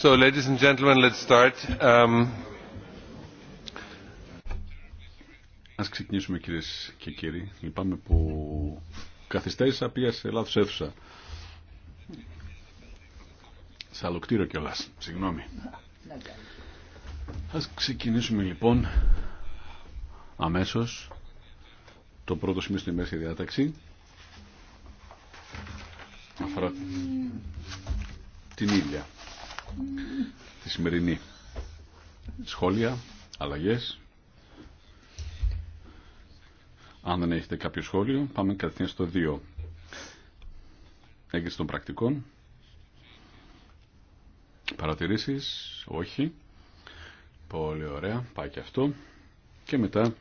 So, ladies and gentlemen, let's start. Um, Ας ξεκινήσουμε κυρίες και κύριοι. Λυπάμαι που καθυστέρησα, πήγα σε λάθος αίθουσα. Σε άλλο κτίριο κιόλας. Συγγνώμη. Ας ξεκινήσουμε λοιπόν αμέσως το πρώτο σημείο στην ημέρα διάταξη αφορά την ίδια τη σημερινή. Σχόλια, αλλαγές. Αν δεν έχετε κάποιο σχόλιο, πάμε κατευθείαν στο 2. Έγκριση των πρακτικών. Παρατηρήσεις, όχι. Πολύ ωραία, πάει και αυτό. Και μετά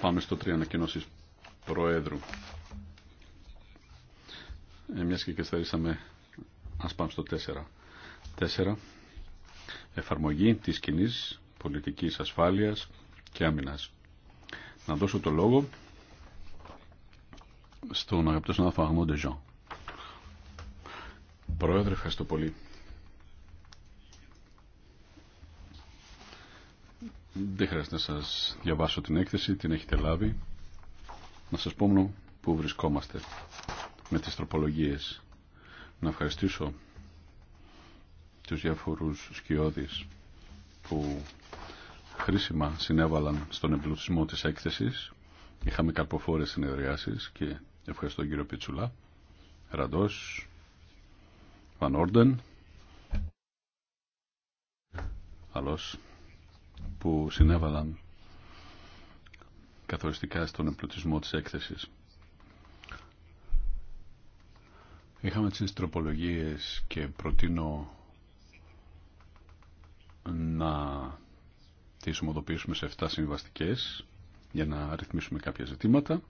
πάμε στο 3 ανακοινώσει Προέδρου. Ε, μιας και καθαρίσαμε Ας πάμε στο 4. 4. Εφαρμογή της κοινή πολιτικής ασφάλειας και άμυνας. Να δώσω το λόγο στον αγαπητό συνάδελφο Αγμό Ντεζόν. Πρόεδρε, ευχαριστώ πολύ. Δεν χρειάζεται να σας διαβάσω την έκθεση, την έχετε λάβει. Να σας πω που βρισκόμαστε με τις τροπολογίες να ευχαριστήσω τους διάφορους σκιώδεις που χρήσιμα συνέβαλαν στον εμπλουτισμό της έκθεσης. Είχαμε καρποφόρες συνεδριάσεις και ευχαριστώ τον κύριο Πιτσουλά, Ραντός, Βαν Όρντεν, άλλος που συνέβαλαν καθοριστικά στον εμπλουτισμό της έκθεσης. Είχαμε τις τροπολογίες και προτείνω να τις ομοδοποιήσουμε σε 7 συμβαστικές για να ρυθμίσουμε κάποια ζητήματα.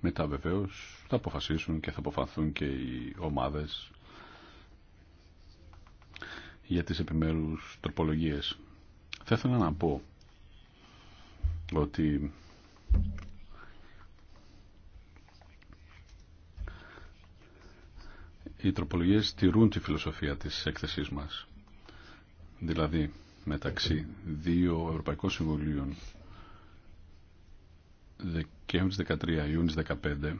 Μετά βεβαίως θα αποφασίσουν και θα αποφανθούν και οι ομάδες για τις επιμέρους τροπολογίες. Θα ήθελα να πω ότι οι τροπολογίες τηρούν τη φιλοσοφία της έκθεσής μας. Δηλαδή, μεταξύ δύο Ευρωπαϊκών Συμβουλίων Δεκέμβρης 13 Ιούνις 15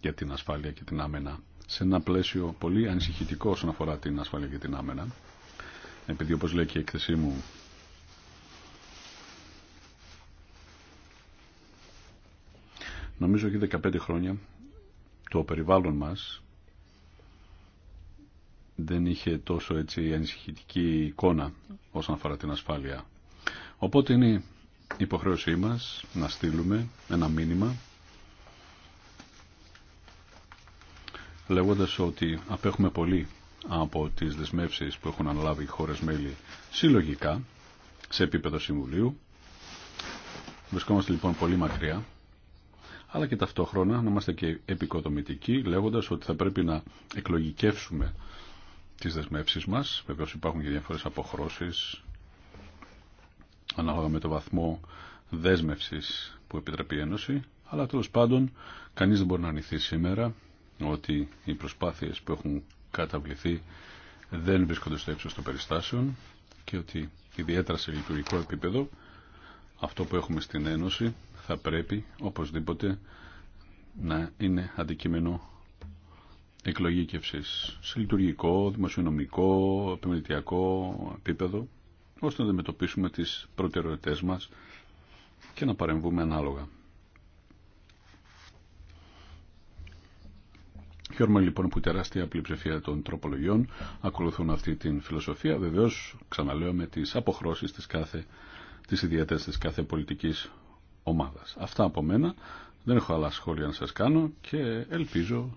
για την ασφάλεια και την άμενα σε ένα πλαίσιο πολύ ανησυχητικό όσον αφορά την ασφάλεια και την άμενα επειδή όπως λέει και η έκθεσή μου νομίζω ότι 15 χρόνια το περιβάλλον μας δεν είχε τόσο έτσι ανησυχητική εικόνα όσον αφορά την ασφάλεια. Οπότε είναι υποχρέωσή μας να στείλουμε ένα μήνυμα λέγοντας ότι απέχουμε πολύ από τις δεσμεύσεις που έχουν αναλάβει οι χώρες μέλη συλλογικά σε επίπεδο Συμβουλίου. Βρισκόμαστε λοιπόν πολύ μακριά αλλά και ταυτόχρονα να είμαστε και επικοδομητικοί λέγοντας ότι θα πρέπει να εκλογικεύσουμε τις δεσμεύσεις μας. Βεβαίως υπάρχουν και διάφορες αποχρώσεις ανάλογα με το βαθμό δέσμευσης που επιτρέπει η Ένωση. Αλλά τέλο πάντων κανείς δεν μπορεί να αρνηθεί σήμερα ότι οι προσπάθειες που έχουν καταβληθεί δεν βρίσκονται στο έξω των περιστάσεων και ότι ιδιαίτερα σε λειτουργικό επίπεδο αυτό που έχουμε στην Ένωση θα πρέπει οπωσδήποτε να είναι αντικείμενο εκλογήκευση σε λειτουργικό, δημοσιονομικό, επιμελητιακό επίπεδο, ώστε να αντιμετωπίσουμε τις προτεραιότητές μας και να παρεμβούμε ανάλογα. Χαίρομαι λοιπόν που η τεράστια πλειοψηφία των τροπολογιών ακολουθούν αυτή την φιλοσοφία, βεβαίως ξαναλέω με τις αποχρώσεις της κάθε, της της κάθε πολιτικής ομάδας. Αυτά από μένα, δεν έχω άλλα σχόλια να σας κάνω και ελπίζω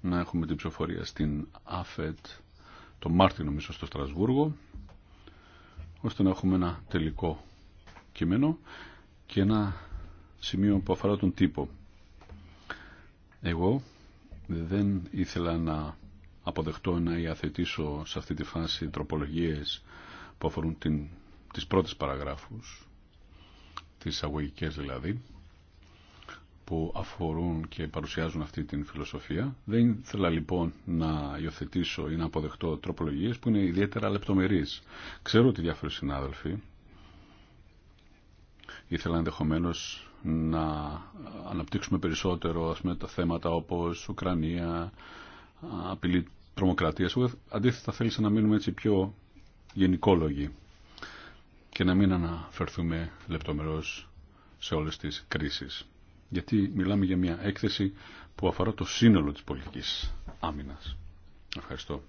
να έχουμε την ψηφοφορία στην ΑΦΕΤ το Μάρτιο νομίζω στο Στρασβούργο ώστε να έχουμε ένα τελικό κείμενο και ένα σημείο που αφορά τον τύπο. Εγώ δεν ήθελα να αποδεχτώ να υιαθετήσω σε αυτή τη φάση τροπολογίες που αφορούν την, τις πρώτες παραγράφους, τις αγωγικές δηλαδή, που αφορούν και παρουσιάζουν αυτή την φιλοσοφία. Δεν ήθελα λοιπόν να υιοθετήσω ή να αποδεχτώ τροπολογίες που είναι ιδιαίτερα λεπτομερείς. Ξέρω ότι διάφοροι συνάδελφοι ήθελαν ενδεχομένω να αναπτύξουμε περισσότερο ας πούμε, τα θέματα όπως Ουκρανία, απειλή τρομοκρατίας. Αντίθετα θέλησα να μείνουμε έτσι πιο γενικόλογοι και να μην αναφερθούμε λεπτομερώς σε όλες τις κρίσεις γιατί μιλάμε για μια έκθεση που αφορά το σύνολο της πολιτικής άμυνας. Ευχαριστώ.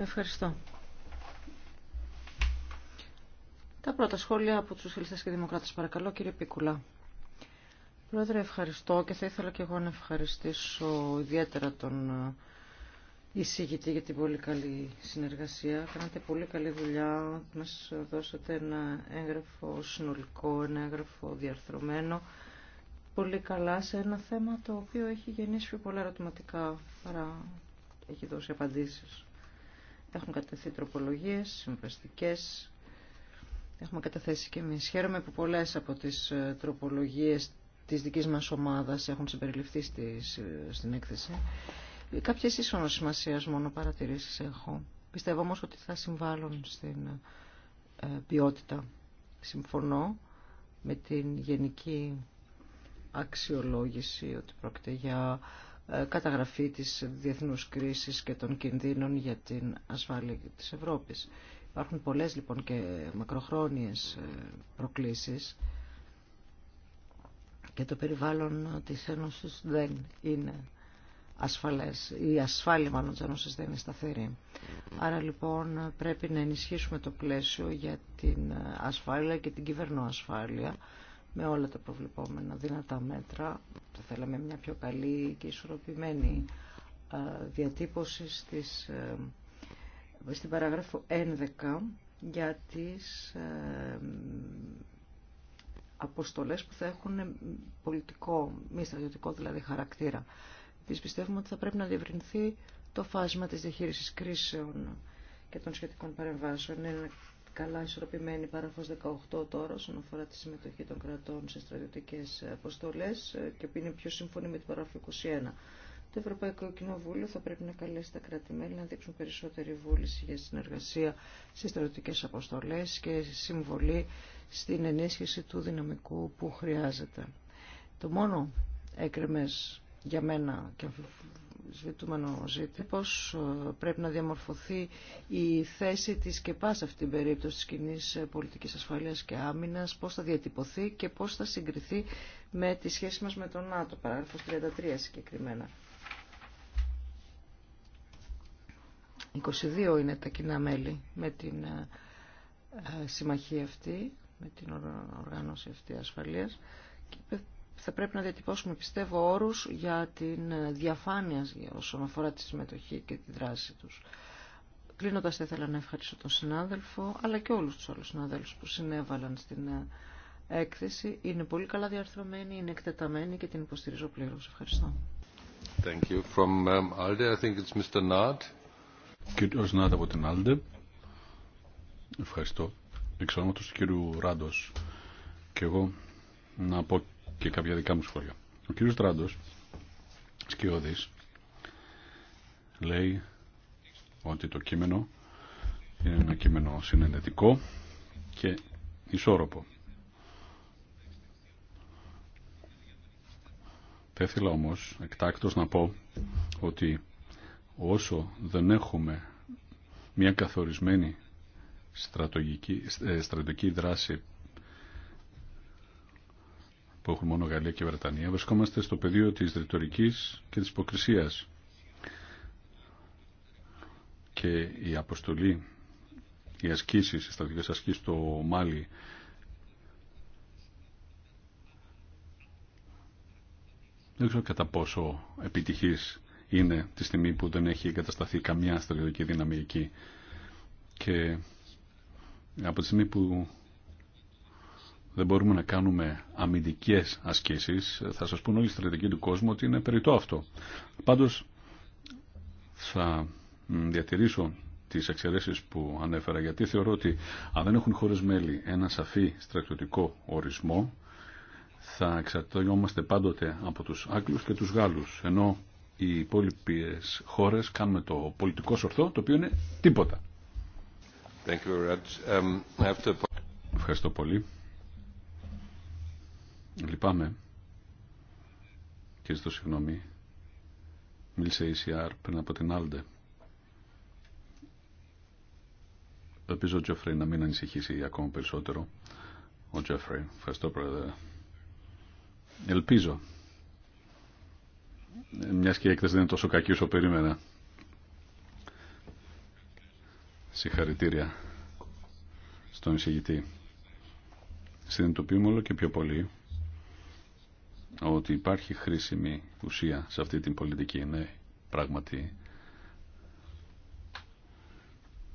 Ευχαριστώ. Τα πρώτα σχόλια από τους Σοσιαλιστές και Δημοκράτες. Παρακαλώ κύριε Πίκουλα. Πρόεδρε, ευχαριστώ και θα ήθελα και εγώ να ευχαριστήσω ιδιαίτερα τον εισηγητή για την πολύ καλή συνεργασία. Κάνατε πολύ καλή δουλειά. Μας δώσατε ένα έγγραφο συνολικό, ένα έγγραφο διαρθρωμένο. Πολύ καλά σε ένα θέμα το οποίο έχει γεννήσει πολλά ερωτηματικά παρά έχει δώσει απαντήσεις. Έχουν κατεθεί τροπολογίες, συμβαστικές. Έχουμε καταθέσει και εμείς. Χαίρομαι που πολλές από τις ε, τροπολογίες της δικής μας ομάδας έχουν συμπεριληφθεί ε, στην έκθεση. Κάποιες ίσονος σημασίας μόνο παρατηρήσεις έχω. Πιστεύω όμως ότι θα συμβάλλουν στην ε, ποιότητα. Συμφωνώ με την γενική αξιολόγηση ότι πρόκειται για ε, καταγραφή της διεθνούς κρίσης και των κινδύνων για την ασφάλεια της Ευρώπης. Υπάρχουν πολλές λοιπόν και μακροχρόνιες ε, προκλήσεις και το περιβάλλον της Ένωσης δεν είναι ασφαλές. Η ασφάλεια μάλλον της δεν είναι σταθερή. Άρα λοιπόν πρέπει να ενισχύσουμε το πλαίσιο για την ασφάλεια και την κυβερνοασφάλεια με όλα τα προβλεπόμενα δυνατά μέτρα. Θα θέλαμε μια πιο καλή και ισορροπημένη διατύπωση στις, ε, στην παραγράφο 11 για τις ε, αποστολές που θα έχουν πολιτικό, μη στρατιωτικό δηλαδή χαρακτήρα. Επίσης πιστεύουμε ότι θα πρέπει να διευρυνθεί το φάσμα της διαχείρισης κρίσεων και των σχετικών παρεμβάσεων. Είναι καλά ισορροπημένη παραφός 18 τώρα όσον αφορά τη συμμετοχή των κρατών σε στρατιωτικές αποστολές και που είναι πιο σύμφωνη με την παράγραφο 21. Το Ευρωπαϊκό Κοινοβούλιο θα πρέπει να καλέσει τα κράτη-μέλη να δείξουν περισσότερη βούληση για συνεργασία σε στρατιωτικές αποστολές και συμβολή στην ενίσχυση του δυναμικού που χρειάζεται. Το μόνο έκρεμες για μένα και αμφισβητούμενο ζήτημα, πώς ε, πρέπει να διαμορφωθεί η θέση της ΚΕΠΑ σε αυτήν την περίπτωση της κοινή ε, πολιτικής ασφαλείας και άμυνας, πώς θα διατυπωθεί και πώς θα συγκριθεί με τη σχέση μας με τον ΝΑΤΟ, παράγραφος 33 συγκεκριμένα. 22 είναι τα κοινά μέλη με την ε, συμμαχία αυτή, με την οργάνωση αυτή ασφαλείας και θα πρέπει να διατυπώσουμε πιστεύω όρους για την διαφάνεια όσον αφορά τη συμμετοχή και τη δράση τους. Κλείνοντα θα ήθελα να ευχαριστώ τον συνάδελφο, αλλά και όλους τους άλλους συνάδελφους που συνέβαλαν στην ε, έκθεση. Είναι πολύ καλά διαρθρωμένη, είναι εκτεταμένη και την υποστηρίζω πλήρως. Ευχαριστώ. Thank you. From um, Alde, I think it's Mr. Nard. Νάτ από την Alde. Ευχαριστώ. Εξ του κύριου Και εγώ να και κάποια δικά μου σχόλια. Ο κύριος Τράντος, σκιώδης, λέει ότι το κείμενο είναι ένα κείμενο συνενετικό και ισόρροπο. Θα ήθελα όμως εκτάκτως να πω ότι όσο δεν έχουμε μια καθορισμένη στρατογική ε, στρατηγική δράση που έχουν μόνο Γαλλία και Βρετανία, βρισκόμαστε στο πεδίο της ρητορική και της υποκρισίας. Και η αποστολή, οι ασκήσεις, οι στρατηγικές ασκήσεις στο Μάλι δεν ξέρω κατά πόσο επιτυχής είναι τη στιγμή που δεν έχει εγκατασταθεί καμιά στρατιωτική δύναμη εκεί. Και από τη στιγμή που δεν μπορούμε να κάνουμε αμυντικές ασκήσεις, θα σας πούν όλοι οι στρατηγοί του κόσμου ότι είναι περιττό αυτό. Πάντως θα διατηρήσω τις εξαιρέσεις που ανέφερα, γιατί θεωρώ ότι αν δεν έχουν χώρες μέλη ένα σαφή στρατιωτικό ορισμό, θα εξαρτώμαστε πάντοτε από τους Άγγλους και τους Γάλλους, ενώ οι υπόλοιπε χώρε κάνουμε το πολιτικό σορθό, το οποίο είναι τίποτα. Thank you very much. Um, I have to... Ευχαριστώ πολύ. Λυπάμαι και ζητώ συγγνώμη. Μίλησε η ECR πριν από την Άλντε. Ελπίζω ο Τζέφρι να μην ανησυχήσει ακόμα περισσότερο. Ο Τζέφρι, ευχαριστώ πρόεδρε. Ελπίζω. Μια και η έκθεση δεν είναι τόσο κακή όσο περίμενα. Συγχαρητήρια στον εισηγητή. Συνειδητοποιούμε όλο και πιο πολύ ότι υπάρχει χρήσιμη ουσία σε αυτή την πολιτική. Ναι, πράγματι.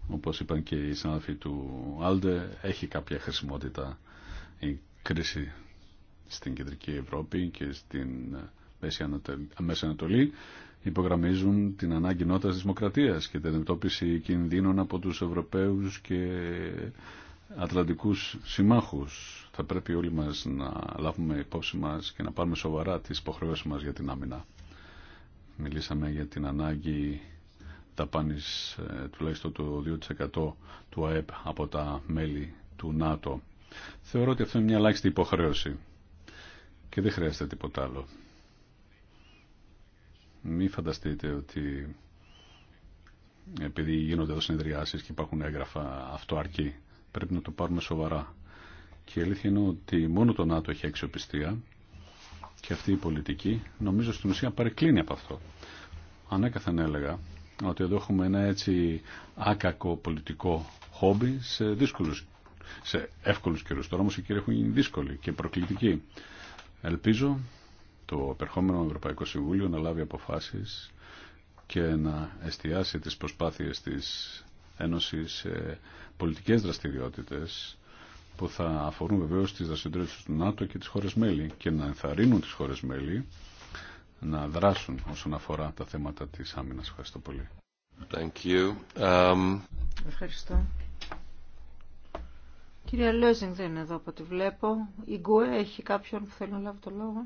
Όπως είπαν και οι συνάδελφοι του Άλντε, έχει κάποια χρησιμότητα η κρίση στην Κεντρική Ευρώπη και στην Μέση Ανατολή υπογραμμίζουν την ανάγκη νότας δημοκρατίας και την εντόπιση κινδύνων από τους Ευρωπαίους και Ατλαντικούς συμμάχους πρέπει όλοι μας να λάβουμε υπόψη μας και να πάρουμε σοβαρά τις υποχρεώσεις μας για την άμυνα. Μιλήσαμε για την ανάγκη ταπάνης ε, τουλάχιστον το 2% του ΑΕΠ από τα μέλη του ΝΑΤΟ. Θεωρώ ότι αυτό είναι μια ελάχιστη υποχρέωση και δεν χρειάζεται τίποτα άλλο. Μην φανταστείτε ότι επειδή γίνονται εδώ συνεδριάσεις και υπάρχουν έγγραφα αυτό αρκεί. Πρέπει να το πάρουμε σοβαρά. Και η αλήθεια είναι ότι μόνο το ΝΑΤΟ έχει αξιοπιστία και αυτή η πολιτική νομίζω στην ουσία παρεκκλίνει από αυτό. Ανέκαθεν έλεγα ότι εδώ έχουμε ένα έτσι άκακο πολιτικό χόμπι σε δύσκολους σε εύκολους καιρούς. Τώρα όμως οι κύριοι έχουν γίνει δύσκολοι και προκλητικοί. Ελπίζω το επερχόμενο Ευρωπαϊκό Συμβούλιο να λάβει αποφάσεις και να εστιάσει τις προσπάθειες της Ένωσης σε πολιτικές δραστηριότητες που θα αφορούν βεβαίω τι δραστηριότητε του ΝΑΤΟ και τι χώρε μέλη και να ενθαρρύνουν τι χώρε μέλη να δράσουν όσον αφορά τα θέματα τη άμυνα. Ευχαριστώ πολύ. Thank you. Um... Ευχαριστώ. Κυρία Λέζινγκ δεν είναι εδώ από ό,τι βλέπω. Η Γκουέ έχει κάποιον που θέλει να λάβει το λόγο.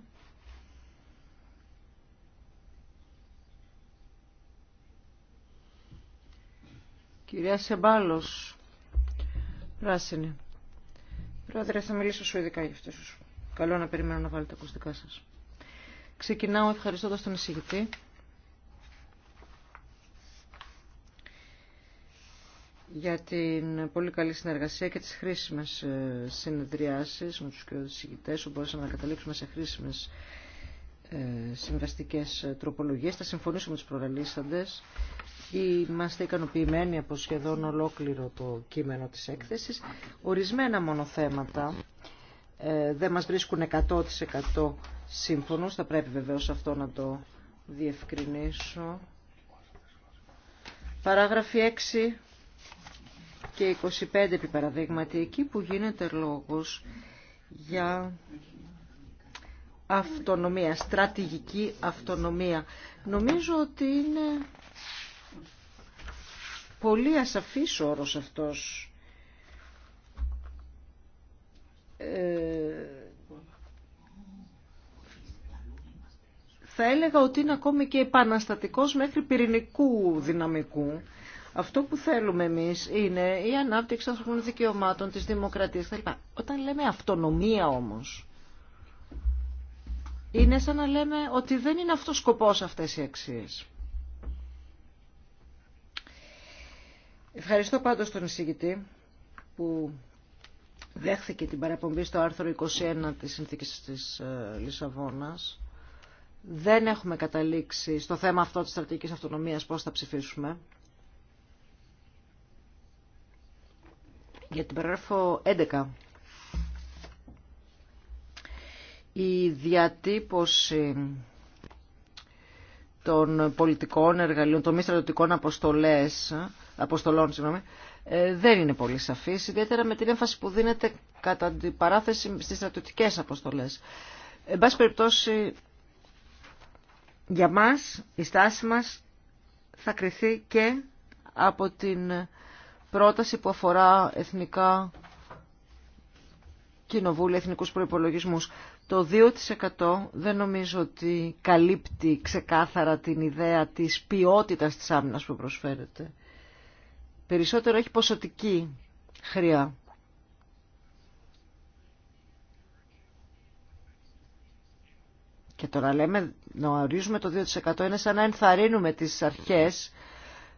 Κυρία Σεμπάλος, πράσινη. Πρόεδρε, θα μιλήσω σου ειδικά για αυτό. Καλό να περιμένω να βάλετε τα ακουστικά σα. Ξεκινάω ευχαριστώντα τον εισηγητή. για την πολύ καλή συνεργασία και τις χρήσιμες ε, συνεδριάσεις με τους κοινωνικούς που μπορούσαμε να καταλήξουμε σε χρήσιμες ε, συμβαστικές ε, τροπολογίες. Θα συμφωνήσουμε με τους προγραλίσαντες Είμαστε ικανοποιημένοι από σχεδόν ολόκληρο το κείμενο της έκθεσης. Ορισμένα μονοθέματα ε, δεν μας βρίσκουν 100% σύμφωνος. Θα πρέπει βεβαίως αυτό να το διευκρινίσω. Παράγραφη 6 και 25 επί παραδείγματι, εκεί που γίνεται λόγος για αυτονομία, στρατηγική αυτονομία. Νομίζω ότι είναι πολύ ασαφής όρος αυτός. Ε, θα έλεγα ότι είναι ακόμη και επαναστατικός μέχρι πυρηνικού δυναμικού. Αυτό που θέλουμε εμείς είναι η ανάπτυξη των δικαιωμάτων, της δημοκρατίας Όταν λέμε αυτονομία όμως, είναι σαν να λέμε ότι δεν είναι αυτός σκοπός αυτές οι αξίες. Ευχαριστώ πάντως τον εισηγητή που δέχθηκε την παραπομπή στο άρθρο 21 της Συνθήκης της ε, Λισαβόνας. Δεν έχουμε καταλήξει στο θέμα αυτό της στρατηγικής αυτονομίας πώς θα ψηφίσουμε. Για την παράγραφο 11. Η διατύπωση των πολιτικών εργαλείων, των μη στρατιωτικών αποστολές αποστολών συγγνώμη, ε, δεν είναι πολύ σαφή, ιδιαίτερα με την έμφαση που δίνεται κατά την παράθεση στις στρατιωτικέ αποστολέ. Εν πάση περιπτώσει, για μας, η στάση μας θα κριθεί και από την πρόταση που αφορά εθνικά κοινοβούλια, εθνικούς προϋπολογισμούς. Το 2% δεν νομίζω ότι καλύπτει ξεκάθαρα την ιδέα της ποιότητας της άμυνας που προσφέρεται. Περισσότερο έχει ποσοτική χρειά. Και τώρα λέμε να ορίζουμε το 2% είναι σαν να ενθαρρύνουμε τις αρχές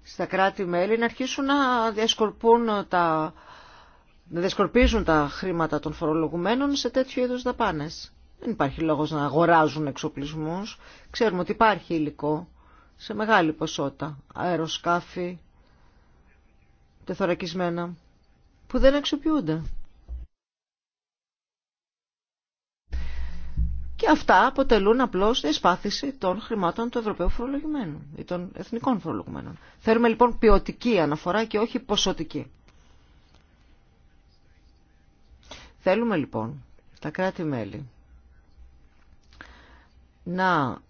στα κράτη-μέλη να αρχίσουν να τα, να διασκορπίζουν τα χρήματα των φορολογουμένων σε τέτοιου είδους δαπάνες. Δεν υπάρχει λόγος να αγοράζουν εξοπλισμούς. Ξέρουμε ότι υπάρχει υλικό σε μεγάλη ποσότητα. Αεροσκάφη, τεθωρακισμένα που δεν αξιοποιούνται. Και αυτά αποτελούν απλώς εσπάθηση των χρημάτων του Ευρωπαίου φορολογημένου ή των εθνικών φορολογημένων. Θέλουμε λοιπόν ποιοτική αναφορά και όχι ποσοτική. Θέλουμε λοιπόν τα κράτη-μέλη να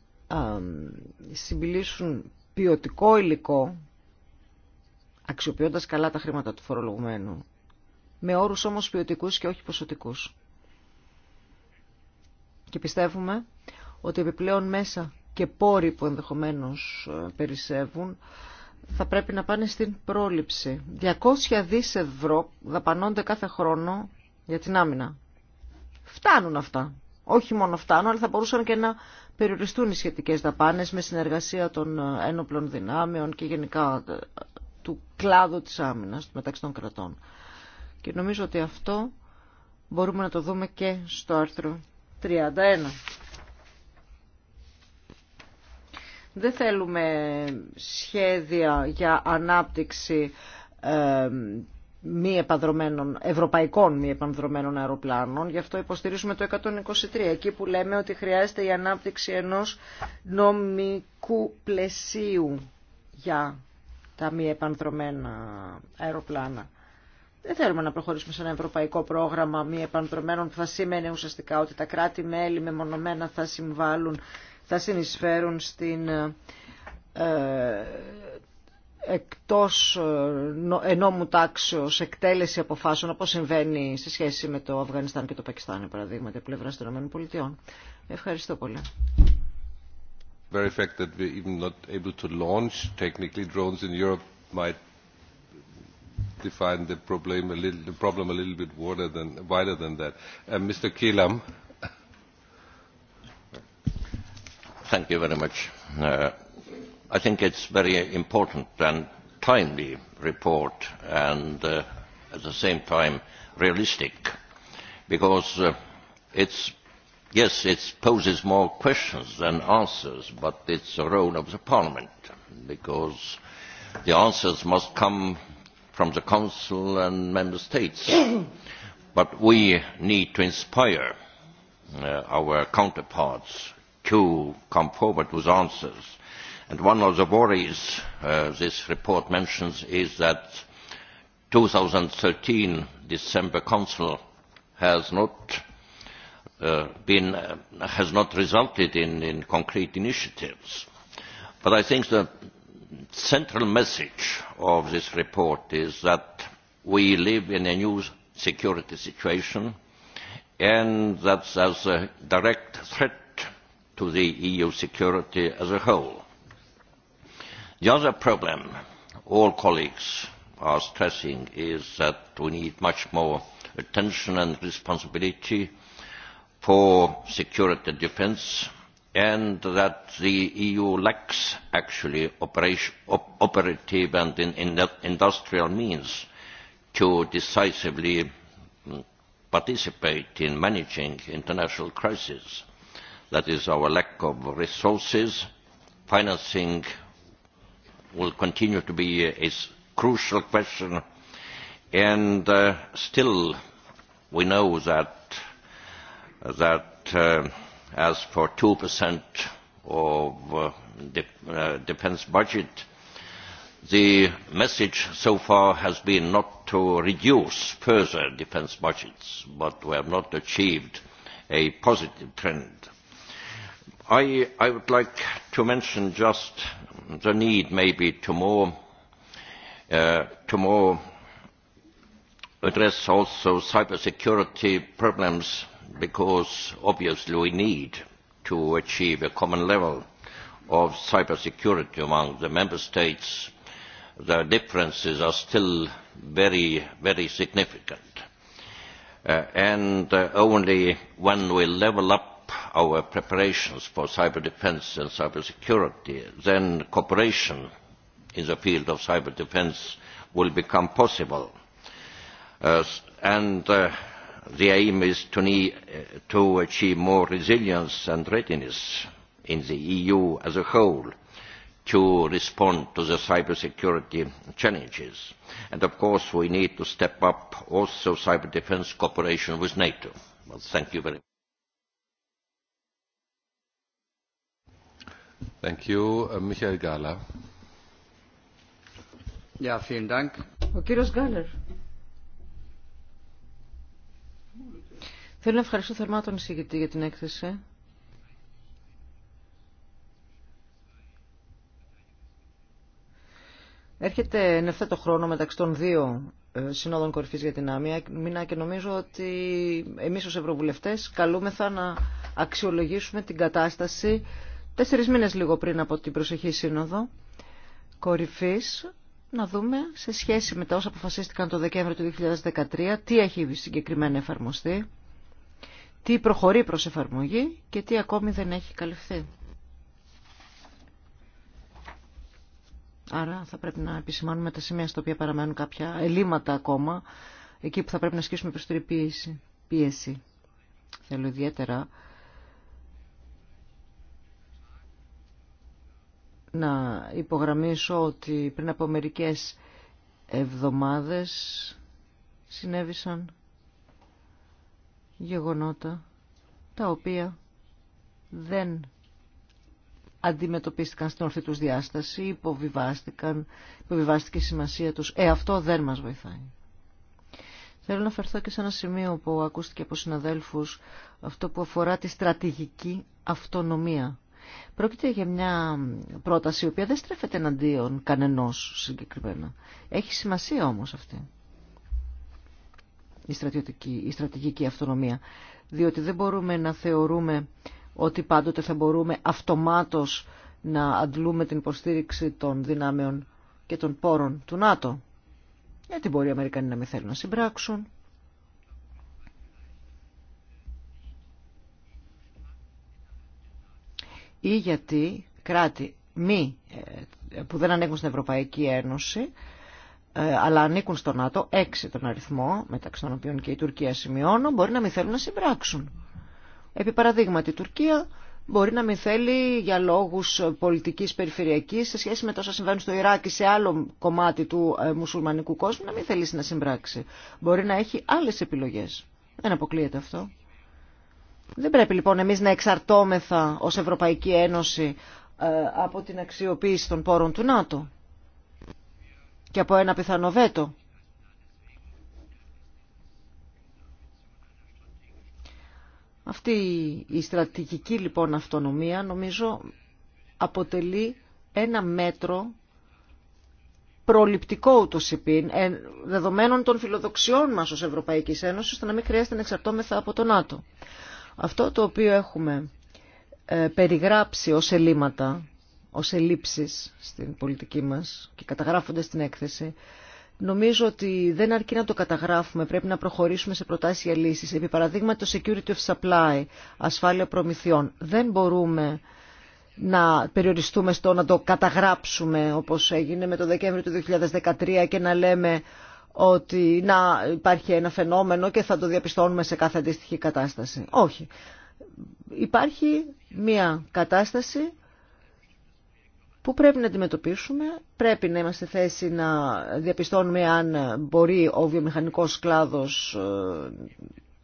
συμπηλήσουν ποιοτικό υλικό αξιοποιώντας καλά τα χρήματα του φορολογουμένου. Με όρους όμως ποιοτικούς και όχι ποσοτικούς. Και πιστεύουμε ότι επιπλέον μέσα και πόροι που ενδεχομένως ε, περισσεύουν θα πρέπει να πάνε στην πρόληψη. 200 δις ευρώ δαπανώνται κάθε χρόνο για την άμυνα. Φτάνουν αυτά. Όχι μόνο φτάνουν, αλλά θα μπορούσαν και να περιοριστούν οι σχετικές δαπάνες με συνεργασία των ε, ένοπλων δυνάμεων και γενικά ε, του κλάδου της άμυνας μεταξύ των κρατών. Και νομίζω ότι αυτό μπορούμε να το δούμε και στο άρθρο 31. Δεν θέλουμε σχέδια για ανάπτυξη ε, μη επανδρομένων, ευρωπαϊκών μη επανδρομένων αεροπλάνων. Γι' αυτό υποστηρίζουμε το 123, εκεί που λέμε ότι χρειάζεται η ανάπτυξη ενός νομικού πλαισίου για τα μη επανδρομένα αεροπλάνα. Δεν θέλουμε να προχωρήσουμε σε ένα ευρωπαϊκό πρόγραμμα μη επανδρομένων που θα σημαίνει ουσιαστικά ότι τα κράτη-μέλη μεμονωμένα θα συμβάλλουν, θα συνεισφέρουν στην ε, εκτός ε, ενόμου τάξεως εκτέλεση αποφάσεων όπως συμβαίνει σε σχέση με το Αφγανιστάν και το Πακιστάν, παραδείγματι, πλευρά των ΗΠΑ. Ευχαριστώ πολύ very fact that we are even not able to launch technically drones in Europe might define the problem a little, the problem a little bit wider than, that. Mr. Kelam. Thank you very much. I think it's very important and timely report and at the same time realistic because it's Yes, it poses more questions than answers, but it's the role of the Parliament, because the answers must come from the Council and Member States. But we need to inspire our counterparts to come forward with answers. And one of the worries this report mentions is that 2013 December Council has not been has not resulted in concrete initiatives. But I think the central message of this report is that we live in a new security situation and that there is a direct threat to the EU security as a whole. The other problem all colleagues are stressing is that we need much more attention and responsibility for security and defence and that the EU lacks actually operative and industrial means to decisively participate in managing international crises. That is our lack of resources. Financing will continue to be a crucial question and still we know that that as for 2% of defence budget, the message so far has been not to reduce further defence budgets, but we have not achieved a positive trend. I I would like to mention just the need maybe to more address also cybersecurity problems because obviously we need to achieve a common level of cybersecurity among the member states. The differences are still very, very significant. And only when we level up our preparations for cyber defense and cyber security then cooperation in the field of cyber defense will become possible. And The aim is to achieve more resilience and readiness in the EU as a whole to respond to the cybersecurity challenges. And of course we need to step up also cyber defence cooperation with NATO. Thank you very much. Thank you. Michael Gala. Ja, vielen Dank. Ο Θέλω να ευχαριστώ θερμά τον εισηγητή για την έκθεση. Έρχεται εν ευθέτω χρόνο μεταξύ των δύο ε, συνόδων κορυφής για την άμυνα και νομίζω ότι εμείς ως Ευρωβουλευτές καλούμεθα να αξιολογήσουμε την κατάσταση τέσσερις μήνες λίγο πριν από την προσεχή σύνοδο κορυφής να δούμε σε σχέση με τα όσα αποφασίστηκαν το Δεκέμβριο του 2013 τι έχει συγκεκριμένα εφαρμοστεί τι προχωρεί προς εφαρμογή και τι ακόμη δεν έχει καλυφθεί. Άρα θα πρέπει να επισημάνουμε τα σημεία στα οποία παραμένουν κάποια ελλείμματα ακόμα, εκεί που θα πρέπει να ασκήσουμε περισσότερη πίεση. πίεση. Θέλω ιδιαίτερα να υπογραμμίσω ότι πριν από μερικές εβδομάδες συνέβησαν γεγονότα τα οποία δεν αντιμετωπίστηκαν στην ορθή τους διάσταση, υποβιβάστηκαν, υποβιβάστηκε η σημασία τους. Ε, αυτό δεν μας βοηθάει. Θέλω να φερθώ και σε ένα σημείο που ακούστηκε από συναδέλφους, αυτό που αφορά τη στρατηγική αυτονομία. Πρόκειται για μια πρόταση η οποία δεν στρέφεται εναντίον κανενός συγκεκριμένα. Έχει σημασία όμως αυτή η, η στρατηγική αυτονομία. Διότι δεν μπορούμε να θεωρούμε ότι πάντοτε θα μπορούμε αυτομάτως να αντλούμε την υποστήριξη των δυνάμεων και των πόρων του ΝΑΤΟ. Γιατί μπορεί οι Αμερικανοί να μην θέλουν να συμπράξουν. Ή γιατί κράτη μη ε, που δεν ανέχουν στην Ευρωπαϊκή Ένωση ε, αλλά ανήκουν στο ΝΑΤΟ, έξι τον αριθμό, μεταξύ των οποίων και η Τουρκία σημειώνω, μπορεί να μην θέλουν να συμπράξουν. Επί παραδείγματι, η Τουρκία μπορεί να μην θέλει για λόγου πολιτική περιφερειακή σε σχέση με τόσα συμβαίνουν στο Ιράκ ή σε άλλο κομμάτι του ε, μουσουλμανικού κόσμου να μην θέλει να συμπράξει. Μπορεί να έχει άλλε επιλογέ. Δεν αποκλείεται αυτό. Δεν πρέπει λοιπόν εμεί να εξαρτώμεθα ω Ευρωπαϊκή Ένωση ε, από την αξιοποίηση των πόρων του ΝΑΤΟ και από ένα πιθανό βέτο. Αυτή η στρατηγική λοιπόν αυτονομία νομίζω αποτελεί ένα μέτρο προληπτικό ούτω ή ε, δεδομένων των φιλοδοξιών μας ως Ευρωπαϊκής Ένωσης, ώστε να μην χρειάζεται να εξαρτώμεθα από το ΝΑΤΟ. Αυτό το οποίο έχουμε ε, περιγράψει ως ελλείμματα ως ελλείψεις στην πολιτική μας και καταγράφονται στην έκθεση. Νομίζω ότι δεν αρκεί να το καταγράφουμε, πρέπει να προχωρήσουμε σε προτάσεις για λύσεις. Επί παραδείγματος το security of supply, ασφάλεια προμηθειών. Δεν μπορούμε να περιοριστούμε στο να το καταγράψουμε όπως έγινε με το Δεκέμβριο του 2013 και να λέμε ότι να υπάρχει ένα φαινόμενο και θα το διαπιστώνουμε σε κάθε αντίστοιχη κατάσταση. Όχι. Υπάρχει μια κατάσταση που πρέπει να αντιμετωπίσουμε. Πρέπει να είμαστε θέση να διαπιστώνουμε αν μπορεί ο βιομηχανικός κλάδος,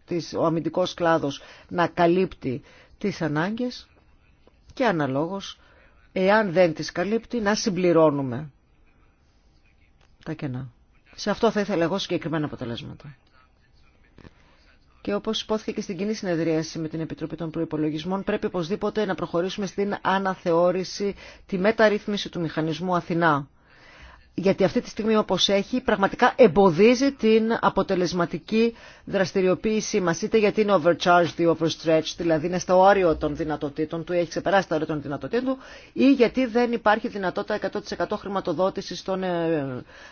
ε, ο αμυντικός κλάδος να καλύπτει τις ανάγκες και αναλόγως, εάν δεν τις καλύπτει, να συμπληρώνουμε τα κενά. Σε αυτό θα ήθελα εγώ συγκεκριμένα αποτελέσματα. Και όπω υπόθηκε και στην κοινή συνεδρίαση με την Επιτροπή των Προϋπολογισμών, πρέπει οπωσδήποτε να προχωρήσουμε στην αναθεώρηση, τη μεταρρύθμιση του μηχανισμού Αθηνά. Γιατί αυτή τη στιγμή όπω έχει πραγματικά εμποδίζει την αποτελεσματική δραστηριοποίησή μα, Είτε γιατί είναι overcharged ή overstretched, δηλαδή είναι στο όριο των δυνατοτήτων του ή έχει ξεπεράσει το όριο των δυνατοτήτων του, ή γιατί δεν υπάρχει δυνατότητα 100% χρηματοδότησης των ε,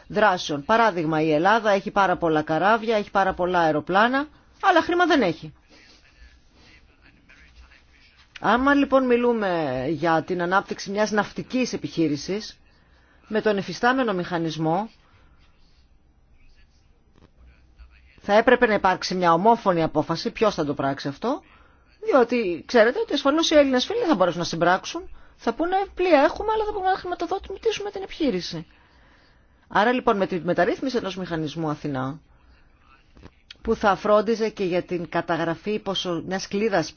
δράσεων. Παράδειγμα, η Ελλάδα έχει η εχει ξεπερασει τα πολλά καράβια, δυνατοτητα 100 χρηματοδοτηση των πάρα πολλά αεροπλάνα αλλά χρήμα δεν έχει. Άμα λοιπόν μιλούμε για την ανάπτυξη μιας ναυτικής επιχείρησης, με τον εφιστάμενο μηχανισμό θα έπρεπε να υπάρξει μια ομόφωνη απόφαση ποιος θα το πράξει αυτό, διότι ξέρετε ότι ασφαλώς οι Έλληνες φίλοι δεν θα μπορέσουν να συμπράξουν, θα πούνε πλοία έχουμε αλλά δεν μπορούμε να χρηματοδοτήσουμε την επιχείρηση. Άρα λοιπόν με τη μεταρρύθμιση ενός μηχανισμού Αθηνά που θα φρόντιζε και για την καταγραφή ποσο, μιας κλίδας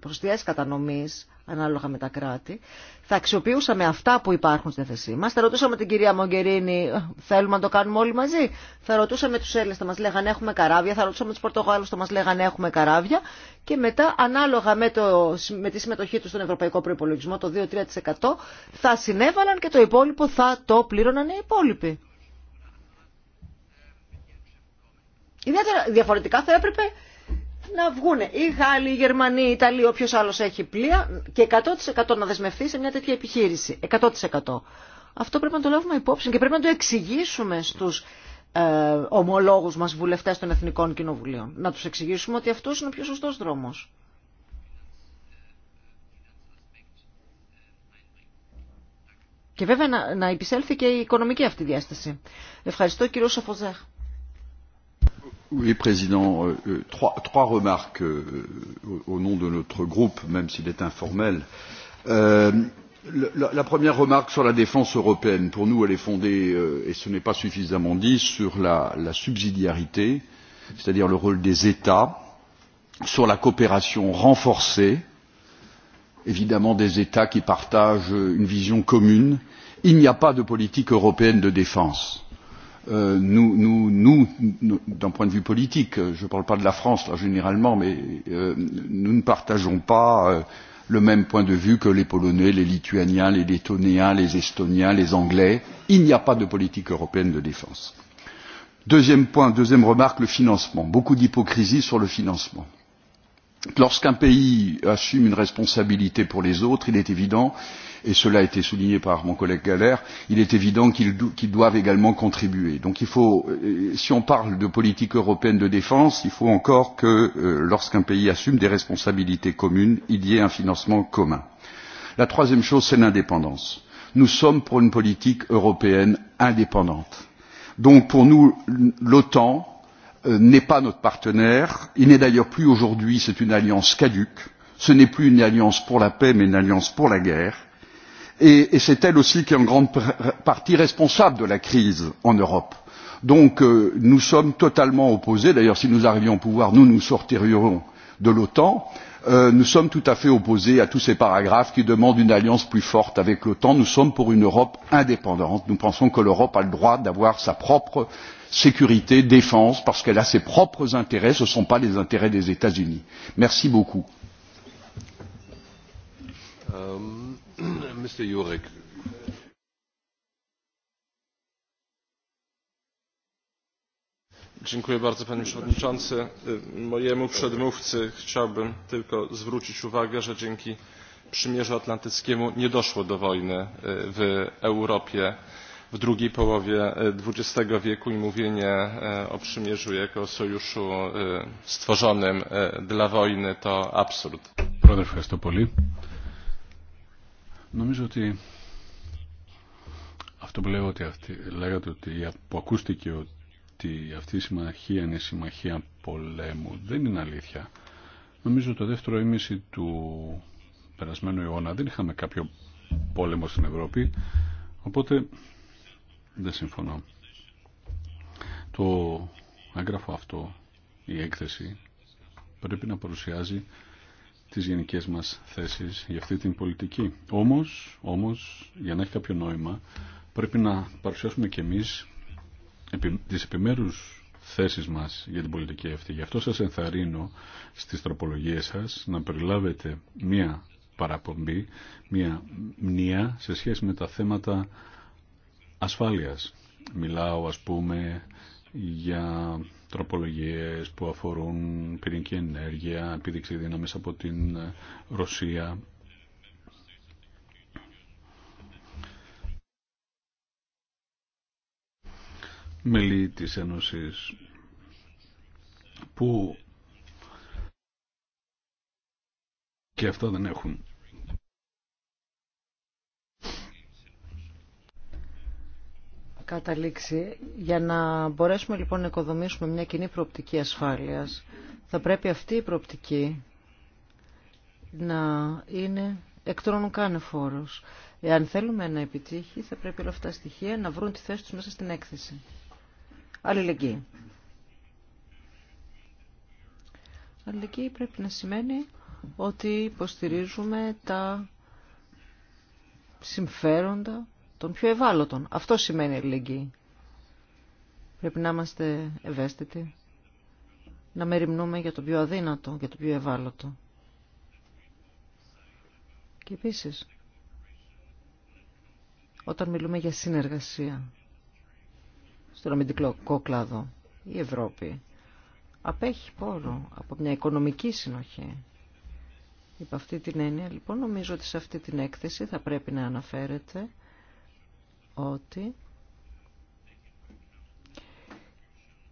ποσοστιαίας κατανομής ανάλογα με τα κράτη. Θα αξιοποιούσαμε αυτά που υπάρχουν στη θέση μας. Θα ρωτούσαμε την κυρία Μογκερίνη, θέλουμε να το κάνουμε όλοι μαζί. Θα ρωτούσαμε τους Έλληνες, θα μας λέγανε έχουμε καράβια. Θα ρωτούσαμε τους Πορτογάλους, θα μας λέγανε έχουμε καράβια. Και μετά, ανάλογα με, το, με τη συμμετοχή του στον Ευρωπαϊκό Προϋπολογισμό, το 2-3% θα συνέβαλαν και το υπόλοιπο θα το πλήρωναν οι υπόλοιποι. Ιδιαίτερα διαφορετικά θα έπρεπε να βγουν οι Γάλλοι, οι Γερμανοί, οι Ιταλοί, όποιο άλλο έχει πλοία και 100% να δεσμευτεί σε μια τέτοια επιχείρηση. 100%. Αυτό πρέπει να το λάβουμε υπόψη και πρέπει να το εξηγήσουμε στους ε, ομολόγους μας βουλευτές των Εθνικών Κοινοβουλίων. Να τους εξηγήσουμε ότι αυτό είναι ο πιο σωστό δρόμο. Και βέβαια να, να επισέλθει και η οικονομική αυτή διάσταση. Ευχαριστώ κύριο Σαφοζέχ. Oui, Président, trois remarques au nom de notre groupe, même s'il est informel. La première remarque sur la défense européenne. Pour nous, elle est fondée, et ce n'est pas suffisamment dit, sur la subsidiarité, c'est-à-dire le rôle des États, sur la coopération renforcée, évidemment des États qui partagent une vision commune. Il n'y a pas de politique européenne de défense nous, nous, nous, d'un point de vue politique, je ne parle pas de la France là généralement, mais nous ne partageons pas le même point de vue que les Polonais, les Lituaniens, les Lettoniens, les Estoniens, les Anglais. Il n'y a pas de politique européenne de défense. Deuxième point, deuxième remarque, le financement. Beaucoup d'hypocrisie sur le financement lorsqu'un pays assume une responsabilité pour les autres il est évident et cela a été souligné par mon collègue Galère, il est évident qu'ils doivent également contribuer. Donc il faut, si on parle de politique européenne de défense, il faut encore que lorsqu'un pays assume des responsabilités communes, il y ait un financement commun. La troisième chose, c'est l'indépendance. Nous sommes pour une politique européenne indépendante. Donc pour nous, l'OTAN, n'est pas notre partenaire il n'est d'ailleurs plus aujourd'hui c'est une alliance caduque ce n'est plus une alliance pour la paix mais une alliance pour la guerre et c'est elle aussi qui est en grande partie responsable de la crise en europe. donc nous sommes totalement opposés d'ailleurs si nous arrivions au pouvoir nous nous sortirions de l'otan nous sommes tout à fait opposés à tous ces paragraphes qui demandent une alliance plus forte avec l'otan nous sommes pour une europe indépendante nous pensons que l'europe a le droit d'avoir sa propre sécurité défense parce qu'elle a ses propres intérêts ce ne sont pas les intérêts des états unis. merci beaucoup. Dziękuję panie przewodniczący. Mojemu przedmówcy chciałbym tylko zwrócić uwagę, że dzięki przymierzu atlantyckiemu nie doszło do wojny w Europie w drugiej połowie XX wieku i mówienie o przymierzu jako sojuszu stworzonym dla wojny to absurd ότι αυτή η συμμαχία είναι συμμαχία πολέμου. Δεν είναι αλήθεια. Νομίζω το δεύτερο ήμιση του περασμένου αιώνα δεν είχαμε κάποιο πόλεμο στην Ευρώπη, οπότε δεν συμφωνώ. Το έγγραφο αυτό, η έκθεση, πρέπει να παρουσιάζει τις γενικές μας θέσεις για αυτή την πολιτική. Όμως, όμως για να έχει κάποιο νόημα, πρέπει να παρουσιάσουμε και εμείς τις επιμέρους θέσεις μας για την πολιτική αυτή. Γι' αυτό σας ενθαρρύνω στις τροπολογίες σας να περιλάβετε μία παραπομπή, μία μνήα σε σχέση με τα θέματα ασφάλειας. Μιλάω ας πούμε για τροπολογίες που αφορούν πυρηνική ενέργεια, επίδειξη δύναμης από την Ρωσία μελή της Ένωσης που και αυτό δεν έχουν. Καταλήξη. Για να μπορέσουμε λοιπόν να οικοδομήσουμε μια κοινή προοπτική ασφάλειας, θα πρέπει αυτή η προοπτική να είναι εκτρώνουν κάνε φόρος. Εάν θέλουμε να επιτύχει, θα πρέπει όλα αυτά τα στοιχεία να βρουν τη θέση τους μέσα στην έκθεση αλληλεγγύη. Αλληλεγγύη πρέπει να σημαίνει ότι υποστηρίζουμε τα συμφέροντα των πιο ευάλωτων. Αυτό σημαίνει αλληλεγγύη. Πρέπει να είμαστε ευαίσθητοι, να μεριμνούμε για το πιο αδύνατο, για το πιο ευάλωτο. Και επίσης, όταν μιλούμε για συνεργασία, στον αμυντικό κλάδο. Η Ευρώπη απέχει πόρο από μια οικονομική συνοχή. Υπ' αυτή την έννοια, λοιπόν, νομίζω ότι σε αυτή την έκθεση θα πρέπει να αναφέρεται ότι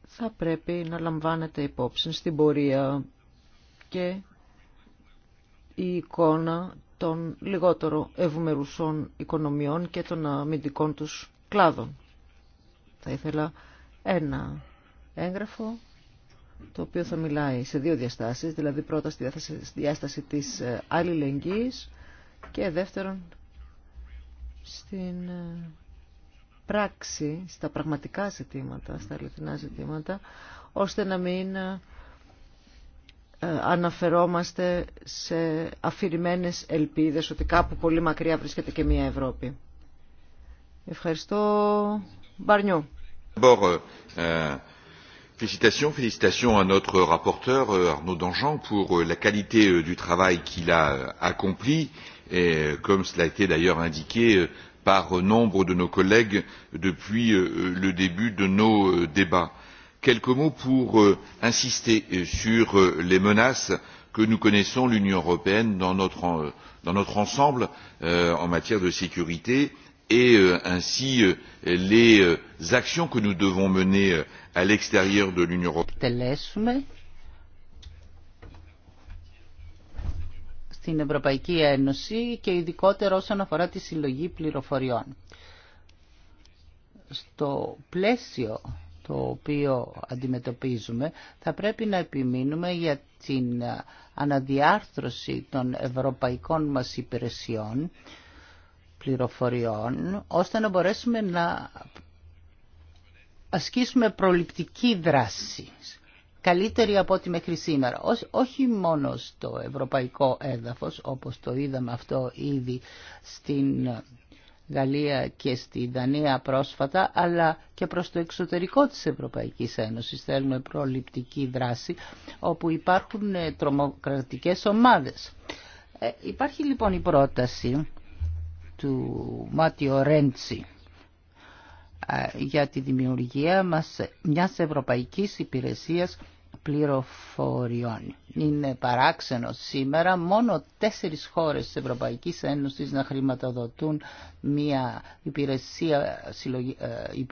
θα πρέπει να λαμβάνεται υπόψη στην πορεία και η εικόνα των λιγότερο ευμερουσών οικονομιών και των αμυντικών τους κλάδων. Θα ήθελα ένα έγγραφο το οποίο θα μιλάει σε δύο διαστάσεις, δηλαδή πρώτα στη διάσταση της ε, αλληλεγγύης και δεύτερον στην ε, πράξη, στα πραγματικά ζητήματα, στα αληθινά ζητήματα, ώστε να μην ε, αναφερόμαστε σε αφηρημένες ελπίδες ότι κάπου πολύ μακριά βρίσκεται και μια Ευρώπη. Ευχαριστώ D'abord, félicitations, félicitations à notre rapporteur Arnaud Dangean pour la qualité du travail qu'il a accompli et comme cela a été d'ailleurs indiqué par nombre de nos collègues depuis le début de nos débats. Quelques mots pour insister sur les menaces que nous connaissons l'Union européenne dans notre ensemble en matière de sécurité et euh, ainsi euh, les euh, actions que nous devons mener à l'extérieur de l'Union στην Ευρωπαϊκή Ένωση και ειδικότερα όσον αφορά τη συλλογή πληροφοριών. Στο πλαίσιο το οποίο αντιμετωπίζουμε θα πρέπει να επιμείνουμε για την αναδιάρθρωση των ευρωπαϊκών μας υπηρεσιών πληροφοριών ώστε να μπορέσουμε να ασκήσουμε προληπτική δράση καλύτερη από ό,τι μέχρι σήμερα. όχι μόνο στο ευρωπαϊκό έδαφος, όπως το είδαμε αυτό ήδη στην Γαλλία και στη Δανία πρόσφατα, αλλά και προς το εξωτερικό της Ευρωπαϊκής Ένωσης θέλουμε προληπτική δράση, όπου υπάρχουν τρομοκρατικές ομάδες. Ε, υπάρχει λοιπόν η πρόταση του Μάτιο Ρέντσι για τη δημιουργία μας μιας ευρωπαϊκής υπηρεσίας πληροφοριών. Είναι παράξενο σήμερα μόνο τέσσερις χώρες της Ευρωπαϊκής Ένωσης να χρηματοδοτούν μια υπηρεσία ε,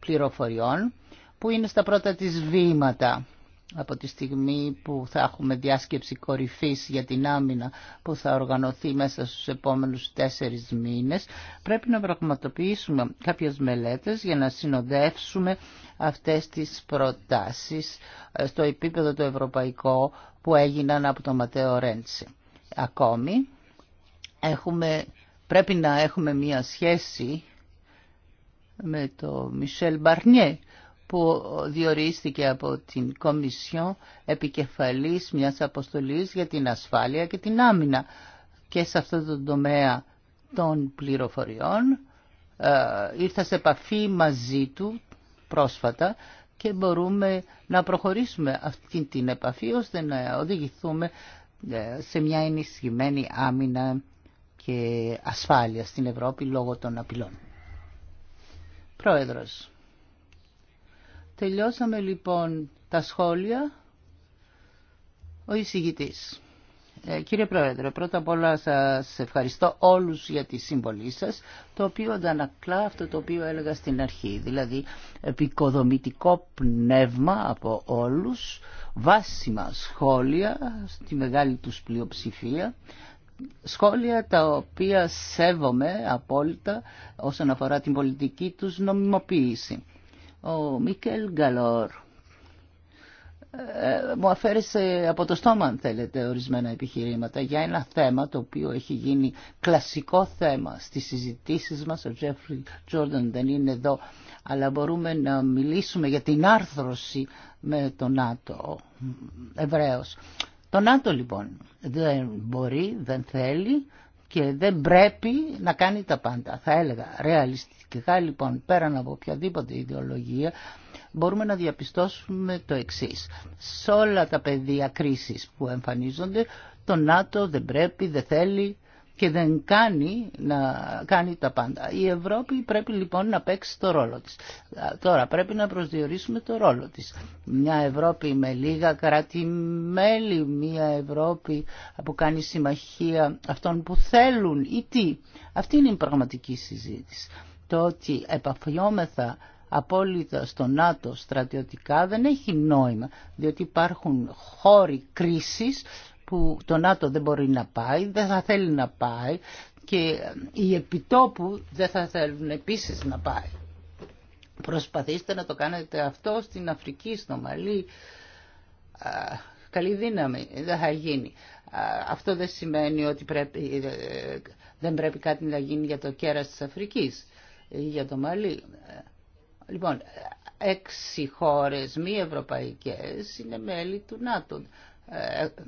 πληροφοριών που είναι στα πρώτα της βήματα από τη στιγμή που θα έχουμε διάσκεψη κορυφής για την άμυνα που θα οργανωθεί μέσα στους επόμενους τέσσερις μήνες, πρέπει να πραγματοποιήσουμε κάποιες μελέτες για να συνοδεύσουμε αυτές τις προτάσεις ε, στο επίπεδο το ευρωπαϊκό που έγιναν από τον Ματέο Ρέντσι. Ακόμη, έχουμε, πρέπει να έχουμε μία σχέση με το Μισελ Μπαρνιέ που διορίστηκε από την Κομισιόν επικεφαλής μιας αποστολής για την ασφάλεια και την άμυνα. Και σε αυτό το τομέα των πληροφοριών ε, ήρθα σε επαφή μαζί του πρόσφατα και μπορούμε να προχωρήσουμε αυτή την επαφή ώστε να οδηγηθούμε ε, σε μια ενισχυμένη άμυνα και ασφάλεια στην Ευρώπη λόγω των απειλών. Πρόεδρος. Τελειώσαμε λοιπόν τα σχόλια. Ο εισηγητής. Ε, κύριε Πρόεδρε, πρώτα απ' όλα σας ευχαριστώ όλους για τη συμβολή σας, το οποίο αντανακλά αυτό το οποίο έλεγα στην αρχή, δηλαδή επικοδομητικό πνεύμα από όλους, βάσιμα σχόλια στη μεγάλη τους πλειοψηφία, σχόλια τα οποία σέβομαι απόλυτα όσον αφορά την πολιτική τους νομιμοποίηση ο Μίκελ Γκαλόρ. Ε, μου αφαίρεσε από το στόμα, αν θέλετε, ορισμένα επιχειρήματα για ένα θέμα το οποίο έχει γίνει κλασικό θέμα στις συζητήσεις μας. Ο Τζέφρι Τζόρνταν δεν είναι εδώ, αλλά μπορούμε να μιλήσουμε για την άρθρωση με τον ΝΑΤΟ, Εβραίος. Το ΝΑΤΟ λοιπόν δεν μπορεί, δεν θέλει και δεν πρέπει να κάνει τα πάντα. Θα έλεγα ρεαλιστικά λοιπόν πέραν από οποιαδήποτε ιδεολογία μπορούμε να διαπιστώσουμε το εξής. Σε όλα τα πεδία κρίσης που εμφανίζονται το ΝΑΤΟ δεν πρέπει, δεν θέλει και δεν κάνει, να κάνει τα πάντα. Η Ευρώπη πρέπει λοιπόν να παίξει το ρόλο της. Τώρα πρέπει να προσδιορίσουμε το ρόλο της. Μια Ευρώπη με λίγα κράτη-μέλη, μια Ευρώπη που κάνει συμμαχία αυτών που θέλουν ή τι. Αυτή είναι η πραγματική συζήτηση. Το ότι επαφιόμεθα απόλυτα στο ΝΑΤΟ στρατιωτικά δεν έχει νόημα, διότι υπάρχουν χώροι κρίσης που το ΝΑΤΟ δεν μπορεί να πάει, δεν θα θέλει να πάει και οι επιτόπου δεν θα θέλουν επίσης να πάει. Προσπαθήστε να το κάνετε αυτό στην Αφρική, στο Μαλή. Καλή δύναμη, δεν θα γίνει. Αυτό δεν σημαίνει ότι πρέπει, ε, δεν πρέπει κάτι να γίνει για το κέρας της Αφρικής, για το Μαλή. Λοιπόν, έξι χώρες μη ευρωπαϊκές είναι μέλη του ΝΑΤΟ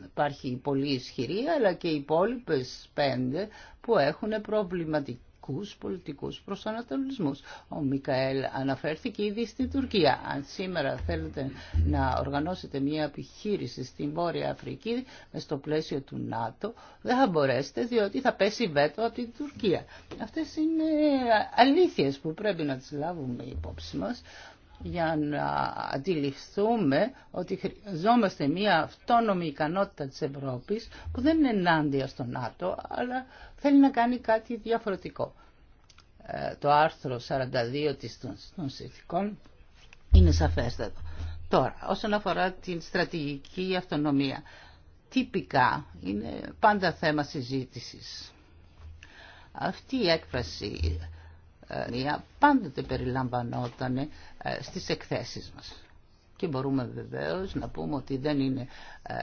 υπάρχει πολύ ισχυρή, αλλά και οι υπόλοιπε πέντε που έχουν προβληματικούς πολιτικούς προσανατολισμούς. Ο Μικαέλ αναφέρθηκε ήδη στην Τουρκία. Αν σήμερα θέλετε να οργανώσετε μια επιχείρηση στην Βόρεια Αφρική με στο πλαίσιο του ΝΑΤΟ, δεν θα μπορέσετε διότι θα πέσει βέτο από την Τουρκία. Αυτές είναι αλήθειες που πρέπει να τις λάβουμε υπόψη μας για να αντιληφθούμε ότι χρειαζόμαστε μια αυτόνομη ικανότητα της Ευρώπης που δεν είναι ενάντια στο ΝΑΤΟ αλλά θέλει να κάνει κάτι διαφορετικό. Ε, το άρθρο 42 της των συνθηκών είναι σαφέστατο. Τώρα, όσον αφορά την στρατηγική αυτονομία, τυπικά είναι πάντα θέμα συζήτησης. Αυτή η έκφραση ε, πάντοτε περιλαμβανόταν ε, στις εκθέσεις μας. Και μπορούμε βεβαίως να πούμε ότι δεν είναι ε,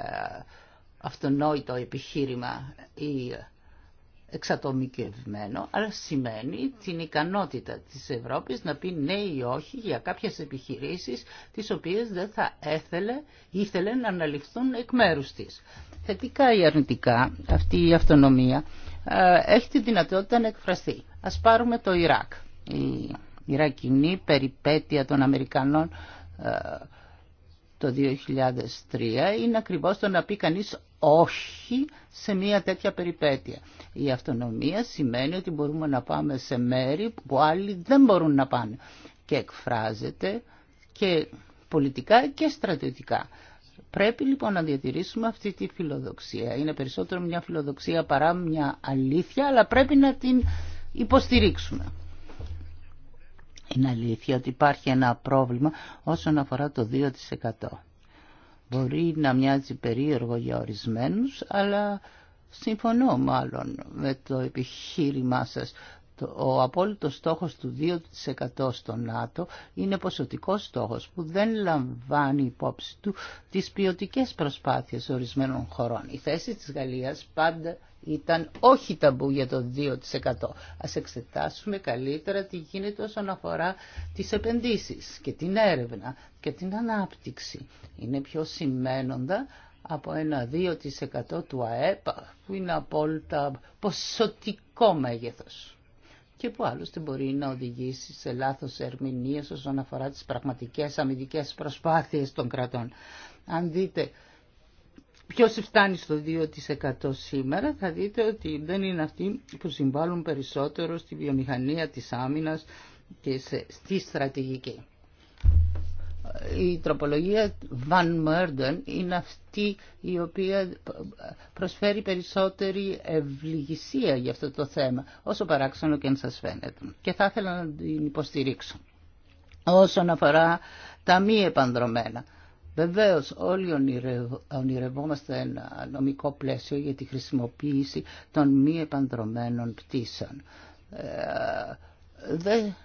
αυτονόητο επιχείρημα ή εξατομικευμένο, αλλά σημαίνει την ικανότητα της Ευρώπης να πει ναι ή όχι για κάποιες επιχειρήσεις τις οποίες δεν θα έθελε ή ήθελε να αναλυφθούν εκ μέρους της. Θετικά ή αρνητικά αυτή η αυτονομία ε, έχει τη δυνατότητα να εκφραστεί. Ας πάρουμε το Ιράκ. η αρνητικα αυτη η αυτονομια εχει τη δυνατοτητα να εκφραστει ας παρουμε το ιρακ ρακινή περιπέτεια των Αμερικανών ε, το 2003 είναι ακριβώς το να πει κανείς όχι σε μια τέτοια περιπέτεια. Η αυτονομία σημαίνει ότι μπορούμε να πάμε σε μέρη που άλλοι δεν μπορούν να πάνε και εκφράζεται και πολιτικά και στρατιωτικά. Πρέπει λοιπόν να διατηρήσουμε αυτή τη φιλοδοξία. Είναι περισσότερο μια φιλοδοξία παρά μια αλήθεια, αλλά πρέπει να την υποστηρίξουμε. Είναι αλήθεια ότι υπάρχει ένα πρόβλημα όσον αφορά το 2%. Μπορεί να μοιάζει περίεργο για ορισμένους, αλλά συμφωνώ μάλλον με το επιχείρημά σας. Ο απόλυτος στόχος του 2% στο ΝΑΤΟ είναι ποσοτικός στόχος που δεν λαμβάνει υπόψη του τις ποιοτικές προσπάθειες ορισμένων χωρών. Η θέση της Γαλλίας πάντα ήταν όχι ταμπού για το 2%. Ας εξετάσουμε καλύτερα τι γίνεται όσον αφορά τις επενδύσεις και την έρευνα και την ανάπτυξη. Είναι πιο σημαίνοντα από ένα 2% του ΑΕΠ που είναι απόλυτα ποσοτικό μέγεθος και που άλλωστε μπορεί να οδηγήσει σε λάθος ερμηνείας όσον αφορά τις πραγματικές αμυντικές προσπάθειες των κρατών. Αν δείτε ποιος φτάνει στο 2% σήμερα, θα δείτε ότι δεν είναι αυτοί που συμβάλλουν περισσότερο στη βιομηχανία της άμυνας και στη στρατηγική. Η τροπολογία Van Merden είναι αυτή η οποία προσφέρει περισσότερη ευληγησία για αυτό το θέμα, όσο παράξενο και αν σας φαίνεται. Και θα ήθελα να την υποστηρίξω. Όσον αφορά τα μη επανδρομένα. Βεβαίω, όλοι ονειρευόμαστε ένα νομικό πλαίσιο για τη χρησιμοποίηση των μη επανδρομένων πτήσεων. Ε, δεν ε,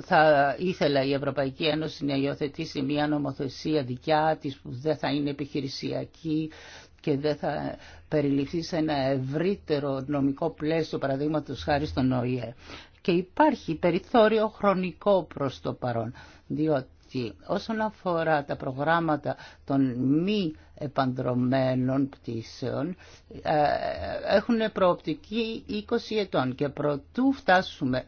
θα ήθελα η Ευρωπαϊκή Ένωση να υιοθετήσει μια νομοθεσία δικιά της που δεν θα είναι επιχειρησιακή και δεν θα περιληφθεί σε ένα ευρύτερο νομικό πλαίσιο παραδείγματο χάρη στον ΟΗΕ. Και υπάρχει περιθώριο χρονικό προς το παρόν, διότι Όσον αφορά τα προγράμματα των μη επανδρομένων πτήσεων, ε, έχουν προοπτική 20 ετών και προτού φτάσουμε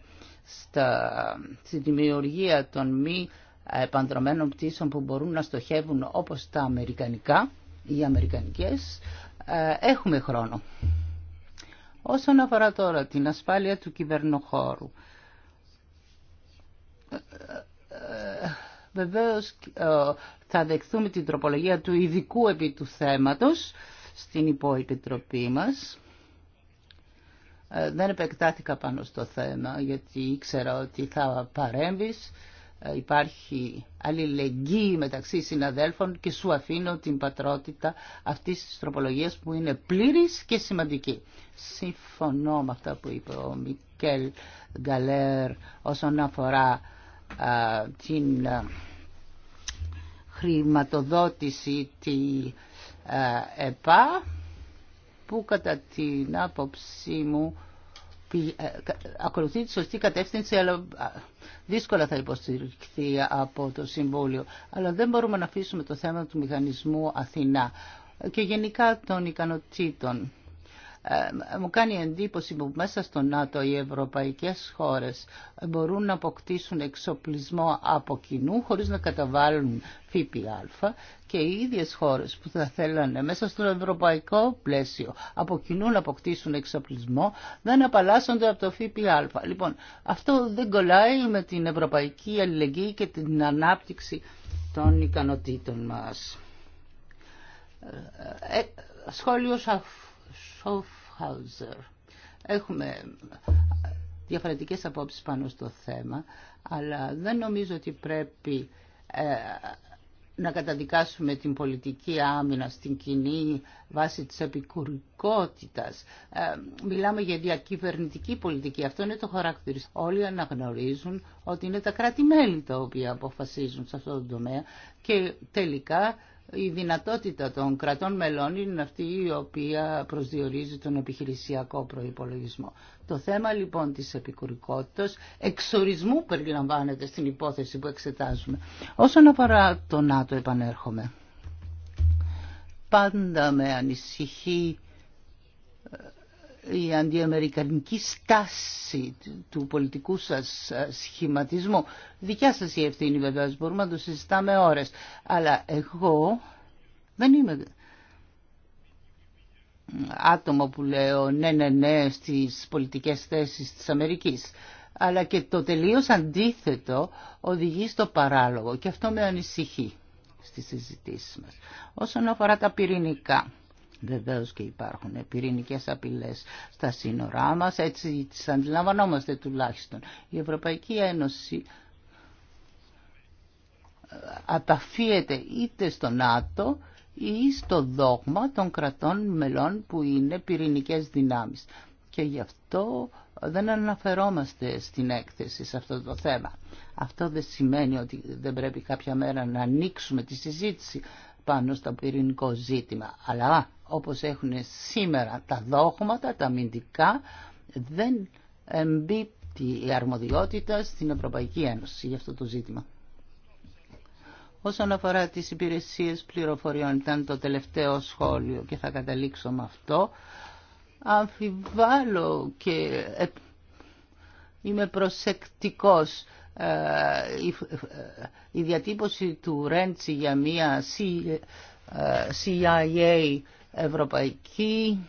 στη δημιουργία των μη επανδρομένων πτήσεων που μπορούν να στοχεύουν όπως τα αμερικανικά ή οι αμερικανικές, ε, έχουμε χρόνο. Όσον αφορά τώρα την ασφάλεια του κυβερνοχώρου, Βεβαίως ε, θα δεχθούμε την τροπολογία του ειδικού επί του θέματος στην υποεπιτροπή μας. Ε, δεν επεκτάθηκα πάνω στο θέμα γιατί ήξερα ότι θα παρέμβεις. Ε, υπάρχει αλληλεγγύη μεταξύ συναδέλφων και σου αφήνω την πατρότητα αυτής της τροπολογίας που είναι πλήρης και σημαντική. Συμφωνώ με αυτά που είπε ο Μικέλ Γκαλέρ όσον αφορά την χρηματοδότηση τη ΕΠΑ που κατά την άποψή μου ακολουθεί τη σωστή κατεύθυνση αλλά δύσκολα θα υποστηριχθεί από το Συμβούλιο. Αλλά δεν μπορούμε να αφήσουμε το θέμα του μηχανισμού Αθηνά και γενικά των ικανοτήτων. Ε, μου κάνει εντύπωση που μέσα στο ΝΑΤΟ οι ευρωπαϊκές χώρες μπορούν να αποκτήσουν εξοπλισμό από κοινού χωρίς να καταβάλουν ΦΠΑ και οι ίδιες χώρες που θα θέλανε μέσα στο ευρωπαϊκό πλαίσιο από κοινού να αποκτήσουν εξοπλισμό δεν απαλλάσσονται από το ΦΠΑ. Λοιπόν, αυτό δεν κολλάει με την ευρωπαϊκή αλληλεγγύη και την ανάπτυξη των ικανοτήτων μας. Ε, ε, ε Σόφχαουζερ. Έχουμε διαφορετικές απόψεις πάνω στο θέμα, αλλά δεν νομίζω ότι πρέπει ε, να καταδικάσουμε την πολιτική άμυνα στην κοινή βάση της επικουρικότητας. Ε, μιλάμε για διακυβερνητική πολιτική. Αυτό είναι το χαρακτηριστικό. Όλοι αναγνωρίζουν ότι είναι τα κράτη-μέλη τα οποία αποφασίζουν σε αυτό το τομέα και τελικά η δυνατότητα των κρατών μελών είναι αυτή η οποία προσδιορίζει τον επιχειρησιακό προϋπολογισμό. Το θέμα λοιπόν της επικουρικότητας εξορισμού περιλαμβάνεται στην υπόθεση που εξετάζουμε. Όσον αφορά το ΝΑΤΟ επανέρχομαι. Πάντα με ανησυχεί ε, η αντιαμερικανική στάση του πολιτικού σας ε, σχηματισμού. Δικιά σας η ευθύνη βέβαια, μπορούμε να το συζητάμε ώρες. Αλλά εγώ δεν είμαι άτομο που λέω ναι ναι ναι στις πολιτικές θέσεις της Αμερικής. Αλλά και το τελείως αντίθετο οδηγεί στο παράλογο και αυτό με ανησυχεί στις συζητήσεις μας. Όσον αφορά τα πυρηνικά Βεβαίως και υπάρχουν πυρηνικές απειλές στα σύνορά μας, έτσι τις αντιλαμβανόμαστε τουλάχιστον. Η Ευρωπαϊκή Ένωση ε, απαφίεται είτε στο ΝΑΤΟ ή στο δόγμα των κρατών μελών που είναι πυρηνικές δυνάμεις. Και γι' αυτό δεν αναφερόμαστε στην έκθεση σε αυτό το θέμα. Αυτό δεν σημαίνει ότι δεν πρέπει κάποια μέρα να ανοίξουμε τη συζήτηση πάνω στο πυρηνικό ζήτημα. Αλλά όπως έχουν σήμερα τα δόγματα, τα αμυντικά, δεν εμπίπτει η αρμοδιότητα στην Ευρωπαϊκή Ένωση για αυτό το ζήτημα. Όσον αφορά τις υπηρεσίες πληροφοριών, ήταν το τελευταίο σχόλιο και θα καταλήξω με αυτό. Αμφιβάλλω και ε, είμαι προσεκτικός. Ε, ε, η διατύπωση του Ρέντσι για μία CIA ευρωπαϊκή,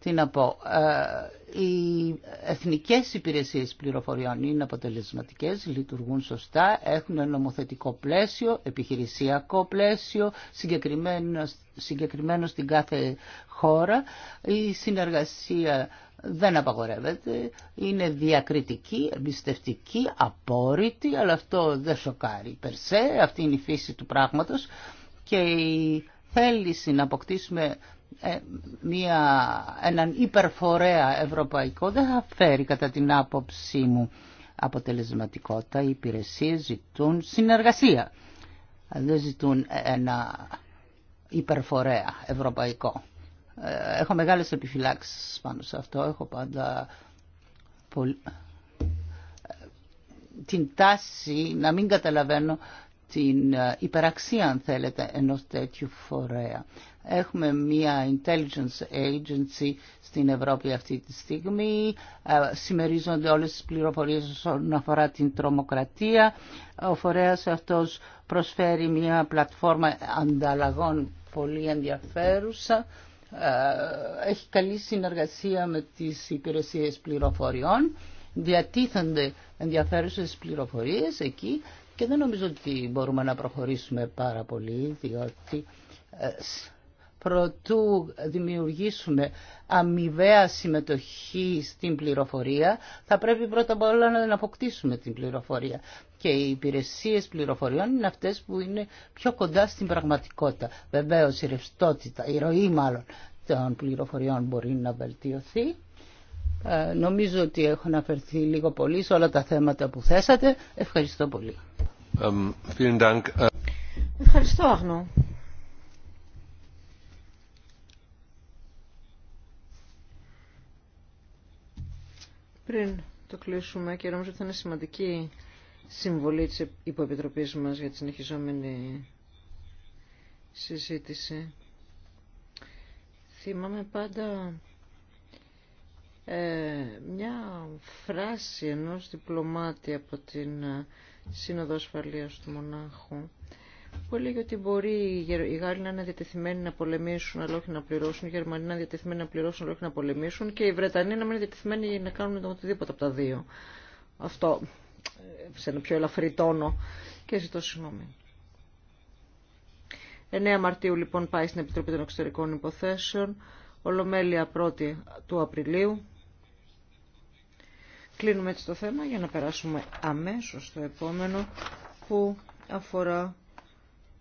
τι να πω, ε, οι εθνικές υπηρεσίες πληροφοριών είναι αποτελεσματικές, λειτουργούν σωστά, έχουν νομοθετικό πλαίσιο, επιχειρησιακό πλαίσιο, συγκεκριμένο, συγκεκριμένο στην κάθε χώρα. Η συνεργασία δεν απαγορεύεται, είναι διακριτική, εμπιστευτική, απόρριτη, αλλά αυτό δεν σοκάρει περσέ, αυτή είναι η φύση του πράγματος και η θέληση να αποκτήσουμε ε, μια, έναν υπερφορέα ευρωπαϊκό δεν θα φέρει κατά την άποψή μου αποτελεσματικότητα. Οι υπηρεσίες ζητούν συνεργασία. Δεν ζητούν ένα υπερφορέα ευρωπαϊκό. Ε, έχω μεγάλες επιφυλάξεις πάνω σε αυτό. Έχω πάντα την τάση να μην καταλαβαίνω την ε, υπεραξία αν θέλετε ενός τέτοιου φορέα. Έχουμε μια intelligence agency στην Ευρώπη αυτή τη στιγμή, ε, συμμερίζονται όλες τις πληροφορίες όσον αφορά την τρομοκρατία. Ο φορέας αυτός προσφέρει μια πλατφόρμα ανταλλαγών πολύ ενδιαφέρουσα, ε, έχει καλή συνεργασία με τις υπηρεσίες πληροφοριών, διατίθενται ενδιαφέρουσες πληροφορίες εκεί και δεν νομίζω ότι μπορούμε να προχωρήσουμε πάρα πολύ διότι ε, προτού δημιουργήσουμε αμοιβαία συμμετοχή στην πληροφορία, θα πρέπει πρώτα απ' όλα να αποκτήσουμε την πληροφορία. Και οι υπηρεσίες πληροφοριών είναι αυτές που είναι πιο κοντά στην πραγματικότητα. Βεβαίως η ρευστότητα, η ροή μάλλον των πληροφοριών μπορεί να βελτιωθεί. Ε, νομίζω ότι έχω αναφερθεί λίγο πολύ σε όλα τα θέματα που θέσατε. Ευχαριστώ πολύ. Um, äh, Ευχαριστώ, Αγνώ. Πριν το κλείσουμε και νομίζω ότι θα είναι σημαντική συμβολή της υποεπιτροπής μας για τη συνεχιζόμενη συζήτηση. Θυμάμαι πάντα ε, μια φράση ενός διπλωμάτη από την ε, Σύνοδο ασφαλεία του Μονάχου που έλεγε ότι μπορεί οι Γάλλοι να είναι διατεθειμένοι να πολεμήσουν αλλά όχι να πληρώσουν, οι Γερμανοί να είναι διατεθειμένοι να πληρώσουν αλλά όχι να πολεμήσουν και οι Βρετανοί να μην είναι διατεθειμένοι να κάνουν οτιδήποτε από τα δύο. Αυτό ε, σε ένα πιο ελαφρύ τόνο και ζητώ συγγνώμη. 9 Μαρτίου λοιπόν πάει στην Επιτροπή των Εξωτερικών Υποθέσεων, Ολομέλεια 1η του Απριλίου. Κλείνουμε έτσι το θέμα για να περάσουμε αμέσως στο επόμενο που αφορά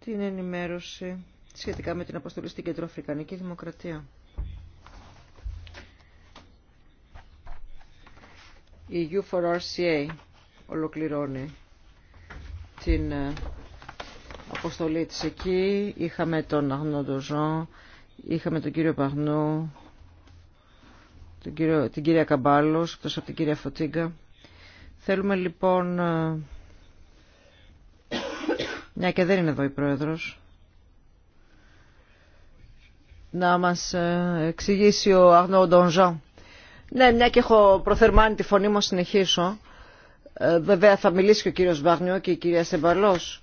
την ενημέρωση σχετικά με την αποστολή στην Κεντροαφρικανική Δημοκρατία. Η U4RCA ολοκληρώνει την ε, αποστολή της εκεί. Είχαμε τον Αγνόντο Ντοζό, είχαμε τον κύριο Παγνού, κύριο, την κυρία Καμπάλος, εκτός από την κυρία Φωτίγκα. Θέλουμε λοιπόν... Ε, μια και δεν είναι εδώ η Πρόεδρος. Να μας ε, εξηγήσει ο Αγνό Ντονζάν. Ναι, μια και έχω προθερμάνει τη φωνή μου, συνεχίσω. Ε, βέβαια θα μιλήσει και ο κύριος Βαγνιό και η κυρία Σεμπαλός.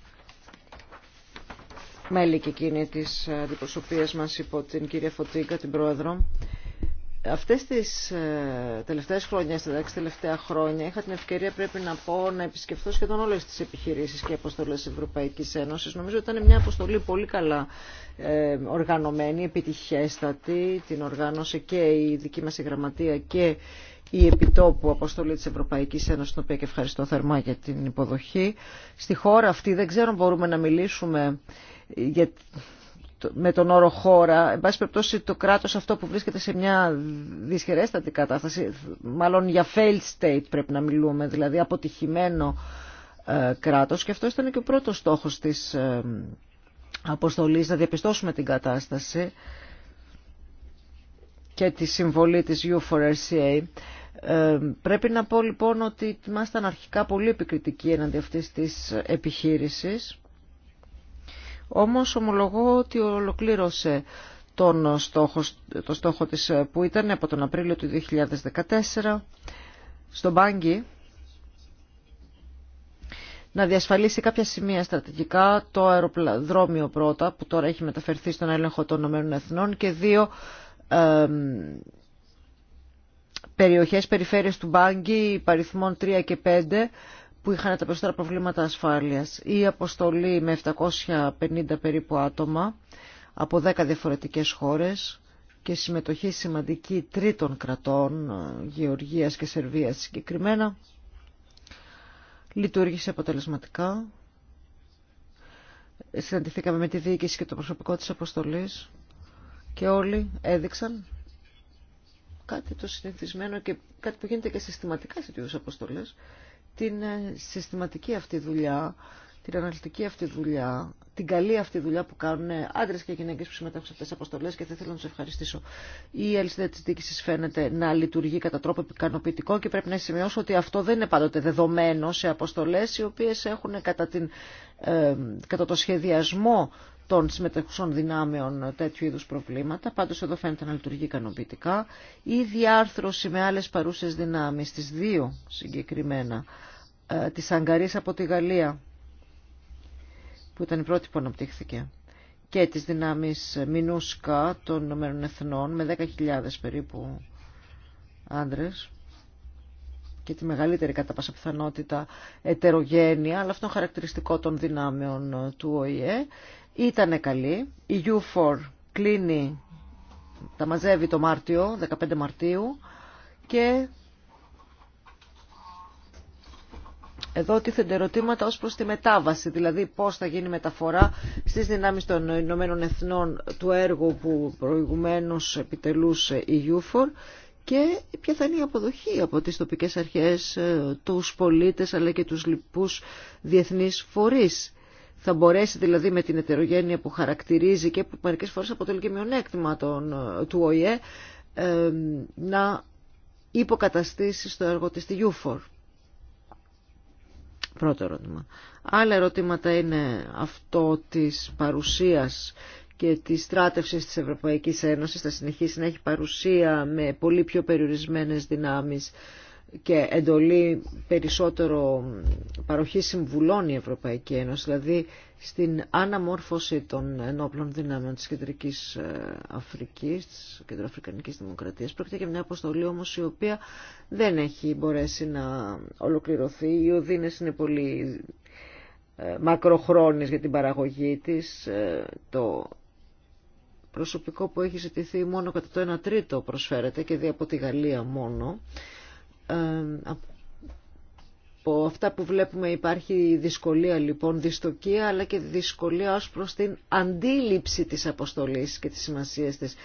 Μέλη και εκείνη της αντιπροσωπείας μας υπό την κυρία Φωτίγκα, την Πρόεδρο. Αυτές τις ε, τελευταίες χρόνια, τα τελευταία χρόνια, είχα την ευκαιρία πρέπει να πω να επισκεφθώ σχεδόν όλες τις επιχειρήσεις και αποστολές της Ευρωπαϊκής Ένωσης. Νομίζω ότι ήταν μια αποστολή πολύ καλά ε, οργανωμένη, επιτυχέστατη, την οργάνωσε και η δική μας η γραμματεία και η επιτόπου αποστολή της Ευρωπαϊκής Ένωσης, την οποία και ευχαριστώ θερμά για την υποδοχή. Στη χώρα αυτή δεν ξέρω αν μπορούμε να μιλήσουμε για με τον όρο χώρα. Εν πάση περιπτώσει το κράτος αυτό που βρίσκεται σε μια δυσχερέστατη κατάσταση, μάλλον για failed state πρέπει να μιλούμε, δηλαδή αποτυχημένο ε, κράτος και αυτό ήταν και ο πρώτος στόχος της ε, αποστολής, να διαπιστώσουμε την κατάσταση και τη συμβολή της U4RCA. Ε, πρέπει να πω λοιπόν ότι ήμασταν αρχικά πολύ επικριτικοί εναντί αυτής της επιχείρησης όμως ομολογώ ότι ολοκλήρωσε τον στόχο, το στόχο της που ήταν από τον Απρίλιο του 2014 στον Πάγκη να διασφαλίσει κάποια σημεία στρατηγικά το αεροδρόμιο πρώτα που τώρα έχει μεταφερθεί στον έλεγχο των Εθνών και δύο ε, περιοχές περιφέρειες του Μπάγκη, παριθμών 3 και 5 που είχαν τα περισσότερα προβλήματα ασφάλειας. Η αποστολή με 750 περίπου άτομα από 10 διαφορετικές χώρες και συμμετοχή σημαντική τρίτων κρατών, ε, Γεωργίας και Σερβίας συγκεκριμένα, λειτουργήσε αποτελεσματικά. Συναντηθήκαμε με τη διοίκηση και το προσωπικό της αποστολής και όλοι έδειξαν κάτι το συνηθισμένο και κάτι που γίνεται και συστηματικά σε τέτοιες αποστολές, την ε, συστηματική αυτή δουλειά, την αναλυτική αυτή δουλειά, την καλή αυτή δουλειά που κάνουν ε, άντρε και γυναίκε που συμμετέχουν σε αυτέ τι αποστολέ και θα ήθελα να του ευχαριστήσω. Η αλυσίδα τη διοίκηση φαίνεται να λειτουργεί κατά τρόπο ικανοποιητικό και πρέπει να σημειώσω ότι αυτό δεν είναι πάντοτε δεδομένο σε αποστολέ οι οποίε έχουν κατά, την, ε, κατά το σχεδιασμό των συμμετεχουσών δυνάμεων τέτοιου είδους προβλήματα. Πάντως εδώ φαίνεται να λειτουργεί ικανοποιητικά. Η διάρθρωση με άλλες παρούσες δυνάμεις, τις δύο συγκεκριμένα, ε, της Αγκαρής από τη Γαλλία, που ήταν η πρώτη που αναπτύχθηκε, και τις δυνάμεις Μινούσκα των Ηνωμένων Εθνών, με 10.000 περίπου άντρε. και τη μεγαλύτερη κατά πάσα πιθανότητα ετερογένεια, αλλά αυτό είναι χαρακτηριστικό των δυνάμεων του ΟΗΕ. Ήτανε καλή. Η U4 κλείνει, τα μαζεύει το Μάρτιο, 15 Μαρτίου και Εδώ τίθενται ερωτήματα ως προς τη μετάβαση, δηλαδή πώς θα γίνει η μεταφορά στις δυνάμεις των Ηνωμένων Εθνών του έργου που προηγουμένως επιτελούσε η UFOR και ποια θα είναι η αποδοχή από τις τοπικές αρχές, ε, τους πολίτες αλλά και τους λοιπούς διεθνείς φορείς θα μπορέσει δηλαδή με την ετερογένεια που χαρακτηρίζει και που μερικές φορές αποτελεί και μειονέκτημα ε, του ΟΗΕ ε, να υποκαταστήσει στο έργο της τη UFOR. Πρώτο ερώτημα. Άλλα ερωτήματα είναι αυτό της παρουσίας και τη στράτευση της Ευρωπαϊκής Ένωσης θα συνεχίσει να έχει παρουσία με πολύ πιο περιορισμένες δυνάμεις και εντολή περισσότερο παροχή συμβουλών η Ευρωπαϊκή Ένωση, δηλαδή στην αναμόρφωση των ενόπλων δυνάμεων της Κεντρικής ε, Αφρικής, της Κεντροαφρικανικής Δημοκρατίας. Πρόκειται για μια αποστολή όμως η οποία δεν έχει μπορέσει να ολοκληρωθεί. Οι οδύνες είναι πολύ ε, μακροχρόνιες για την παραγωγή της. Ε, το προσωπικό που έχει ζητηθεί μόνο κατά το 1 τρίτο προσφέρεται και δι' από τη Γαλλία μόνο. Ε, από αυτά που βλέπουμε υπάρχει δυσκολία λοιπόν, δυστοκία, αλλά και δυσκολία ως προς την αντίληψη της αποστολής και της σημασίας της.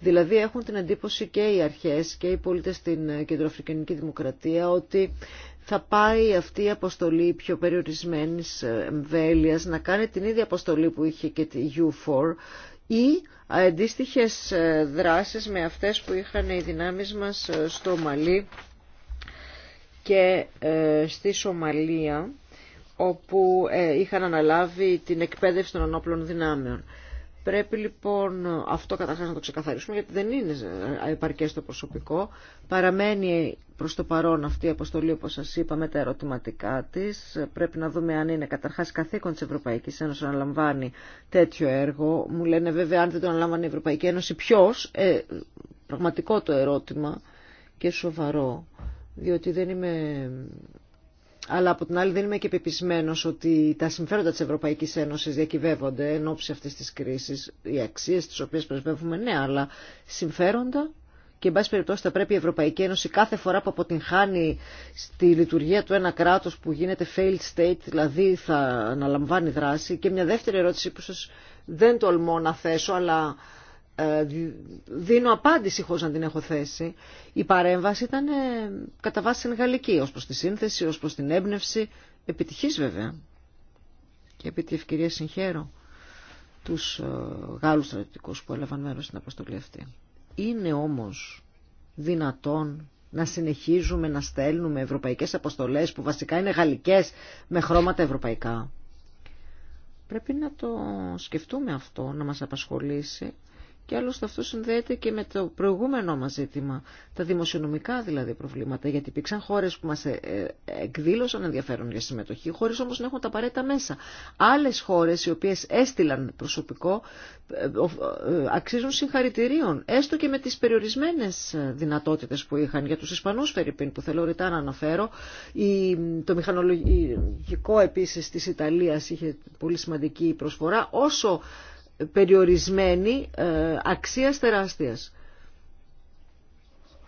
Δηλαδή έχουν την εντύπωση και οι αρχές και οι πολίτες στην Κεντροαφρικανική Δημοκρατία ότι θα πάει αυτή η αποστολή πιο περιορισμένης ε, εμβέλειας να κάνει την ίδια αποστολή που είχε και τη U4 ή αντίστοιχες ε, δράσεις με αυτές που είχαν οι δυνάμεις μας στο Μαλί και ε, στη Σομαλία όπου ε, είχαν αναλάβει την εκπαίδευση των ανώπλων δυνάμεων. Πρέπει λοιπόν αυτό καταρχάς να το ξεκαθαρίσουμε γιατί δεν είναι ε, επαρκές το προσωπικό. Παραμένει προς το παρόν αυτή η αποστολή όπως σας είπα με τα ερωτηματικά της. Πρέπει να δούμε αν είναι καταρχάς καθήκον της Ευρωπαϊκής Ένωσης να λαμβάνει τέτοιο έργο. Μου λένε βέβαια αν δεν το αναλάμβανε η Ευρωπαϊκή Ένωση ποιο, ε, πραγματικό το ερώτημα και σοβαρό διότι δεν είμαι... Αλλά από την άλλη δεν είμαι και πεπισμένο ότι τα συμφέροντα της Ευρωπαϊκής Ένωσης διακυβεύονται εν ώψη αυτής της κρίσης, οι αξίες τις οποίες πρεσβεύουμε, ναι, αλλά συμφέροντα και εν πάση περιπτώσει θα πρέπει η Ευρωπαϊκή Ένωση κάθε φορά που αποτυγχάνει στη λειτουργία του ένα κράτος που γίνεται failed state, δηλαδή θα αναλαμβάνει δράση. Και μια δεύτερη ερώτηση που σας δεν τολμώ να θέσω, αλλά ε, δίνω απάντηση χωρίς να την έχω θέσει. Η παρέμβαση ήταν ε, κατά βάση γαλλική ως προς τη σύνθεση, ως προς την έμπνευση. Επιτυχής βέβαια. Και επί τη ευκαιρία συγχαίρω τους ε, Γάλλους στρατιωτικούς που έλαβαν μέρος στην αποστολή αυτή. Είναι όμως δυνατόν να συνεχίζουμε να στέλνουμε ευρωπαϊκές αποστολές που βασικά είναι γαλλικές με χρώματα ευρωπαϊκά. Πρέπει να το σκεφτούμε αυτό, να μας απασχολήσει και άλλωστε αυτό συνδέεται και με το προηγούμενό μας ζήτημα, τα δημοσιονομικά δηλαδή προβλήματα, γιατί υπήρξαν χώρες που μας ε, ε, εκδήλωσαν ενδιαφέρον για συμμετοχή, χώρες όμως να έχουν τα απαραίτητα μέσα. Άλλες χώρες οι οποίες έστειλαν προσωπικό ε, αξίζουν συγχαρητηρίων, έστω και με τις περιορισμένες δυνατότητες που είχαν. Για τους Ισπανούς Φερρυπίν που θέλω ρητά να αναφέρω, το μηχανολογικό επίσης της Ιταλία είχε πολύ σημαντική προσφορά, όσο περιορισμένη ε, αξία τεράστιας.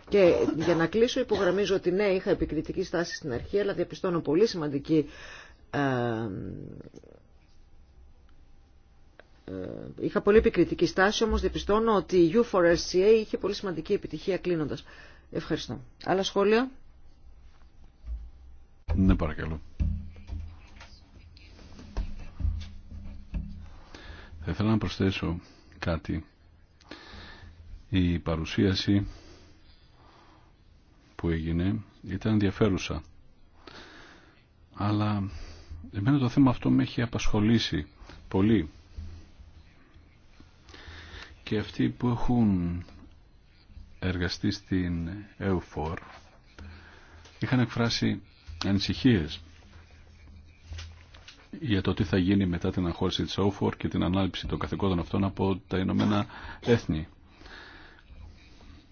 Και για να κλείσω υπογραμμίζω ότι ναι είχα επικριτική στάση στην αρχή αλλά διαπιστώνω πολύ σημαντική ε, ε, είχα πολύ επικριτική στάση όμως διαπιστώνω ότι η U4RCA είχε πολύ σημαντική επιτυχία κλείνοντας. Ευχαριστώ. Άλλα σχόλια. Ναι παρακαλώ. Θα ήθελα να προσθέσω κάτι. Η παρουσίαση που έγινε ήταν ενδιαφέρουσα. Αλλά εμένα το θέμα αυτό με έχει απασχολήσει πολύ. Και αυτοί που έχουν εργαστεί στην EUFOR είχαν εκφράσει ανησυχίες για το τι θα γίνει μετά την αγχώρηση της ΕΟΦΟΡ και την ανάληψη των καθηκόντων αυτών από τα Ηνωμένα Έθνη.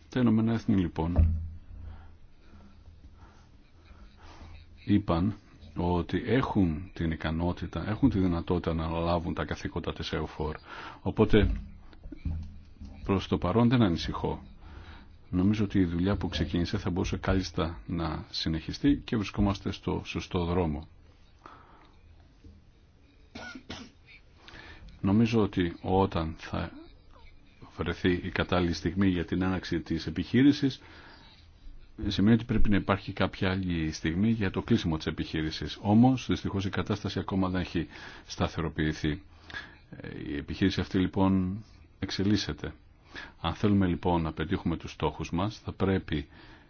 Τα Ηνωμένα Έθνη λοιπόν είπαν ότι έχουν την ικανότητα, έχουν τη δυνατότητα να λάβουν τα καθήκοντα της ΕΟΦΟΡ. Οπότε προς το παρόν δεν ανησυχώ. Νομίζω ότι η δουλειά που ξεκίνησε θα μπορούσε κάλλιστα να συνεχιστεί και βρισκόμαστε στο σωστό δρόμο. Νομίζω ότι όταν θα βρεθεί η κατάλληλη στιγμή για την άναξη της επιχείρησης, σημαίνει ότι πρέπει να υπάρχει κάποια άλλη στιγμή για το κλείσιμο της επιχείρησης. Όμως, δυστυχώς, η κατάσταση ακόμα δεν έχει σταθεροποιηθεί. Η επιχείρηση αυτή, λοιπόν, εξελίσσεται. Αν θέλουμε, λοιπόν, να πετύχουμε τους στόχους μας, θα πρέπει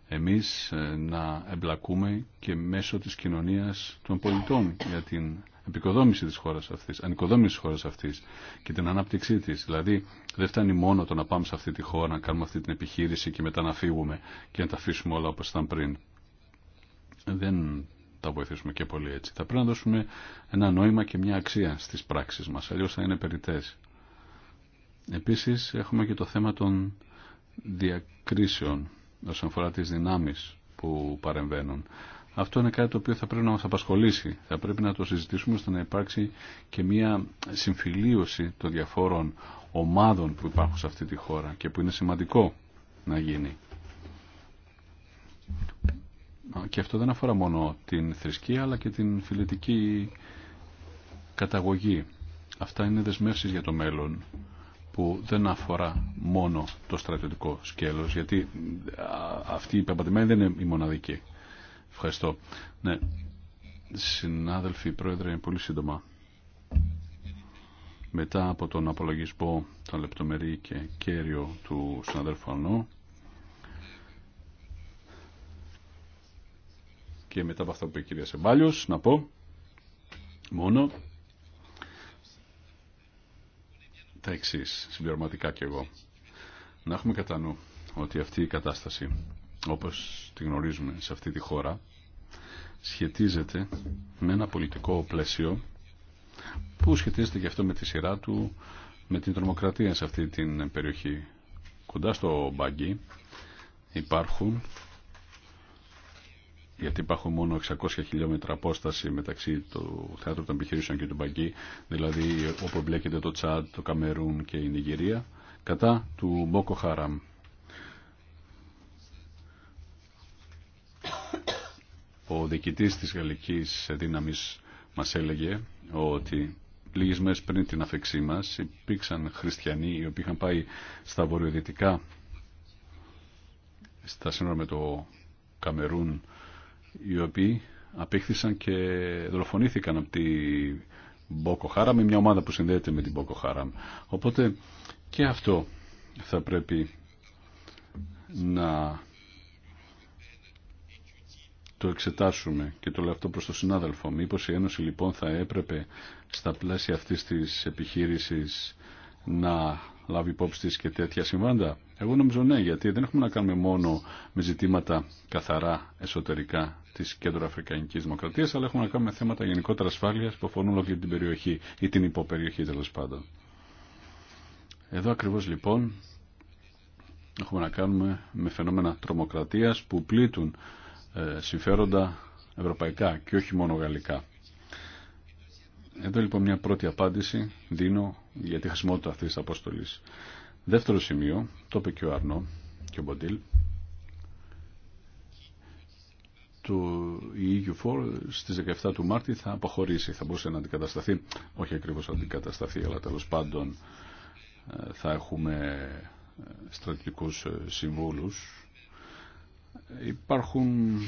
εμείς ε, να εμπλακούμε και μέσω της κοινωνίας των πολιτών για την επικοδόμηση της χώρας αυτής, ανοικοδόμηση της χώρας αυτής και την ανάπτυξή της. Δηλαδή δεν φτάνει μόνο το να πάμε σε αυτή τη χώρα, να κάνουμε αυτή την επιχείρηση και μετά να φύγουμε και να τα αφήσουμε όλα όπως ήταν πριν. Δεν τα βοηθήσουμε και πολύ έτσι. Θα πρέπει να δώσουμε ένα νόημα και μια αξία στις πράξεις μας, αλλιώς θα είναι περιττές. Επίσης έχουμε και το θέμα των διακρίσεων όσον αφορά τις δυνάμεις που παρεμβαίνουν. Αυτό είναι κάτι το οποίο θα πρέπει να μας απασχολήσει. Θα πρέπει να το συζητήσουμε ώστε να υπάρξει και μια συμφιλίωση των διαφόρων ομάδων που υπάρχουν σε αυτή τη χώρα και που είναι σημαντικό να γίνει. Και αυτό δεν αφορά μόνο την θρησκεία αλλά και την φιλετική καταγωγή. Αυτά είναι δεσμεύσεις για το μέλλον που δεν αφορά μόνο το στρατιωτικό σκέλος γιατί αυτή η πεπατημένη δεν είναι η μοναδική. Ευχαριστώ. Ναι, συνάδελφοι, πρόεδρε, πολύ σύντομα. Μετά από τον απολογισμό τον λεπτομερή και κέριο του συναδέλφου Ανώ και μετά από αυτό που είπε η κυρία Σεμπάλιος, να πω μόνο τα εξής, συμπληρωματικά κι εγώ. Να έχουμε κατά νου ότι αυτή η κατάσταση όπως τη γνωρίζουμε σε αυτή τη χώρα σχετίζεται με ένα πολιτικό πλαίσιο που σχετίζεται και αυτό με τη σειρά του με την τρομοκρατία σε αυτή την περιοχή. Κοντά στο Μπαγκί υπάρχουν γιατί υπάρχουν μόνο 600 χιλιόμετρα απόσταση μεταξύ του θέατρου των επιχειρήσεων και του Μπαγκί, δηλαδή όπου εμπλέκεται το Τσάντ, το Καμερούν και η Νιγηρία, κατά του Μπόκο Χάραμ. Ο διοικητής της γαλλικής δύναμης μας έλεγε ότι λίγες μέρες πριν την αφεξή μας υπήρξαν χριστιανοί οι οποίοι είχαν πάει στα βορειοδυτικά στα σύνορα με το Καμερούν οι οποίοι απήχθησαν και δολοφονήθηκαν από τη Μπόκο Χάραμ μια ομάδα που συνδέεται με την Μπόκο Χάραμ. Οπότε και αυτό θα πρέπει να το εξετάσουμε και το λέω αυτό προς τον συνάδελφο. Μήπως η Ένωση λοιπόν θα έπρεπε στα πλαίσια αυτής της επιχείρησης να λάβει υπόψη της και τέτοια συμβάντα. Εγώ νομίζω ναι, γιατί δεν έχουμε να κάνουμε μόνο με ζητήματα καθαρά εσωτερικά της Κέντρο Αφρικανικής Δημοκρατίας, αλλά έχουμε να κάνουμε θέματα γενικότερα ασφάλειας που αφορούν ολόκληρη την περιοχή ή την υποπεριοχή τέλο πάντων. Εδώ ακριβώς λοιπόν έχουμε να κάνουμε με φαινόμενα τρομοκρατίας που πλήττουν ε, συμφέροντα ευρωπαϊκά και όχι μόνο γαλλικά. Εδώ λοιπόν μια πρώτη απάντηση δίνω για τη χρησιμότητα αυτής της αποστολής. Δεύτερο σημείο, το είπε και ο Αρνό και ο Μποντήλ, του EU4 στις 17 του Μάρτη θα αποχωρήσει, θα μπορούσε να αντικατασταθεί, όχι ακριβώς να αντικατασταθεί, αλλά τέλος πάντων ε, θα έχουμε ε, στρατηγικούς συμβούλους Υπάρχουν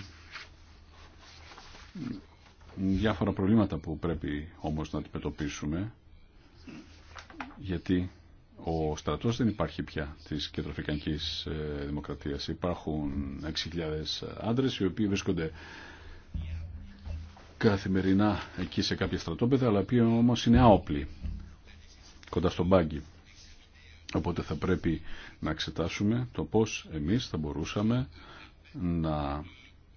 διάφορα προβλήματα που πρέπει όμως να αντιμετωπίσουμε γιατί ο στρατός δεν υπάρχει πια της κεντροαφρικανικής ε, δημοκρατίας. Υπάρχουν 6.000 άντρες οι οποίοι βρίσκονται καθημερινά εκεί σε κάποια στρατόπεδα αλλά οποίοι όμως είναι άοπλοι κοντά στον πάγκι. Οπότε θα πρέπει να εξετάσουμε το πώς εμείς θα μπορούσαμε να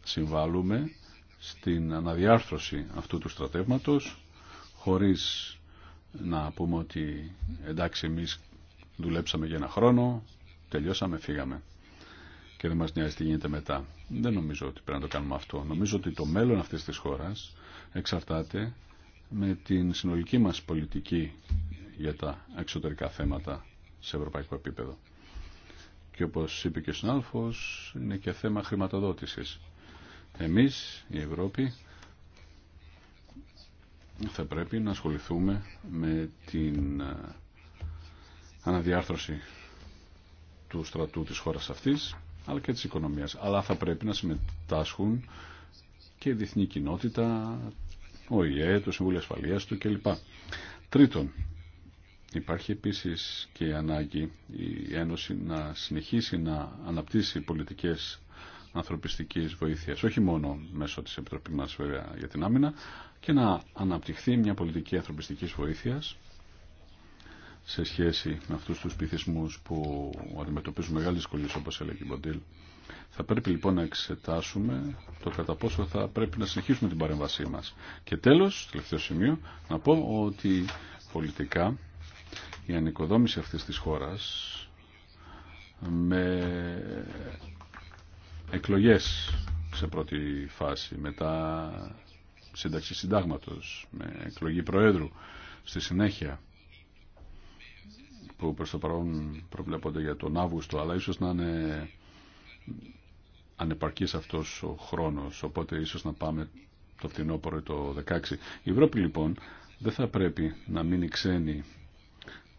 συμβάλλουμε στην αναδιάρθρωση αυτού του στρατεύματος χωρίς να πούμε ότι εντάξει εμείς δουλέψαμε για ένα χρόνο, τελειώσαμε, φύγαμε και δεν μας νοιάζει τι γίνεται μετά. Δεν νομίζω ότι πρέπει να το κάνουμε αυτό. Νομίζω ότι το μέλλον αυτής της χώρας εξαρτάται με την συνολική μας πολιτική για τα εξωτερικά θέματα σε ευρωπαϊκό επίπεδο και όπως είπε και ο συνάδελφος είναι και θέμα χρηματοδότησης. Εμείς, η Ευρώπη, θα πρέπει να ασχοληθούμε με την ε, αναδιάρθρωση του στρατού της χώρας αυτής αλλά και της οικονομίας. Αλλά θα πρέπει να συμμετάσχουν και η διεθνή κοινότητα, ο ΙΕ, το Συμβούλιο Ασφαλείας του κλπ. Τρίτον, Υπάρχει επίσης και η ανάγκη η Ένωση να συνεχίσει να αναπτύσσει πολιτικές ανθρωπιστικής βοήθειας, όχι μόνο μέσω της Επιτροπής μας για την άμυνα, και να αναπτυχθεί μια πολιτική ανθρωπιστικής βοήθειας σε σχέση με αυτούς τους πληθυσμούς που αντιμετωπίζουν μεγάλη δυσκολίες όπως έλεγε η Μποντήλ. Θα πρέπει λοιπόν να εξετάσουμε το κατά πόσο θα πρέπει να συνεχίσουμε την παρέμβασή μας. Και τέλος, τελευταίο σημείο, να πω ότι πολιτικά η ανοικοδόμηση αυτής της χώρας με εκλογές σε πρώτη φάση, μετά σύνταξη συντάγματος, με εκλογή προέδρου στη συνέχεια που προς το παρόν προβλέπονται για τον Αύγουστο, αλλά ίσως να είναι ανεπαρκής αυτός ο χρόνος, οπότε ίσως να πάμε το φθινόπωρο το 16. Η Ευρώπη λοιπόν δεν θα πρέπει να μείνει ξένη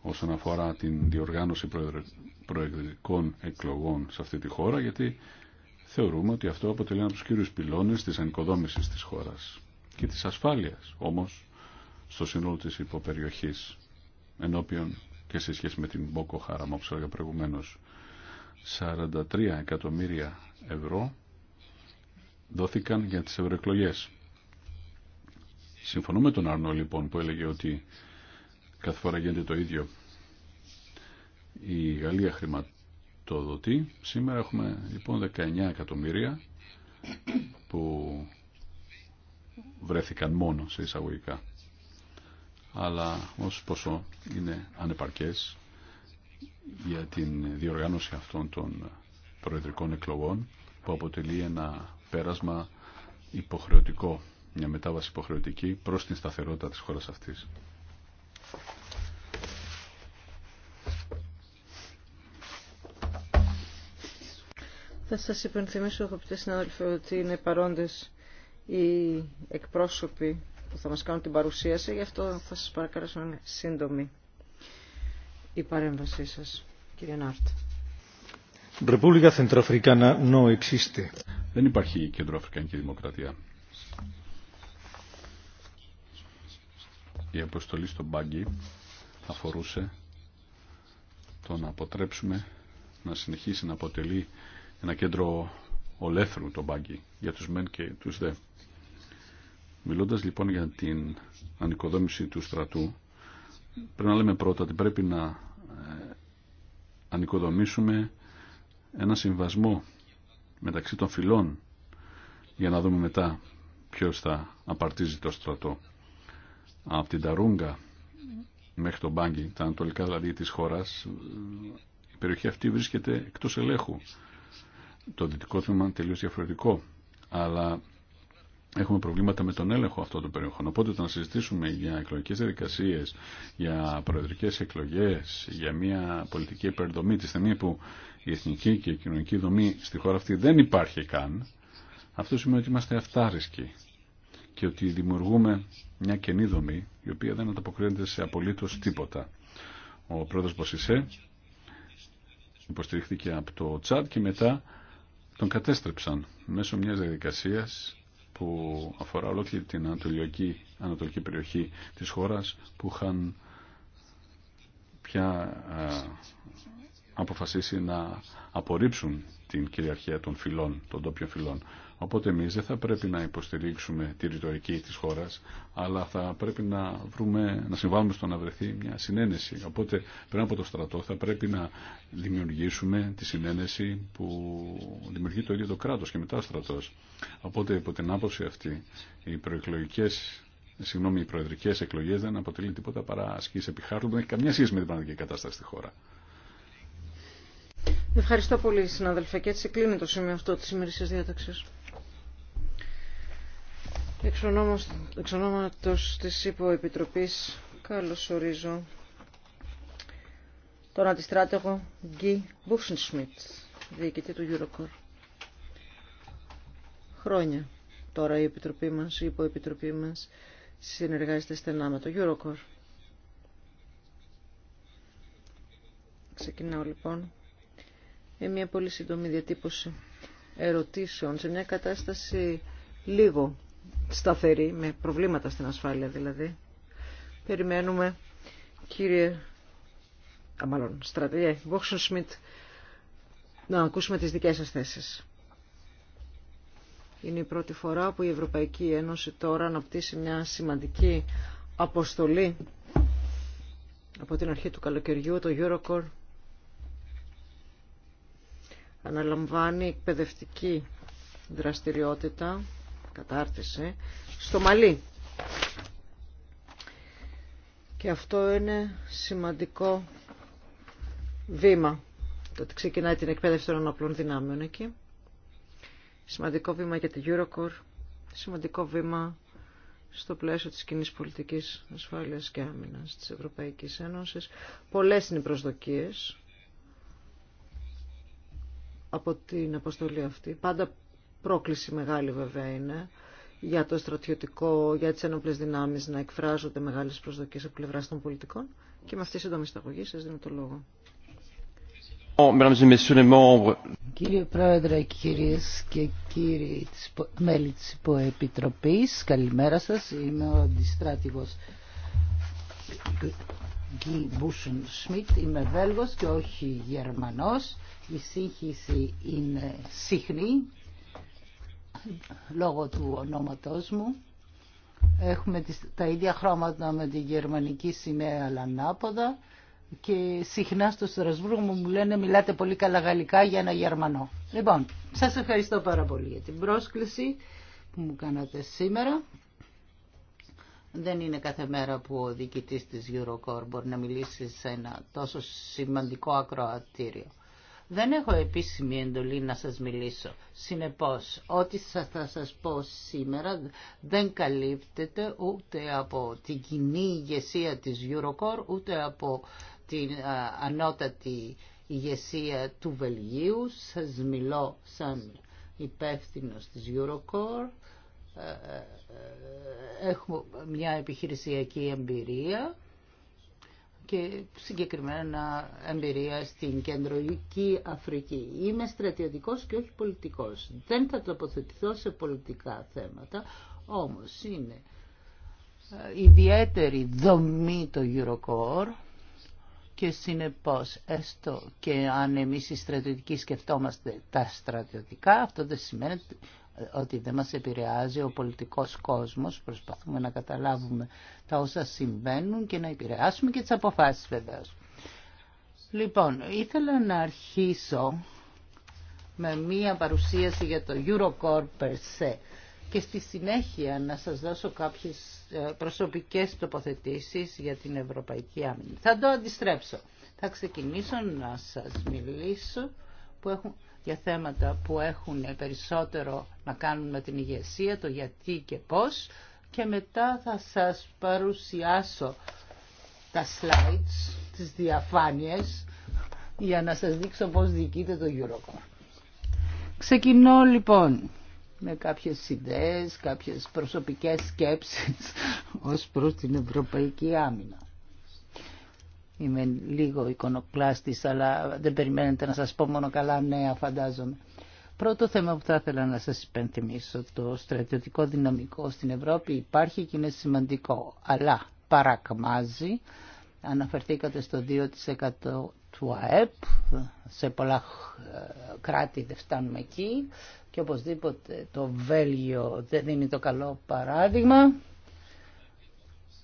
όσον αφορά την διοργάνωση προεκλογικών εκλογών σε αυτή τη χώρα γιατί θεωρούμε ότι αυτό αποτελεί ένα από τους κύριους πυλώνες της ανικοδόμησης της χώρας και της ασφάλειας όμως στο σύνολο της υποπεριοχής ενώπιον και σε σχέση με την Μπόκο Χάραμ όπως έλεγα προηγουμένως 43 εκατομμύρια ευρώ δόθηκαν για τις ευρωεκλογέ. Συμφωνώ με τον Αρνό λοιπόν που έλεγε ότι Κάθε φορά γίνεται το ίδιο. Η Γαλλία χρηματοδοτεί. Σήμερα έχουμε λοιπόν 19 εκατομμύρια που βρέθηκαν μόνο σε εισαγωγικά. Αλλά ως ποσό είναι ανεπαρκές για την διοργάνωση αυτών των προεδρικών εκλογών που αποτελεί ένα πέρασμα υποχρεωτικό, μια μετάβαση υποχρεωτική προς την σταθερότητα της χώρας αυτής. Θα σας υπενθυμίσω, αγαπητές συνάδελφοι, ότι είναι παρόντες οι εκπρόσωποι που θα μας κάνουν την παρουσίαση, γι' αυτό θα σας παρακαλώ να είναι σύντομη η παρέμβασή σας, κύριε Νάρτ. Δεν υπάρχει κεντροαφρικανική δημοκρατία. Η αποστολή στον Μπάγκη αφορούσε το να αποτρέψουμε να συνεχίσει να αποτελεί ένα κέντρο ολέθρου το μπάγκι για τους μεν και τους δε. Μιλώντας λοιπόν για την ανοικοδόμηση του στρατού, πρέπει να λέμε πρώτα ότι πρέπει να ε, ανοικοδομήσουμε ένα συμβασμό μεταξύ των φυλών για να δούμε μετά ποιος θα απαρτίζει το στρατό. Από την Ταρούγκα μέχρι το Μπάγκι, τα ανατολικά δηλαδή της χώρας, η περιοχή αυτή βρίσκεται εκτός ελέγχου το δυτικό τμήμα τελείως διαφορετικό. Αλλά έχουμε προβλήματα με τον έλεγχο αυτών των περιοχών. Οπότε όταν συζητήσουμε για εκλογικές διαδικασίε, για προεδρικές εκλογές, για μια πολιτική υπερδομή τη στιγμή που η εθνική και η κοινωνική δομή στη χώρα αυτή δεν υπάρχει καν, αυτό σημαίνει ότι είμαστε αυτάρισκοι και ότι δημιουργούμε μια κενή δομή η οποία δεν ανταποκρίνεται σε απολύτως τίποτα. Ο πρόεδρος Μποσισέ υποστηρίχθηκε από το Τσάτ και μετά τον κατέστρεψαν μέσω μιας διαδικασίας που αφορά ολόκληρη την ανατολική, ανατολική περιοχή της χώρας που είχαν πια αποφασίσει να απορρίψουν την κυριαρχία των φυλών, των τόπιων φυλών. Οπότε εμεί δεν θα πρέπει να υποστηρίξουμε τη ρητορική τη χώρα, αλλά θα πρέπει να, βρούμε, να συμβάλλουμε στο να βρεθεί μια συνένεση. Οπότε πριν από το στρατό θα πρέπει να δημιουργήσουμε τη συνένεση που δημιουργεί το ίδιο το κράτο και μετά ο στρατό. Οπότε υπό την άποψη αυτή οι προεκλογικέ συγγνώμη, οι προεδρικέ εκλογέ δεν αποτελεί τίποτα παρά ασκήσει επιχάρτου που δεν έχει καμία σχέση με την πραγματική κατάσταση στη χώρα. Ευχαριστώ πολύ, συνάδελφε. Και έτσι κλείνει το σημείο αυτό τη σημερινή διάταξη. Εξ ονόματος της υποεπιτροπής ορίζω τον αντιστράτεγο Γκί Μπουφσενσμιτ, διοικητή του Eurocor. Χρόνια τώρα η επιτροπή μας, η υποεπιτροπή μας συνεργάζεται στενά με το Eurocor. Ξεκινάω λοιπόν με μια πολύ σύντομη διατύπωση ερωτήσεων σε μια κατάσταση λίγο σταθερή, με προβλήματα στην ασφάλεια δηλαδή. Περιμένουμε, κύριε, α, μάλλον, στρατηγέ, Βόξον Σμιτ, να ακούσουμε τις δικές σας θέσεις. Είναι η πρώτη φορά που η Ευρωπαϊκή Ένωση τώρα αναπτύσσει μια σημαντική αποστολή από την αρχή του καλοκαιριού, το Eurocore. Αναλαμβάνει εκπαιδευτική δραστηριότητα κατάρτισε στο Μαλή. Και αυτό είναι σημαντικό βήμα, το ότι ξεκινάει την εκπαίδευση των απλών δυνάμεων εκεί. Σημαντικό βήμα για την Eurocore, σημαντικό βήμα στο πλαίσιο της κοινή πολιτικής ασφάλειας και άμυνας της Ευρωπαϊκής Ένωσης. Πολλές είναι οι προσδοκίες από την αποστολή αυτή. Πάντα Πρόκληση μεγάλη βέβαια είναι για το στρατιωτικό, για τις ενόπλες δυνάμεις να εκφράζονται μεγάλες προσδοκίες από πλευρά των πολιτικών. Και με αυτή τη σύντομη σταγωγή σας δίνω το λόγο. Oh, Κύριε Πρόεδρε, κυρίες και κύριοι μέλη της Υποεπιτροπής, καλημέρα σας. Είμαι ο αντιστράτηγος Γκί Μπούσον Σμιτ. Είμαι Βέλγος και όχι Γερμανός. Η σύγχυση είναι συχνή λόγω του ονόματός μου. Έχουμε τα ίδια χρώματα με τη γερμανική σημαία αλλά ανάποδα και συχνά στο Στρασβούργο μου λένε μιλάτε πολύ καλά γαλλικά για ένα Γερμανό. Λοιπόν, σας ευχαριστώ πάρα πολύ για την πρόσκληση που μου κάνατε σήμερα. Δεν είναι κάθε μέρα που ο διοικητής της Eurocore μπορεί να μιλήσει σε ένα τόσο σημαντικό ακροατήριο. Δεν έχω επίσημη εντολή να σας μιλήσω. Συνεπώς, ό,τι θα σας πω σήμερα δεν καλύπτεται ούτε από την κοινή ηγεσία της Eurocore, ούτε από την ανώτατη ηγεσία του Βελγίου. Σας μιλώ σαν υπεύθυνο της Eurocore. Ε, ε, ε, έχω μια επιχειρησιακή εμπειρία και συγκεκριμένα εμπειρία στην κεντροϊκή Αφρική. Είμαι στρατιωτικός και όχι πολιτικός. Δεν θα τοποθετηθώ σε πολιτικά θέματα, όμως είναι ε, ιδιαίτερη δομή το Eurocore και συνεπώς έστω και αν εμείς οι στρατιωτικοί σκεφτόμαστε τα στρατιωτικά, αυτό δεν σημαίνει ότι δεν μας επηρεάζει ο πολιτικός κόσμος, προσπαθούμε να καταλάβουμε τα όσα συμβαίνουν και να επηρεάσουμε και τις αποφάσεις βεβαίω. Λοιπόν, ήθελα να αρχίσω με μία παρουσίαση για το Eurocorp per se και στη συνέχεια να σας δώσω κάποιες ε, προσωπικές τοποθετήσεις για την Ευρωπαϊκή Άμυνα. Θα το αντιστρέψω. Θα ξεκινήσω να σας μιλήσω που έχουν για θέματα που έχουν περισσότερο να κάνουν με την ηγεσία, το γιατί και πώς και μετά θα σας παρουσιάσω τα slides, τις διαφάνειες για να σας δείξω πώς διοικείται το Eurocom. Ξεκινώ λοιπόν με κάποιες ιδέες, κάποιες προσωπικές σκέψεις ως προς την Ευρωπαϊκή Άμυνα. Είμαι λίγο εικονοκλάστης, αλλά δεν περιμένετε να σας πω μόνο καλά νέα, φαντάζομαι. Πρώτο θέμα που θα ήθελα να σας υπενθυμίσω, το στρατιωτικό δυναμικό στην Ευρώπη υπάρχει και είναι σημαντικό, αλλά παρακμάζει. Αναφερθήκατε στο 2% του ΑΕΠ, σε πολλά ε, κράτη δεν φτάνουμε εκεί και οπωσδήποτε το Βέλγιο δεν είναι το καλό παράδειγμα.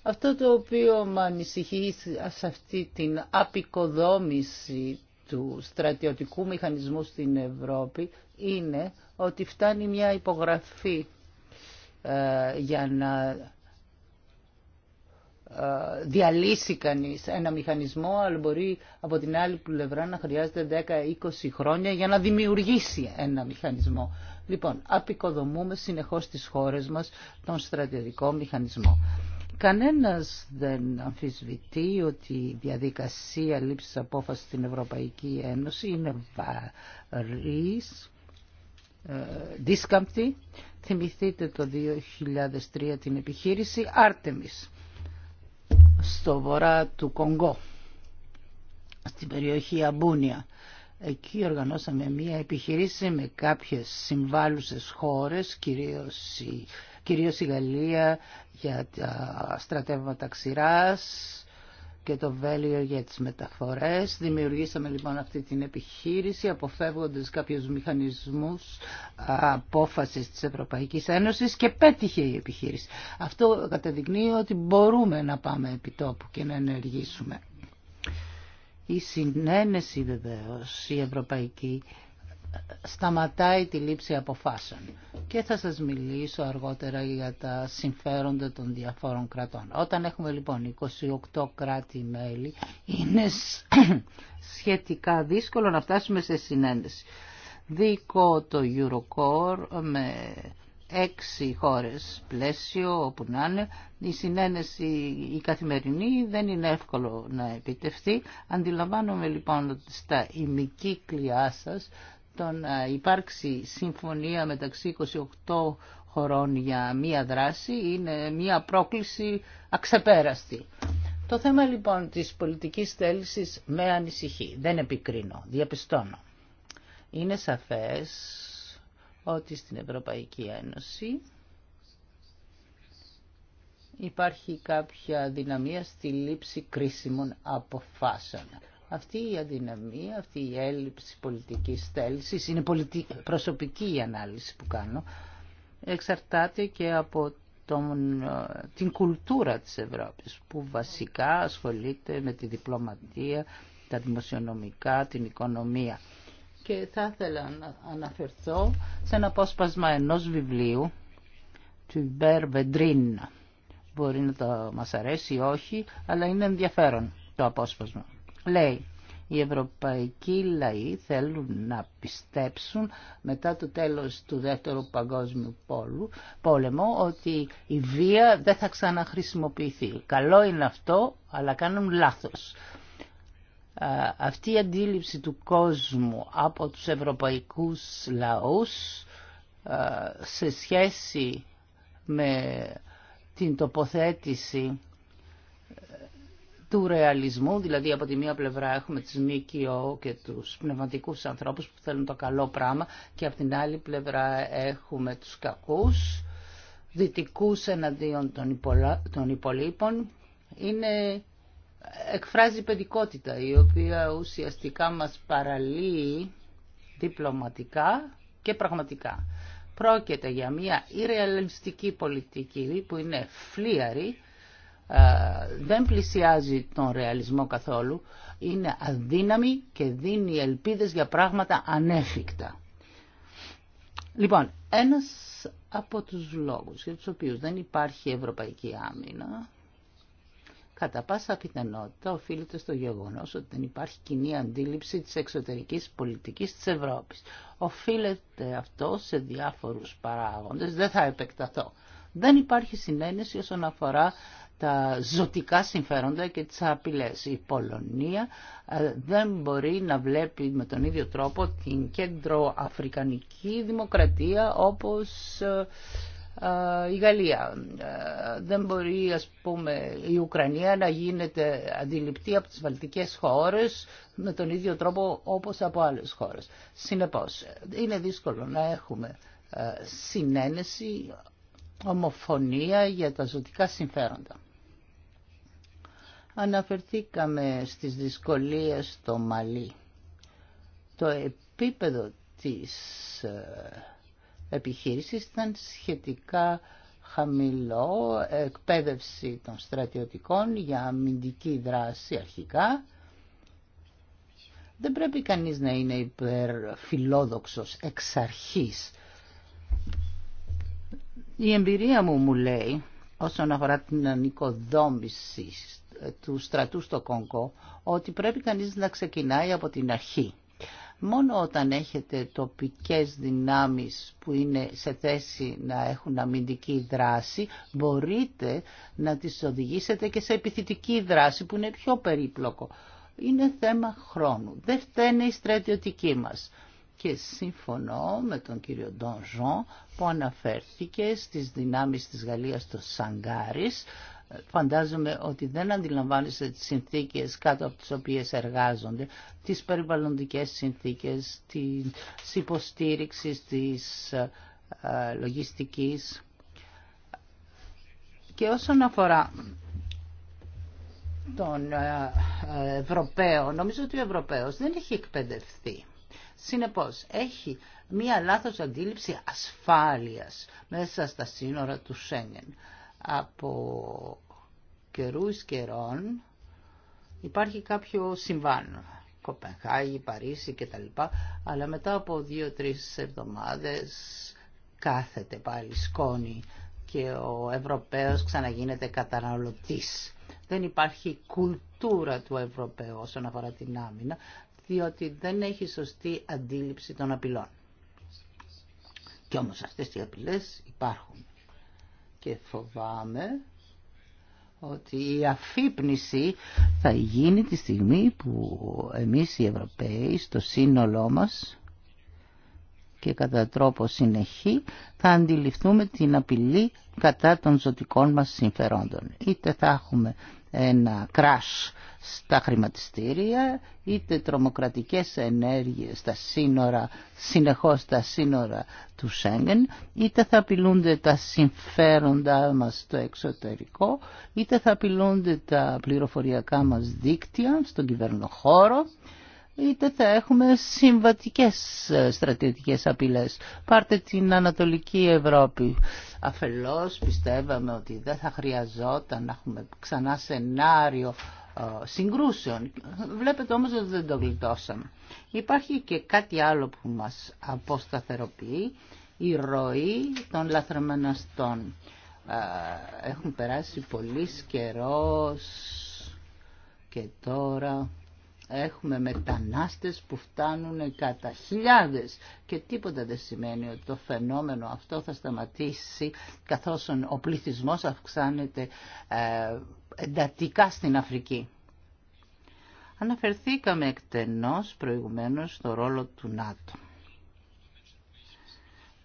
Αυτό το οποίο με ανησυχεί σε αυτή την απεικοδόμηση του στρατιωτικού μηχανισμού στην Ευρώπη είναι ότι φτάνει μια υπογραφή ε, για να ε, διαλύσει κανείς ένα μηχανισμό, αλλά μπορεί από την άλλη πλευρά να χρειάζεται 10-20 χρόνια για να δημιουργήσει ένα μηχανισμό. Λοιπόν, απεικοδομούμε συνεχώς τις χώρες μας τον στρατιωτικό μηχανισμό. Κανένας δεν αμφισβητεί ότι η διαδικασία λήψης απόφασης στην Ευρωπαϊκή Ένωση είναι βαρύς, ε, δίσκαμπτη. Θυμηθείτε το 2003 την επιχείρηση Άρτεμις στο βορρά του Κονγκό, στην περιοχή Αμπούνια. Εκεί οργανώσαμε μία επιχειρήση με κάποιες συμβάλλουσες χώρες, κυρίως η κυρίως η Γαλλία για τα στρατεύματα ξηράς και το Βέλιο για τις μεταφορές. Δημιουργήσαμε λοιπόν αυτή την επιχείρηση αποφεύγοντας κάποιους μηχανισμούς απόφασης της Ευρωπαϊκής Ένωσης και πέτυχε η επιχείρηση. Αυτό καταδεικνύει ότι μπορούμε να πάμε επί τόπου και να ενεργήσουμε. Η συνένεση βεβαίω η ευρωπαϊκή σταματάει τη λήψη αποφάσεων. Και θα σας μιλήσω αργότερα για τα συμφέροντα των διαφόρων κρατών. Όταν έχουμε λοιπόν 28 κράτη-μέλη, είναι σχετικά δύσκολο να φτάσουμε σε συνέντευξη. Δίκο το Eurocore με έξι χώρες πλαίσιο όπου να είναι. Η συνένεση η καθημερινή δεν είναι εύκολο να επιτευχθεί. Αντιλαμβάνομαι λοιπόν ότι στα ημικύκλιά σας το να υπάρξει συμφωνία μεταξύ 28 χωρών για μία δράση είναι μία πρόκληση αξεπέραστη. Το θέμα λοιπόν της πολιτικής θέλησης με ανησυχεί. Δεν επικρίνω, διαπιστώνω. Είναι σαφές ότι στην Ευρωπαϊκή Ένωση υπάρχει κάποια δυναμία στη λήψη κρίσιμων αποφάσεων. Αυτή η αδυναμία, αυτή η έλλειψη πολιτικής στέλσης, είναι προσωπική η ανάλυση που κάνω, εξαρτάται και από την κουλτούρα της Ευρώπης που βασικά ασχολείται με τη διπλωματία, τα δημοσιονομικά, την οικονομία. Και θα ήθελα να αναφερθώ σε ένα απόσπασμα ενός βιβλίου του Μπερ Βεντρίν. Μπορεί να το μας αρέσει ή όχι, αλλά είναι ενδιαφέρον το απόσπασμα. Λέει, οι ευρωπαϊκοί λαοί θέλουν να πιστέψουν μετά το τέλος του Δεύτερου Παγκόσμιου Πόλου, Πόλεμο ότι η βία δεν θα ξαναχρησιμοποιηθεί. Καλό είναι αυτό, αλλά κάνουν λάθος. Αυτή η αντίληψη του κόσμου από τους ευρωπαϊκούς λαούς σε σχέση με την τοποθέτηση του ρεαλισμού, δηλαδή από τη μία πλευρά έχουμε τις ΜΚΟ και τους πνευματικούς ανθρώπους που θέλουν το καλό πράγμα και από την άλλη πλευρά έχουμε τους κακούς, δυτικούς εναντίον των υπολείπων. Είναι, εκφράζει παιδικότητα η οποία ουσιαστικά μας παραλύει διπλωματικά και πραγματικά. Πρόκειται για μια ηρεαλιστική πολιτική που είναι φλίαρη ε, δεν πλησιάζει τον ρεαλισμό καθόλου, είναι αδύναμη και δίνει ελπίδες για πράγματα ανέφικτα. Λοιπόν, ένας από τους λόγους για τους οποίους δεν υπάρχει ευρωπαϊκή άμυνα, κατά πάσα πιθανότητα οφείλεται στο γεγονός ότι δεν υπάρχει κοινή αντίληψη της εξωτερικής πολιτικής της Ευρώπης. Οφείλεται αυτό σε διάφορους παράγοντες, δεν θα επεκταθώ. Δεν υπάρχει συνένεση όσον αφορά τα ζωτικά συμφέροντα και τις απειλές. Η Πολωνία ε, δεν μπορεί να βλέπει με τον ίδιο τρόπο την κέντρο αφρικανική δημοκρατία όπως ε, ε, η Γαλλία. Δεν μπορεί πούμε η Ουκρανία να γίνεται αντιληπτή από τις βαλτικές χώρες με τον ίδιο τρόπο όπως από άλλες χώρες. Συνεπώς είναι δύσκολο να έχουμε συνένεση, ομοφωνία για τα ζωτικά συμφέροντα αναφερθήκαμε στις δυσκολίες στο Μαλί. Το επίπεδο της ε, επιχείρησης ήταν σχετικά χαμηλό, εκπαίδευση των στρατιωτικών για αμυντική δράση αρχικά. Δεν πρέπει κανείς να είναι υπερφιλόδοξος εξ αρχής. Η εμπειρία μου μου λέει όσον αφορά την ανοικοδόμηση του στρατού στο Κονγκό ότι πρέπει κανείς να ξεκινάει από την αρχή. Μόνο όταν έχετε τοπικές δυνάμεις που είναι σε θέση να έχουν αμυντική δράση, μπορείτε να τις οδηγήσετε και σε επιθετική δράση που είναι πιο περίπλοκο. Είναι θέμα χρόνου. Δεν φταίνε οι στρατιωτικοί μας. Και σύμφωνο με τον κύριο Ντονζόν που αναφέρθηκε στις δυνάμεις της Γαλλίας στο Σαγκάρις, φαντάζομαι ότι δεν αντιλαμβάνεσαι τις συνθήκες κάτω από τις οποίες εργάζονται, τις περιβαλλοντικές συνθήκες, της υποστήριξης ε, της λογιστικής. Και όσον αφορά τον ε, Ευρωπαίο, νομίζω ότι ο Ευρωπαίος δεν έχει εκπαιδευτεί. Συνεπώς, έχει μία λάθος αντίληψη ασφάλειας μέσα στα σύνορα του Σέγγεν από καιρούς καιρών υπάρχει κάποιο συμβάν. Κοπενχάγη, Παρίσι κτλ. Αλλά μετά από δύο-τρεις εβδομάδες κάθεται πάλι σκόνη και ο Ευρωπαίος ξαναγίνεται καταναλωτής. Δεν υπάρχει κουλτούρα του Ευρωπαίου όσον αφορά την άμυνα, διότι δεν έχει σωστή αντίληψη των απειλών. Κι όμως αυτές οι απειλές υπάρχουν και φοβάμαι ότι η αφύπνιση θα γίνει τη στιγμή που εμείς οι Ευρωπαίοι στο σύνολό μας και κατά τρόπο συνεχή θα αντιληφθούμε την απειλή κατά των ζωτικών μας συμφερόντων. Είτε θα έχουμε ένα κράσ στα χρηματιστήρια, είτε τρομοκρατικές ενέργειες στα σύνορα, συνεχώς στα σύνορα του Σέγγεν, είτε θα απειλούνται τα συμφέροντά μας στο εξωτερικό, είτε θα απειλούνται τα πληροφοριακά μας δίκτυα στον κυβερνοχώρο, είτε θα έχουμε συμβατικές ε, στρατιωτικές απειλές. Πάρτε την Ανατολική Ευρώπη. Αφελώς πιστεύαμε ότι δεν θα χρειαζόταν να έχουμε ξανά σενάριο ε, συγκρούσεων. Βλέπετε όμως ότι δεν το γλιτώσαμε. Υπάρχει και κάτι άλλο που μας αποσταθεροποιεί, η ροή των λαθρομεναστών. Ε, έχουν περάσει πολύ καιρός και τώρα Έχουμε μετανάστες που φτάνουν κατά χιλιάδες και τίποτα δεν σημαίνει ότι το φαινόμενο αυτό θα σταματήσει καθώς ο πληθυσμός αυξάνεται ε, εντατικά στην Αφρική. Αναφερθήκαμε εκτενώς προηγουμένως στο ρόλο του ΝΑΤΟ.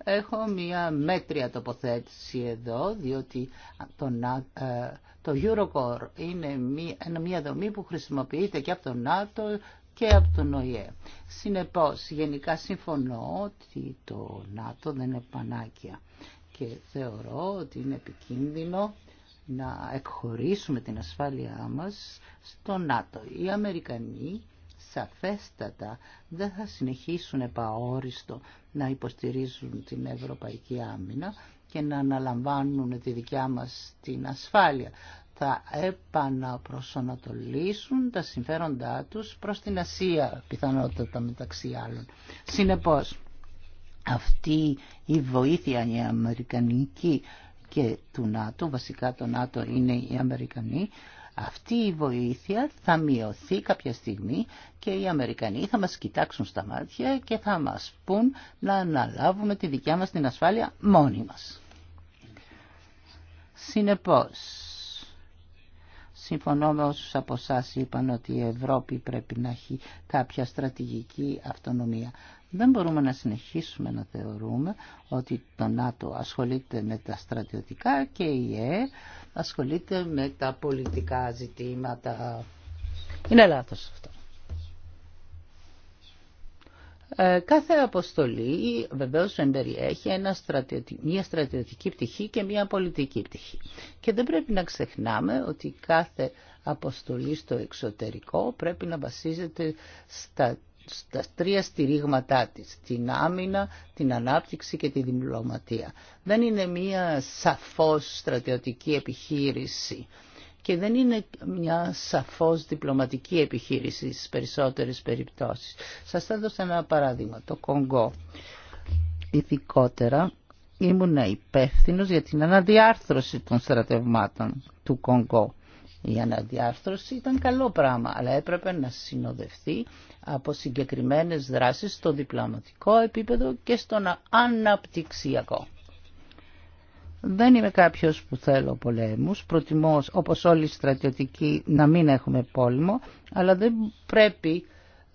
Έχω μία μέτρια τοποθέτηση εδώ, διότι το, ε, το Eurocore είναι μια δομή που χρησιμοποιείται και από τον ΝΑΤΟ και από τον ΟΗΕ. Συνεπώς, γενικά συμφωνώ ότι το ΝΑΤΟ δεν είναι πανάκια και θεωρώ ότι είναι επικίνδυνο να εκχωρήσουμε την ασφάλειά μας στο ΝΑΤΟ. Οι Αμερικανοί σαφέστατα δεν θα συνεχίσουν επαόριστο να υποστηρίζουν την Ευρωπαϊκή Άμυνα και να αναλαμβάνουν τη δικιά μας την ασφάλεια. Θα επαναπροσωνατολίσουν τα συμφέροντά τους προς την Ασία, πιθανότατα μεταξύ άλλων. Συνεπώς, αυτή η βοήθεια η Αμερικανική και του ΝΑΤΟ, βασικά το ΝΑΤΟ είναι οι Αμερικανοί, αυτή η βοήθεια θα μειωθεί κάποια στιγμή και οι Αμερικανοί θα μας κοιτάξουν στα μάτια και θα μας πούν να αναλάβουμε τη δικιά μας την ασφάλεια μόνοι μας. Συνεπώς, συμφωνώ με όσους από εσά είπαν ότι η Ευρώπη πρέπει να έχει κάποια στρατηγική αυτονομία. Δεν μπορούμε να συνεχίσουμε να θεωρούμε ότι το ΝΑΤΟ ασχολείται με τα στρατιωτικά και η ΕΕ ασχολείται με τα πολιτικά ζητήματα. Είναι λάθος αυτό. Ε, κάθε αποστολή βεβαίως εμπεριέχει μια στρατιωτική πτυχή και μια πολιτική πτυχή. Και δεν πρέπει να ξεχνάμε ότι κάθε αποστολή στο εξωτερικό πρέπει να βασίζεται στα, στα τρία στηρίγματά της, την άμυνα, την ανάπτυξη και τη διπλωματία. Δεν είναι μια σαφώς στρατιωτική επιχείρηση και δεν είναι μια σαφώς διπλωματική επιχείρηση στις περισσότερες περιπτώσεις. Σας θα δώσω ένα παράδειγμα, το Κονγκό. Ειδικότερα ήμουν υπεύθυνο για την αναδιάρθρωση των στρατευμάτων του Κονγκό. Η αναδιάρθρωση ήταν καλό πράγμα, αλλά έπρεπε να συνοδευτεί από συγκεκριμένες δράσεις στο διπλωματικό επίπεδο και στο αναπτυξιακό. Δεν είμαι κάποιος που θέλω πολέμους, προτιμώ όπως όλοι οι στρατιωτικοί να μην έχουμε πόλεμο, αλλά δεν πρέπει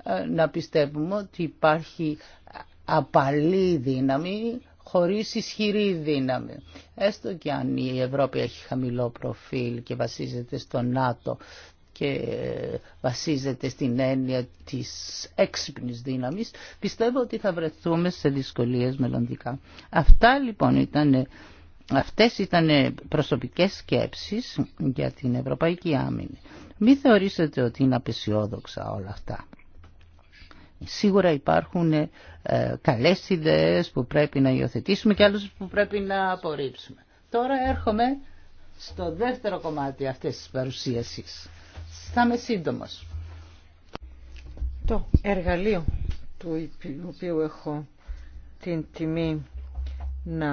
ε, να πιστεύουμε ότι υπάρχει απαλή δύναμη χωρίς ισχυρή δύναμη. Έστω και αν η Ευρώπη έχει χαμηλό προφίλ και βασίζεται στο ΝΑΤΟ και ε, βασίζεται στην έννοια της έξυπνης δύναμης, πιστεύω ότι θα βρεθούμε σε δυσκολίες μελλοντικά. Αυτά λοιπόν ήταν Αυτές ήταν ε, προσωπικές σκέψεις για την Ευρωπαϊκή Άμυνη. Μην θεωρήσετε ότι είναι απεσιόδοξα όλα αυτά. Σίγουρα υπάρχουν ε, ε, καλές ιδέες που πρέπει να υιοθετήσουμε και άλλες που πρέπει να απορρίψουμε. Τώρα έρχομαι στο δεύτερο κομμάτι αυτής της παρουσίασης. Θα είμαι σύντομο. Το εργαλείο του οποίου έχω την τιμή να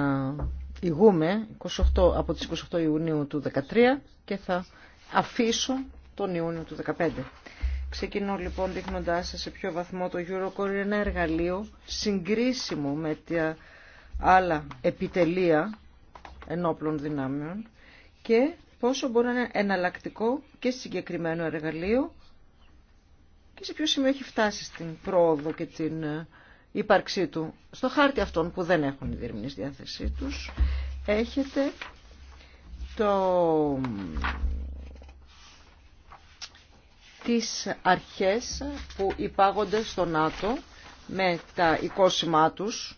ηγούμε 28, από τις 28 Ιουνίου του 2013 και θα αφήσω τον Ιούνιο του 2015. Ξεκινώ λοιπόν δείχνοντα σα σε ποιο βαθμό το Eurocore είναι ένα εργαλείο συγκρίσιμο με τα άλλα επιτελεία ενόπλων δυνάμεων και πόσο μπορεί να είναι εναλλακτικό και συγκεκριμένο εργαλείο και σε ποιο σημείο έχει φτάσει στην πρόοδο και την ε, ύπαρξή του στο χάρτη αυτών που δεν έχουν οι διάθεσή τους έχετε το τις αρχές που υπάγονται στο ΝΑΤΟ με τα οικόσημά τους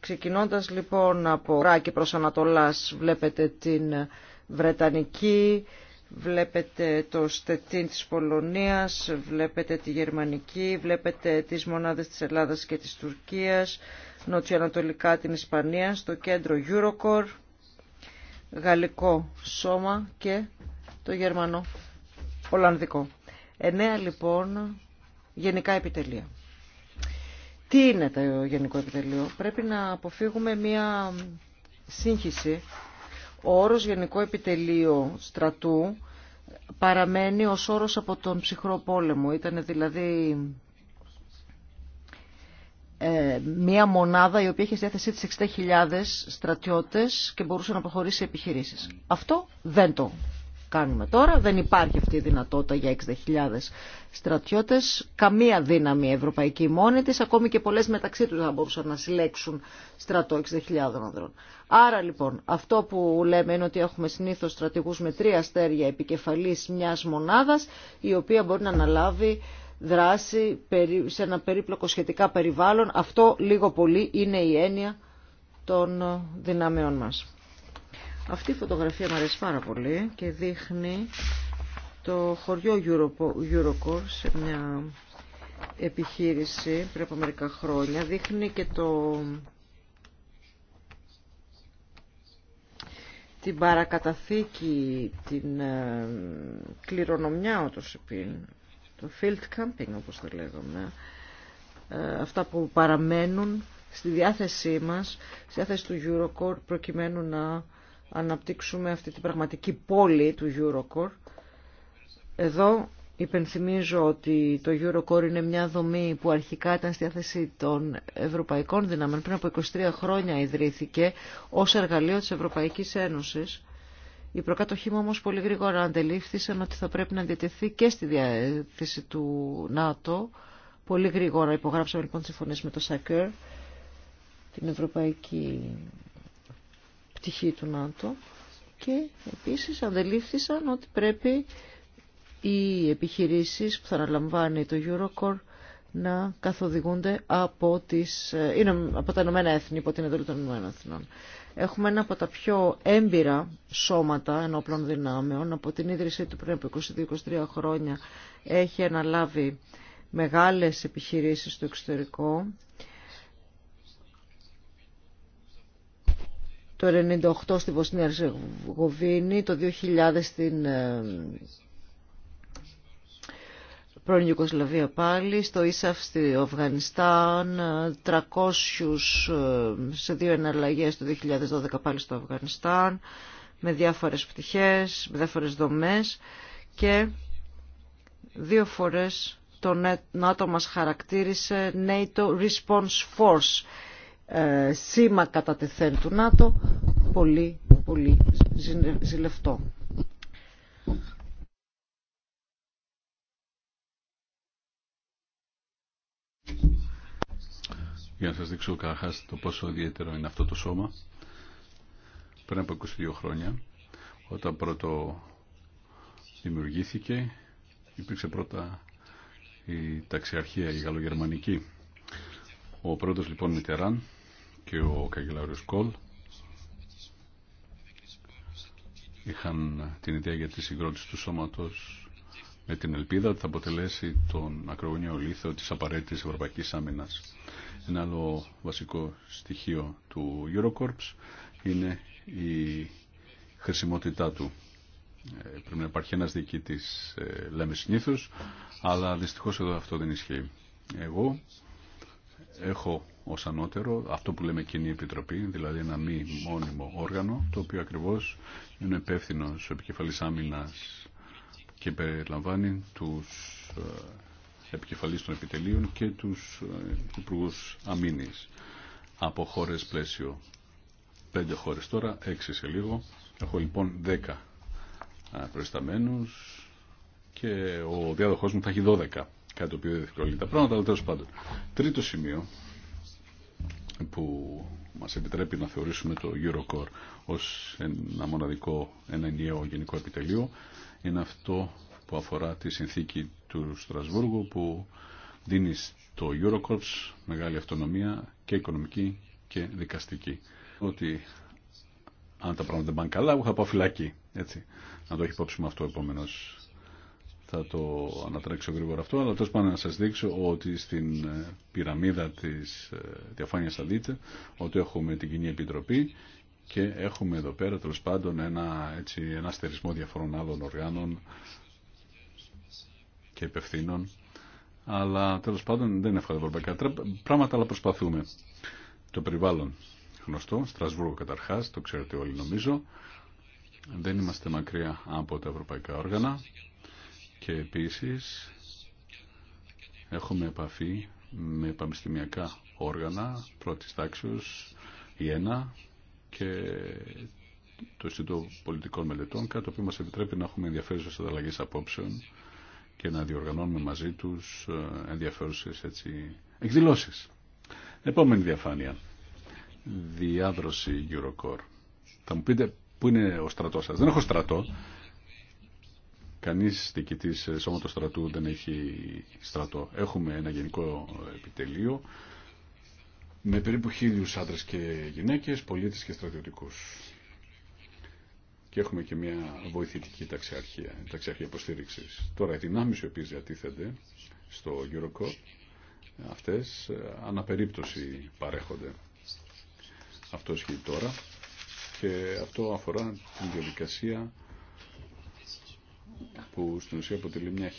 ξεκινώντας λοιπόν από Ράκη προς Ανατολάς βλέπετε την Βρετανική Βλέπετε το Στετίν της Πολωνίας, βλέπετε τη Γερμανική, βλέπετε τις μονάδες της Ελλάδας και της Τουρκίας, νοτιοανατολικά την Ισπανία, στο κέντρο Eurocore, γαλλικό σώμα και το γερμανό Ολλανδικό. Εννέα λοιπόν γενικά επιτελεία. Τι είναι το γενικό επιτελείο. Πρέπει να αποφύγουμε μία σύγχυση ο όρος Γενικό Επιτελείο Στρατού παραμένει ως όρος από τον ψυχρό πόλεμο. Ήταν δηλαδή ε, μία μονάδα η οποία είχε στη διάθεσή της 60.000 στρατιώτες και μπορούσε να προχωρήσει επιχειρήσεις. Αυτό δεν το κάνουμε τώρα. Δεν υπάρχει αυτή η δυνατότητα για 60.000 στρατιώτες. Καμία δύναμη ευρωπαϊκή μόνη της, ακόμη και πολλές μεταξύ τους θα μπορούσαν να συλλέξουν στρατό 60.000 ανδρών. Άρα λοιπόν αυτό που λέμε είναι ότι έχουμε συνήθως στρατηγούς με τρία αστέρια επικεφαλής μιας μονάδας η οποία μπορεί να αναλάβει δράση σε ένα περίπλοκο σχετικά περιβάλλον. Αυτό λίγο πολύ είναι η έννοια των δυνάμεών μας. Αυτή η φωτογραφία μου αρέσει πάρα πολύ και δείχνει το χωριό Eurocore σε μια επιχείρηση πριν από μερικά χρόνια. Δείχνει και το... την παρακαταθήκη, την ε, κληρονομιά ότως το field camping όπως το λέγαμε, αυτά που παραμένουν στη διάθεσή μας, στη διάθεση του Eurocore προκειμένου να αναπτύξουμε αυτή την πραγματική πόλη του Eurocore. Εδώ υπενθυμίζω ότι το Eurocore είναι μια δομή που αρχικά ήταν στη διάθεση των ευρωπαϊκών δυνάμεων. Πριν από 23 χρόνια ιδρύθηκε ως εργαλείο της Ευρωπαϊκής Ένωσης. Οι προκάτοχοί μου όμως πολύ γρήγορα αντελήφθησαν ότι θα πρέπει να αντιτεθεί και στη διάθεση του ΝΑΤΟ. Πολύ γρήγορα υπογράψαμε λοιπόν συμφωνίες με το ΣΑΚΕΡ, την Ευρωπαϊκή πτυχή του ΝΑΤΟ και επίσης αντελήφθησαν ότι πρέπει οι επιχειρήσεις που θα αναλαμβάνει το Eurocor να καθοδηγούνται από, τις, ε, είναι από τα Ηνωμένα Έθνη, υπό την εντολή των Ηνωμένων Εθνών. Έχουμε ένα από τα πιο έμπειρα σώματα ενόπλων δυνάμεων. Από την ίδρυσή του πριν από 22-23 χρόνια έχει αναλάβει μεγάλες επιχειρήσεις στο εξωτερικό το 1998 στη Βοσνία ριζεγοβινη το 2000 στην ε, πρώην Ιουκοσλαβία πάλι, στο Ίσαφ στη Αφγανιστάν, 300 ε, ε, σε δύο εναλλαγές το 2012 πάλι στο Αφγανιστάν, με διάφορες πτυχές, με διάφορες δομές και δύο φορές το ΝΑΤΟ μας χαρακτήρισε NATO Response Force ε, σήμα κατά τη του ΝΑΤΟ πολύ πολύ ζηλευτό. Για να σας δείξω καταρχάς το πόσο ιδιαίτερο είναι αυτό το σώμα. Πριν από 22 χρόνια, όταν πρώτο δημιουργήθηκε, υπήρξε πρώτα η ταξιαρχία, η γαλλογερμανική. Ο πρώτος λοιπόν Μιτεράν και ο καγκελάριος Κολ είχαν την ιδέα για τη συγκρότηση του σώματος με την ελπίδα ότι θα αποτελέσει τον ακρογωνιαίο λίθο της απαραίτητης ευρωπαϊκής άμυνας. Ένα άλλο βασικό στοιχείο του Eurocorps είναι η χρησιμότητά του. Ε, πρέπει να υπάρχει ένας διοικητής, ε, λέμε συνήθως αλλά δυστυχώς εδώ αυτό δεν ισχύει. Εγώ έχω ως ανώτερο αυτό που λέμε κοινή επιτροπή, δηλαδή ένα μη μόνιμο όργανο, το οποίο ακριβώς είναι υπεύθυνο ο επικεφαλής άμυνας και περιλαμβάνει τους ε, επικεφαλής των επιτελείων και τους ε, υπουργού αμήνης από χώρες πλαίσιο. Πέντε χώρες τώρα, έξι σε λίγο. Έχω λοιπόν δέκα ε, προϊσταμένους και ο διάδοχός μου θα έχει δώδεκα κάτι το οποίο δεν δυσκολεί τα πράγματα, αλλά πάντων. Τρίτο σημείο που μας επιτρέπει να θεωρήσουμε το Eurocore ως ένα μοναδικό, ένα ενιαίο γενικό επιτελείο είναι αυτό που αφορά τη συνθήκη του Στρασβούργου που δίνει στο Eurocorps μεγάλη αυτονομία και οικονομική και δικαστική. Ότι αν τα πράγματα δεν πάνε καλά, εγώ θα πάω φυλακή. Έτσι. Να το έχει υπόψη με αυτό επόμενος θα το ανατρέξω γρήγορα αυτό, αλλά τόσο πάνω να σας δείξω ότι στην ε, πυραμίδα της ε, διαφάνειας θα δείτε ότι έχουμε την Κοινή Επιτροπή και έχουμε εδώ πέρα τέλο πάντων ένα, έτσι, ένα στερισμό διαφορών άλλων οργάνων και υπευθύνων αλλά τέλο πάντων δεν έχουμε ευρωπαϊκά πράγματα αλλά προσπαθούμε το περιβάλλον γνωστό, Στρασβούργο καταρχάς, το ξέρετε όλοι νομίζω δεν είμαστε μακριά από τα ευρωπαϊκά όργανα και επίσης έχουμε επαφή με πανεπιστημιακά όργανα πρώτης τάξεως, η ΕΝΑ και το Ινστιτούτο Πολιτικών Μελετών, κάτι που οποίο μας επιτρέπει να έχουμε ενδιαφέρουσες ανταλλαγές απόψεων και να διοργανώνουμε μαζί τους ε, ενδιαφέρουσες έτσι, εκδηλώσεις. Επόμενη διαφάνεια. Διάδροση Eurocore. Θα μου πείτε πού είναι ο στρατό σας. Δεν έχω στρατό. Κανείς διοικητή ε, σώματο στρατού δεν έχει στρατό. Έχουμε ένα γενικό επιτελείο με περίπου χίλιου άντρες και γυναίκες, πολίτε και στρατιωτικούς. Και έχουμε και μια βοηθητική ταξιαρχία, ταξιαρχία υποστήριξη. Τώρα, οι δυνάμει οι οποίε διατίθενται στο EuroCorp αυτέ ε, αναπερίπτωση παρέχονται. Αυτό ισχύει τώρα και αυτό αφορά την διαδικασία που στην ουσία αποτελεί μια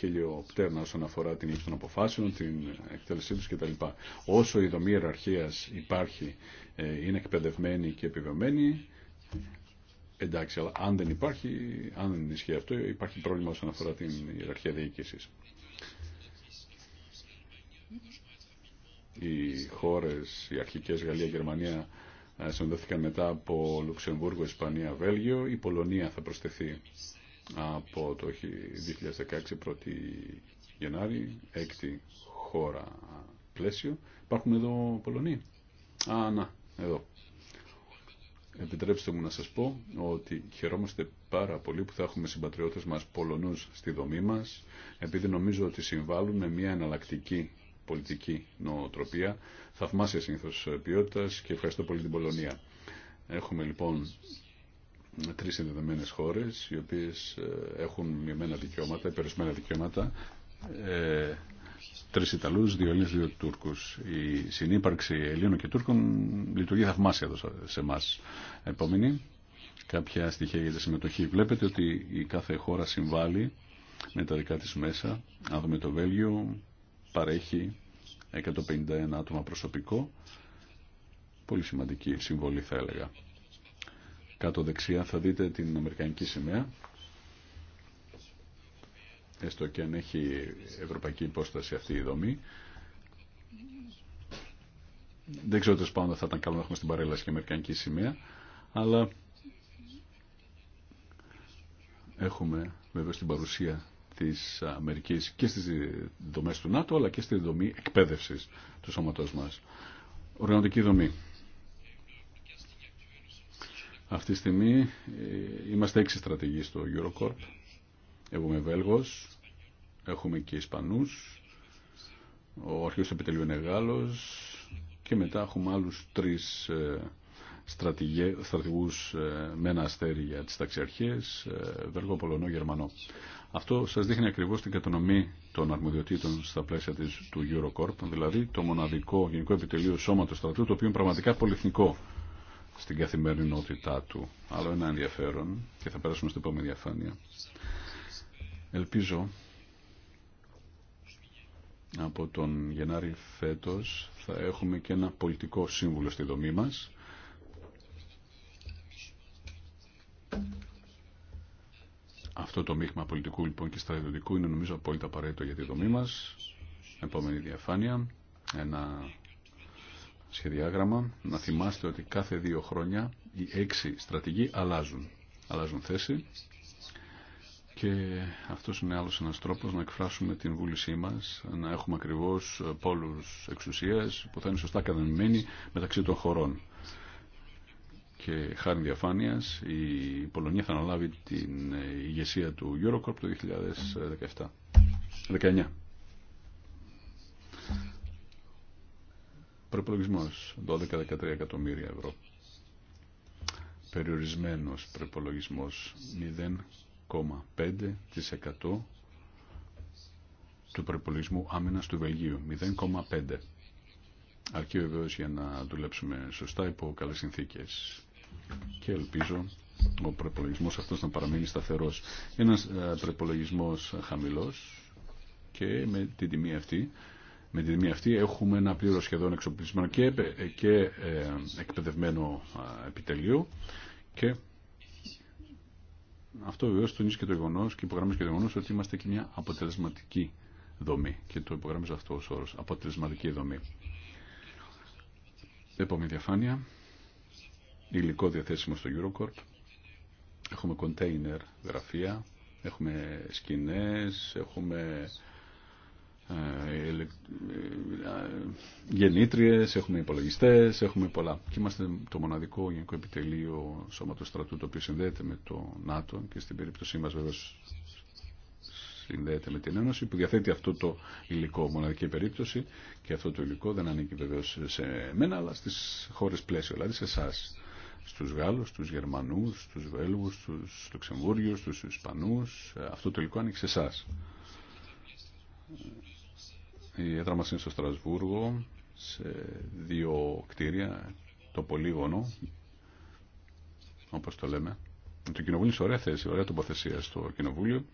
πτέρνα όσον αφορά την λήψη των αποφάσεων, την εκτέλεσή του κτλ. Όσο η δομή ιεραρχία υπάρχει, ε, είναι εκπαιδευμένη και επιβεβαιωμένη, εντάξει, αλλά αν δεν υπάρχει, αν δεν ισχύει αυτό, υπάρχει πρόβλημα όσον αφορά την ιεραρχία διοίκηση. Οι χώρε, οι αρχικέ Γαλλία, Γερμανία ε, συνοδεύτηκαν μετά από Λουξεμβούργο, Ισπανία, Βέλγιο. Η Πολωνία θα προσθεθεί από το 2016 1η Γενάρη, έκτη χώρα πλαίσιο. Υπάρχουν εδώ Πολωνοί. Α, να, εδώ. Επιτρέψτε μου να σας πω ότι χαιρόμαστε πάρα πολύ που θα έχουμε συμπατριώτες μας Πολωνούς στη δομή μας, επειδή νομίζω ότι συμβάλλουν με μια εναλλακτική πολιτική νοοτροπία, θαυμάσια συνήθω ποιότητα και ευχαριστώ πολύ την Πολωνία. Έχουμε λοιπόν τρει συνδεδεμένε χώρε οι οποίες ε, έχουν μειωμένα δικαιώματα, υπερισμένα δικαιώματα ε, τρεις Ιταλούς, δύο Ελλήνε, δύο Τούρκου. Η συνύπαρξη Ελλήνων και Τούρκων λειτουργεί θαυμάσια εδώ σε εμά. Επόμενη, κάποια στοιχεία για τη συμμετοχή. Βλέπετε ότι η κάθε χώρα συμβάλλει με τα δικά τη μέσα. Αν δούμε το Βέλγιο, παρέχει 151 άτομα προσωπικό. Πολύ σημαντική συμβολή θα έλεγα κάτω δεξιά θα δείτε την Αμερικανική σημαία έστω και αν έχει ευρωπαϊκή υπόσταση αυτή η δομή δεν ξέρω τι θα ήταν καλό να έχουμε στην παρέλαση και Αμερικανική σημαία αλλά έχουμε βέβαια στην παρουσία της Αμερικής και στις δομές του ΝΑΤΟ αλλά και στη δομή εκπαίδευσης του σώματός μας. Οργανωτική δομή. Αυτή τη στιγμή ε, είμαστε έξι στρατηγοί στο Eurocorp. Έχουμε Βέλγος, έχουμε και Ισπανούς, ο αρχαίος επιτελείου είναι Γάλλος και μετά έχουμε άλλους τρεις ε, στρατηγούς ε, με ένα αστέρι για τις ταξιαρχίες, Βέλγο, Πολωνό, Γερμανό. Αυτό σας δείχνει ακριβώς την κατανομή των αρμοδιοτήτων στα πλαίσια του Eurocorp, δηλαδή το μοναδικό γενικό επιτελείο σώματος στρατού, το οποίο είναι πραγματικά πολυεθνικό στην καθημερινότητά του. Άλλο ένα ενδιαφέρον και θα περάσουμε στην επόμενη διαφάνεια. Ελπίζω από τον Γενάρη φέτος θα έχουμε και ένα πολιτικό σύμβουλο στη δομή μας Αυτό το μείγμα πολιτικού λοιπόν και στρατιωτικού είναι νομίζω απόλυτα απαραίτητο για τη δομή μας. Επόμενη διαφάνεια. Ένα σχεδιάγραμμα, να θυμάστε ότι κάθε δύο χρόνια οι έξι στρατηγοί αλλάζουν. Αλλάζουν θέση και αυτός είναι άλλος ένας τρόπος να εκφράσουμε την βούλησή μας, να έχουμε ακριβώς πόλους εξουσίας που θα είναι σωστά κατανοημένοι μεταξύ των χωρών. Και χάρη διαφάνειας η Πολωνία θα αναλάβει την ηγεσία του Eurocorp το 2017. 19. Προπολογισμό 12-13 εκατομμύρια ευρώ. Περιορισμένο προπολογισμό 0,5% του προπολογισμού άμυνα του Βελγίου. 0,5%. Αρκεί βεβαίω για να δουλέψουμε σωστά υπό καλέ συνθήκε. Και ελπίζω ο προπολογισμό αυτό να παραμείνει σταθερό. Ένα ε, προπολογισμό χαμηλό και με την τιμή αυτή με την τιμή αυτή έχουμε ένα πλήρω σχεδόν εξοπλισμένο και, ε, και ε, εκπαιδευμένο επιτελείο και αυτό βεβαίω τονίζει και το γεγονό και υπογραμμίζει και το γεγονό ότι είμαστε και μια αποτελεσματική δομή. Και το υπογραμμίζω αυτό ω όρο. Αποτελεσματική δομή. Επόμενη διαφάνεια. Υλικό διαθέσιμο στο Eurocorp. Έχουμε container γραφεία. Έχουμε σκηνέ. Έχουμε ε, ε, γεννήτριες, έχουμε υπολογιστές, έχουμε πολλά. Και είμαστε το μοναδικό γενικό επιτελείο σώματος στρατού το οποίο συνδέεται με το ΝΑΤΟ και στην περίπτωσή μας βέβαια συνδέεται με την Ένωση που διαθέτει αυτό το υλικό μοναδική περίπτωση και αυτό το υλικό δεν ανήκει βεβαίω σε μένα αλλά στις χώρες πλαίσιο, δηλαδή σε εσά. Στους Γάλλους, στους Γερμανούς, στους Βέλγους, στους Λουξεμβούριου, στους Ισπανού, ε, Αυτό το υλικό ανήκει σε εσά η έδρα μας είναι στο Στρασβούργο, σε δύο κτίρια, το Πολύγωνο, όπως το λέμε. Το κοινοβούλιο είναι σε ωραία θέση, ωραία τοποθεσία στο κοινοβούλιο,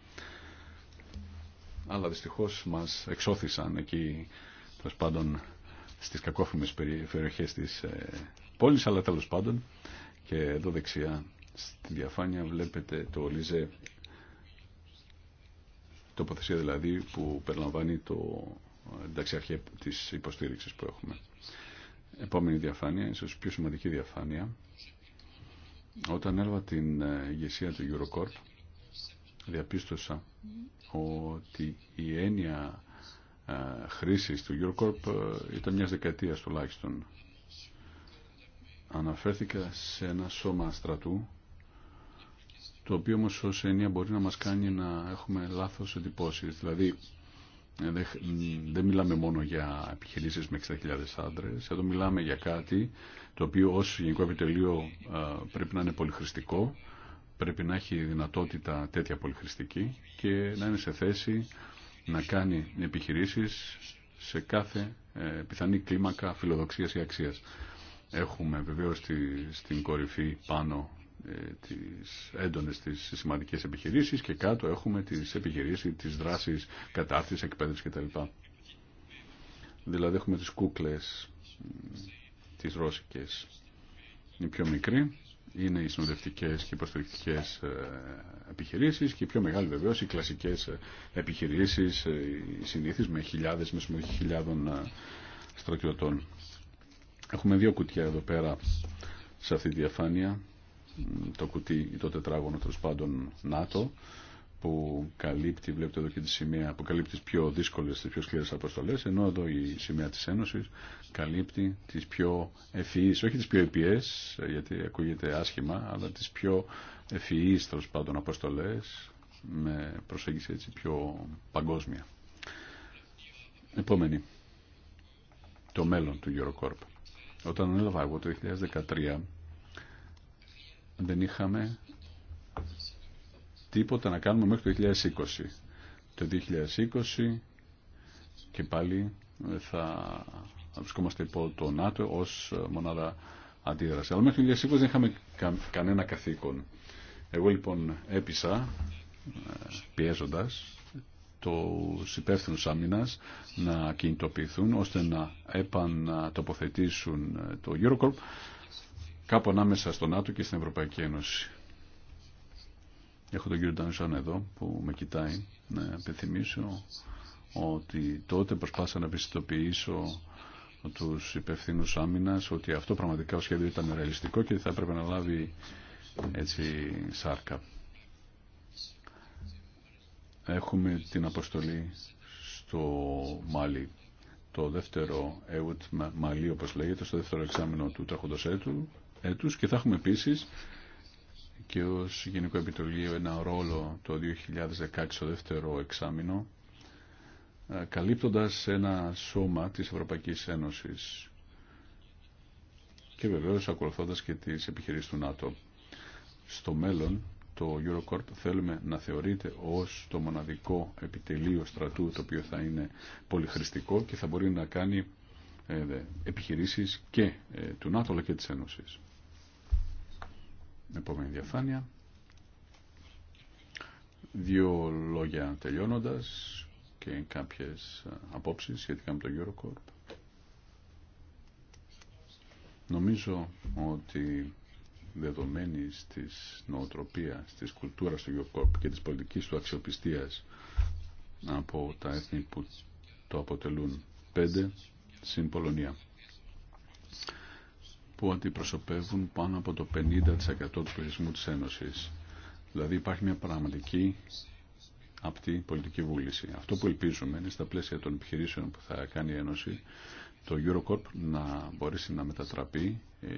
αλλά δυστυχώς μας εξώθησαν εκεί, τέλος πάντων, στις κακόφημες περιοχές της ε, πόλης, αλλά τέλος πάντων, και εδώ δεξιά στη διαφάνεια βλέπετε το Λιζέ τοποθεσία δηλαδή που περιλαμβάνει το αρχή της υποστήριξης που έχουμε. Επόμενη διαφάνεια, ίσως πιο σημαντική διαφάνεια. Όταν έλαβα την ε, ηγεσία του Eurocorp, διαπίστωσα ότι η έννοια ε, χρήσης του Eurocorp ε, ήταν μιας δεκαετίας τουλάχιστον. Αναφέρθηκα σε ένα σώμα στρατού, το οποίο όμως ως έννοια μπορεί να μας κάνει να έχουμε λάθος εντυπώσεις. Δηλαδή, ε, δεν μιλάμε μόνο για επιχειρήσεις με 60.000 άντρες, εδώ μιλάμε για κάτι το οποίο ως Γενικό Επιτελείο ε, πρέπει να είναι πολυχρηστικό, πρέπει να έχει δυνατότητα τέτοια πολυχρηστική και να είναι σε θέση να κάνει επιχειρήσεις σε κάθε ε, πιθανή κλίμακα φιλοδοξίας ή αξίας. Έχουμε βεβαίως στη, στην κορυφή πάνω ε, τις έντονες, τις σημαντικές επιχειρήσεις και κάτω έχουμε τις επιχειρήσεις, της δράσεις κατάρτισης, εκπαίδευση κτλ. Δηλαδή έχουμε τις κούκλες, τις ρώσικες. Οι πιο μικροί είναι οι συνοδευτικές και υποστηρικτικές ε, επιχειρήσεις και οι πιο μεγάλοι βεβαίως οι κλασικές ε, επιχειρήσεις, οι συνήθεις με χιλιάδες, με συμμετοχή χιλιάδων στρατιωτών. Έχουμε δύο κουτιά εδώ πέρα σε αυτή τη διαφάνεια το κουτί ή το τετράγωνο τέλο πάντων ΝΑΤΟ που καλύπτει, βλέπετε εδώ και τη σημαία, που καλύπτει τις πιο δύσκολες, τις πιο σκληρές αποστολές, ενώ εδώ η σημαία της Ένωσης καλύπτει τις πιο ευφυείς, όχι τις πιο επιές, γιατί ακούγεται άσχημα, αλλά τις πιο ευφυείς, τέλο πάντων, αποστολές, με προσέγγιση έτσι πιο παγκόσμια. Επόμενη, το μέλλον του Eurocorp. Όταν έλαβα εγώ το 2013, δεν είχαμε τίποτα να κάνουμε μέχρι το 2020. Το 2020 και πάλι ε, θα βρισκόμαστε υπό το ΝΑΤΟ ως ε, μονάδα αντίδραση. Αλλά μέχρι το 2020 δεν είχαμε κανένα καθήκον. Εγώ λοιπόν έπεισα, ε, πιέζοντας, το υπεύθυνους άμυνα να κινητοποιηθούν ώστε να επανατοποθετήσουν το Eurocorp κάπου ανάμεσα στο ΝΑΤΟ και στην Ευρωπαϊκή Ένωση. Έχω τον κύριο Τανουσάν εδώ που με κοιτάει να επιθυμίσω ότι τότε προσπάθησα να πιστοποιήσω τους υπευθύνου άμυνα ότι αυτό πραγματικά ο σχέδιο ήταν ρεαλιστικό και θα έπρεπε να λάβει έτσι σάρκα. Έχουμε την αποστολή στο Μάλι. Το δεύτερο ΕΟΤ Μαλί, όπως λέγεται, στο δεύτερο εξάμεινο του τρέχοντος έτου έτους και θα έχουμε επίσης και ως Γενικό Επιτολείο ένα ρόλο το 2016 ο δεύτερο εξάμεινο ε, καλύπτοντας ένα σώμα της Ευρωπαϊκής Ένωσης και βεβαίως ακολουθώντας και τις επιχειρήσεις του ΝΑΤΟ. Στο μέλλον το Eurocorp θέλουμε να θεωρείται ως το μοναδικό επιτελείο στρατού το οποίο θα είναι πολυχρηστικό και θα μπορεί να κάνει ε, επιχειρήσεις και ε, του ΝΑΤΟ αλλά και της Ένωσης. Επόμενη διαφάνεια. Δύο λόγια τελειώνοντας και κάποιες απόψεις σχετικά με το Eurocorp. Νομίζω ότι δεδομένη της νοοτροπίας, της κουλτούρας του Eurocorp και της πολιτικής του αξιοπιστίας από τα έθνη που το αποτελούν πέντε στην Πολωνία που αντιπροσωπεύουν πάνω από το 50% του πληθυσμού της Ένωσης. Δηλαδή υπάρχει μια πραγματική απτή πολιτική βούληση. Αυτό που ελπίζουμε είναι στα πλαίσια των επιχειρήσεων που θα κάνει η Ένωση το Eurocorp να μπορέσει να μετατραπεί ε,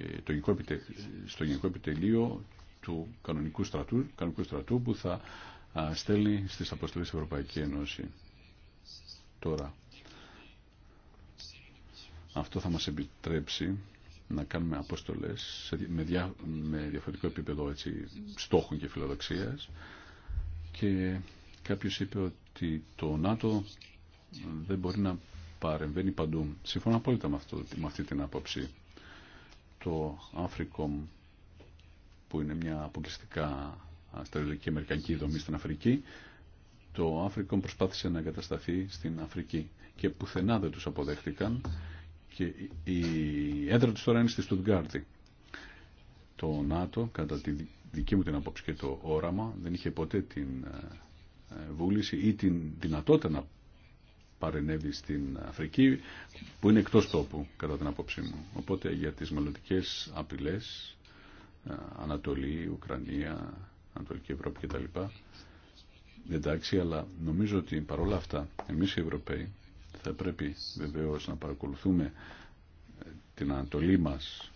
στο γενικό επιτελείο του κανονικού στρατού, κανονικού στρατού που θα στέλνει στις αποστολές της Ευρωπαϊκή Ένωση. Τώρα, αυτό θα μας επιτρέψει να κάνουμε αποστολές με, δια, διαφορετικό επίπεδο έτσι, στόχων και φιλοδοξίας και κάποιος είπε ότι το ΝΑΤΟ δεν μπορεί να παρεμβαίνει παντού. Συμφωνώ απόλυτα με, αυτό, αυτή την άποψη. Το Africom που είναι μια αποκλειστικά και αμερικανική δομή στην Αφρική το Africom προσπάθησε να εγκατασταθεί στην Αφρική και πουθενά δεν τους αποδέχτηκαν και η έδρα του τώρα είναι στη Στουτγκάρδη. Το ΝΑΤΟ, κατά τη δική μου την απόψη και το όραμα, δεν είχε ποτέ την ε, ε, βούληση ή την δυνατότητα να παρενέβει στην Αφρική, που είναι εκτός τόπου, κατά την απόψη μου. Οπότε για τις μελλοντικέ απειλές, ε, Ανατολή, Ουκρανία, Ανατολική Ευρώπη κτλ. Εντάξει, αλλά νομίζω ότι παρόλα αυτά, εμείς οι Ευρωπαίοι, θα πρέπει βεβαίως να παρακολουθούμε ε, την Ανατολή μας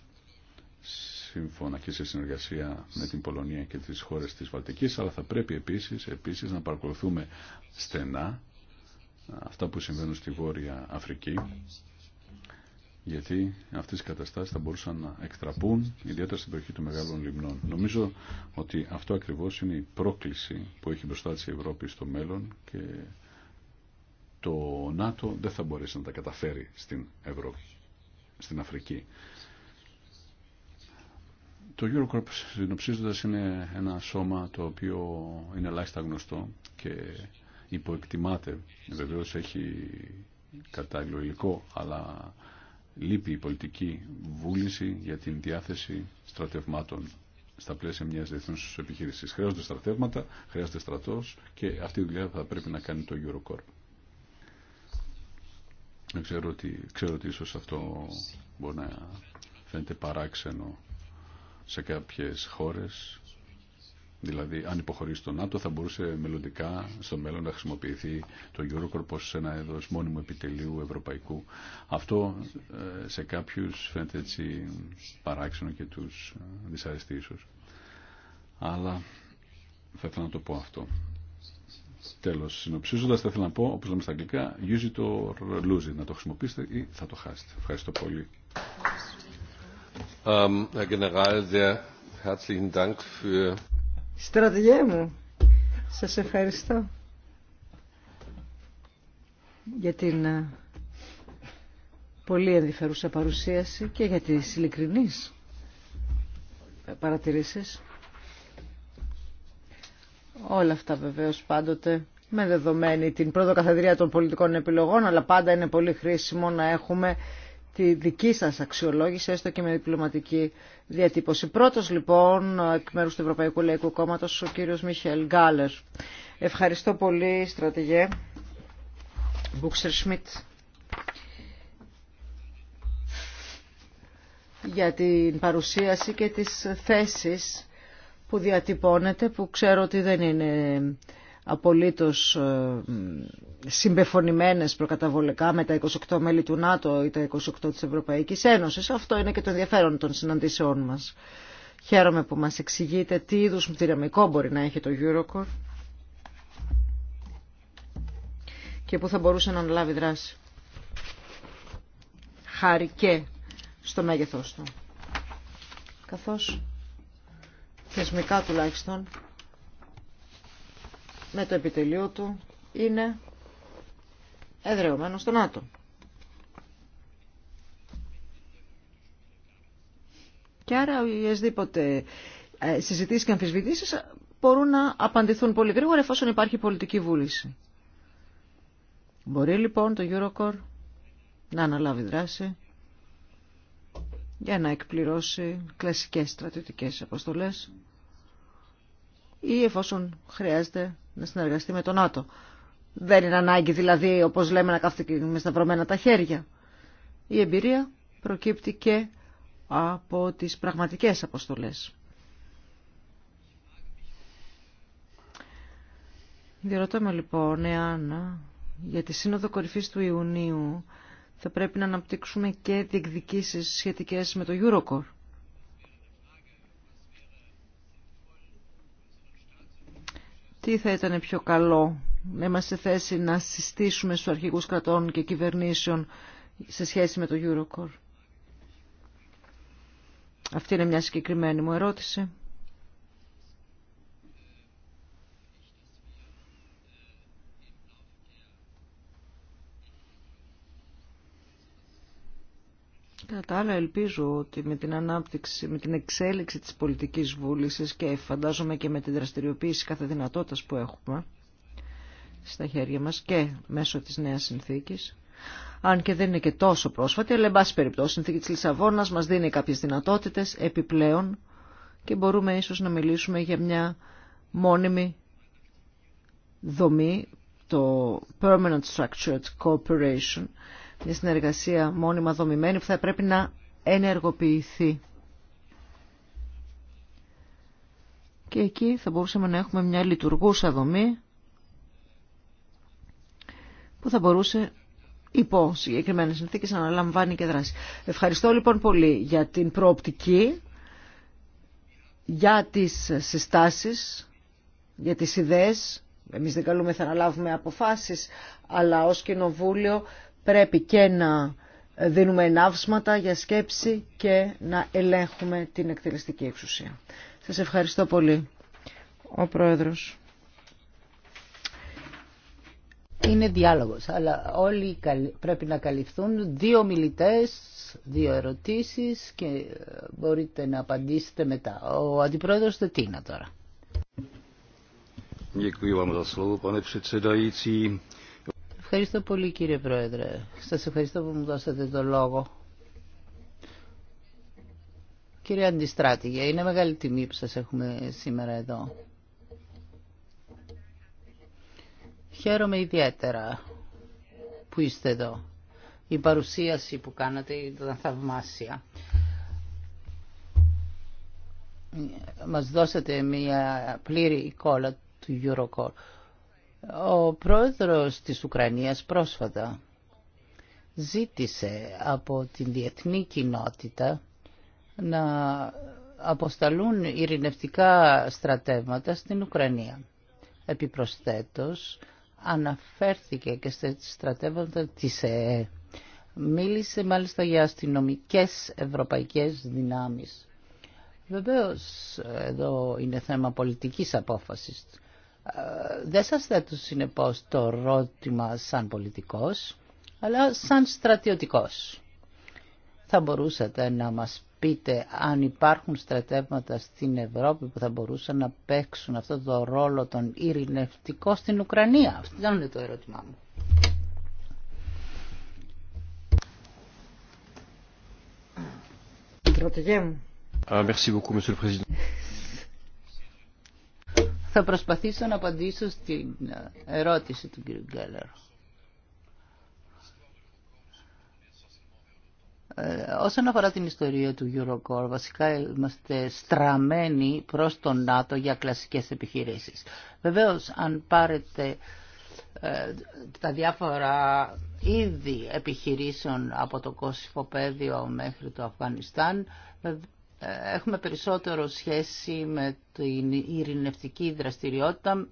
σύμφωνα και σε συνεργασία με την Πολωνία και τις χώρες της Βαλτικής, αλλά θα πρέπει επίσης, επίσης να παρακολουθούμε στενά ε, αυτά που συμβαίνουν στη Βόρεια Αφρική, γιατί αυτές οι καταστάσεις θα μπορούσαν να εκτραπούν, ιδιαίτερα στην περιοχή των μεγάλων λιμνών. Νομίζω ότι αυτό ακριβώς είναι η πρόκληση που έχει μπροστά της Ευρώπη στο μέλλον και το ΝΑΤΟ δεν θα μπορέσει να τα καταφέρει στην Ευρώπη, στην Αφρική. Το Eurocorp συνοψίζοντας είναι ένα σώμα το οποίο είναι ελάχιστα γνωστό και υποεκτιμάται. Βεβαίω έχει κατάλληλο υλικό, αλλά λείπει η πολιτική βούληση για την διάθεση στρατευμάτων στα πλαίσια μια διεθνού επιχείρηση. Χρειάζονται στρατεύματα, χρειάζεται στρατό και αυτή η δουλειά θα πρέπει να κάνει το Eurocorp. Ξέρω ότι, ξέρω ότι ίσως αυτό μπορεί να φαίνεται παράξενο σε κάποιες χώρες. Δηλαδή, αν υποχωρήσει το ΝΑΤΟ, θα μπορούσε μελλοντικά στο μέλλον να χρησιμοποιηθεί το Eurocorp ως ένα έδος μόνιμου επιτελείου ευρωπαϊκού. Αυτό ε, σε κάποιους φαίνεται έτσι παράξενο και τους δυσαρεστεί Αλλά θα ήθελα να το πω αυτό. Τέλος, συνοψίζοντας, θα ήθελα να πω, όπως λέμε στα αγγλικά, use it or lose it. Να το χρησιμοποιήσετε ή θα το χάσετε. Ευχαριστώ πολύ. Ähm, Στρατηγέ μου, σας ευχαριστώ για την ε, πολύ ενδιαφέρουσα παρουσίαση και για τις ειλικρινείς παρατηρήσεις. Όλα αυτά βεβαίως πάντοτε με δεδομένη την πρώτο καθαδρία των πολιτικών επιλογών, αλλά πάντα είναι πολύ χρήσιμο να έχουμε τη δική σας αξιολόγηση, έστω και με διπλωματική διατύπωση. Πρώτος λοιπόν, εκ μέρου του Ευρωπαϊκού Λαϊκού Κόμματο, ο κύριος Μιχέλ Γκάλερ. Ευχαριστώ πολύ, στρατηγέ. Μπούξερ Σμιτ. για την παρουσίαση και τις θέσεις που διατυπώνεται, που ξέρω ότι δεν είναι απολύτως ε, συμπεφωνημένες προκαταβολικά με τα 28 μέλη του ΝΑΤΟ ή τα 28 της Ευρωπαϊκής Ένωσης. Αυτό είναι και το ενδιαφέρον των συναντήσεών μας. Χαίρομαι που μας εξηγείτε τι είδους δυναμικό μπορεί να έχει το Eurocore και που θα μπορούσε να αναλάβει δράση. Χάρη και στο μέγεθός του. Καθώς θεσμικά τουλάχιστον, με το επιτελείο του, είναι εδρεωμένο στο ΝΑΤΟ. Και άρα οιεσδήποτε συζητήσει και αμφισβητήσεις μπορούν να απαντηθούν πολύ γρήγορα εφόσον υπάρχει πολιτική βούληση. Μπορεί λοιπόν το Eurocor να αναλάβει δράση για να εκπληρώσει κλασικές στρατιωτικές αποστολές ή εφόσον χρειάζεται να συνεργαστεί με τον ΝΑΤΟ. Δεν είναι ανάγκη δηλαδή, όπως λέμε, να κάθεται με σταυρωμένα τα χέρια. Η εμπειρία προκύπτει και από τις πραγματικές αποστολές. Διερωτώ με λοιπόν εάν για τη Σύνοδο Κορυφής του Ιουνίου θα πρέπει να αναπτύξουμε και διεκδικήσεις σχετικές με το Eurocore. τι θα ήταν πιο καλό να είμαστε θέση να συστήσουμε στους αρχηγούς κρατών και κυβερνήσεων σε σχέση με το Eurocore. Αυτή είναι μια συγκεκριμένη μου ερώτηση. Κατά τα άλλα ελπίζω ότι με την ανάπτυξη, με την εξέλιξη της πολιτικής βούλησης και φαντάζομαι και με την δραστηριοποίηση κάθε δυνατότητας που έχουμε στα χέρια μας και μέσω της νέας συνθήκης, αν και δεν είναι και τόσο πρόσφατη, αλλά εν πάση περιπτώσει η συνθήκη της Λισαβόνας μας δίνει κάποιες δυνατότητες επιπλέον και μπορούμε ίσως να μιλήσουμε για μια μόνιμη δομή, το Permanent Structured Cooperation, μια συνεργασία μόνιμα δομημένη που θα πρέπει να ενεργοποιηθεί. Και εκεί θα μπορούσαμε να έχουμε μια λειτουργούσα δομή που θα μπορούσε υπό συγκεκριμένε συνθήκε να αναλαμβάνει και δράση. Ευχαριστώ λοιπόν πολύ για την προοπτική, για τις συστάσεις, για τις ιδέες. Εμείς δεν καλούμε να λάβουμε αποφάσεις, αλλά ως κοινοβούλιο πρέπει και να δίνουμε ενάυσματα για σκέψη και να ελέγχουμε την εκτελεστική εξουσία. Σας ευχαριστώ πολύ, ο Πρόεδρος. Είναι διάλογος, αλλά όλοι πρέπει να καλυφθούν δύο μιλητές, δύο ερωτήσεις και ε, μπορείτε να απαντήσετε μετά. Ο Αντιπρόεδρος Τετίνα τώρα. Ευχαριστώ πολύ κύριε Πρόεδρε. Σας ευχαριστώ που μου δώσατε το λόγο. Κύριε Αντιστράτηγε, είναι μεγάλη τιμή που σας έχουμε σήμερα εδώ. Χαίρομαι ιδιαίτερα που είστε εδώ. Η παρουσίαση που κάνατε ήταν θαυμάσια. Μας δώσατε μια πλήρη εικόνα του Eurocall. Ο πρόεδρος της Ουκρανίας πρόσφατα ζήτησε από την διεθνή κοινότητα να αποσταλούν ειρηνευτικά στρατεύματα στην Ουκρανία. Επιπροσθέτως, αναφέρθηκε και στα στρατεύματα της ΕΕ. Μίλησε μάλιστα για αστυνομικές ευρωπαϊκές δυνάμεις. Βεβαίως, εδώ είναι θέμα πολιτικής απόφασης. Ε, δεν σας θέτω συνεπώς το ερώτημα σαν πολιτικός, αλλά σαν στρατιωτικός. Θα μπορούσατε να μας πείτε αν υπάρχουν στρατεύματα στην Ευρώπη που θα μπορούσαν να παίξουν αυτό το ρόλο τον ειρηνευτικό στην Ουκρανία. Αυτό είναι το ερώτημά μου. Merci beaucoup, Monsieur le Θα προσπαθήσω να απαντήσω στην ε, ερώτηση του κ. Γκέλλερ. Ε, όσον αφορά την ιστορία του Eurocore, βασικά είμαστε στραμμένοι προς το ΝΑΤΟ για κλασικές επιχειρήσεις. Βεβαίως, αν πάρετε ε, τα διάφορα είδη επιχειρήσεων από το Κωσυφοπαίδιο μέχρι το Αφγανιστάν, έχουμε περισσότερο σχέση με την ειρηνευτική δραστηριότητα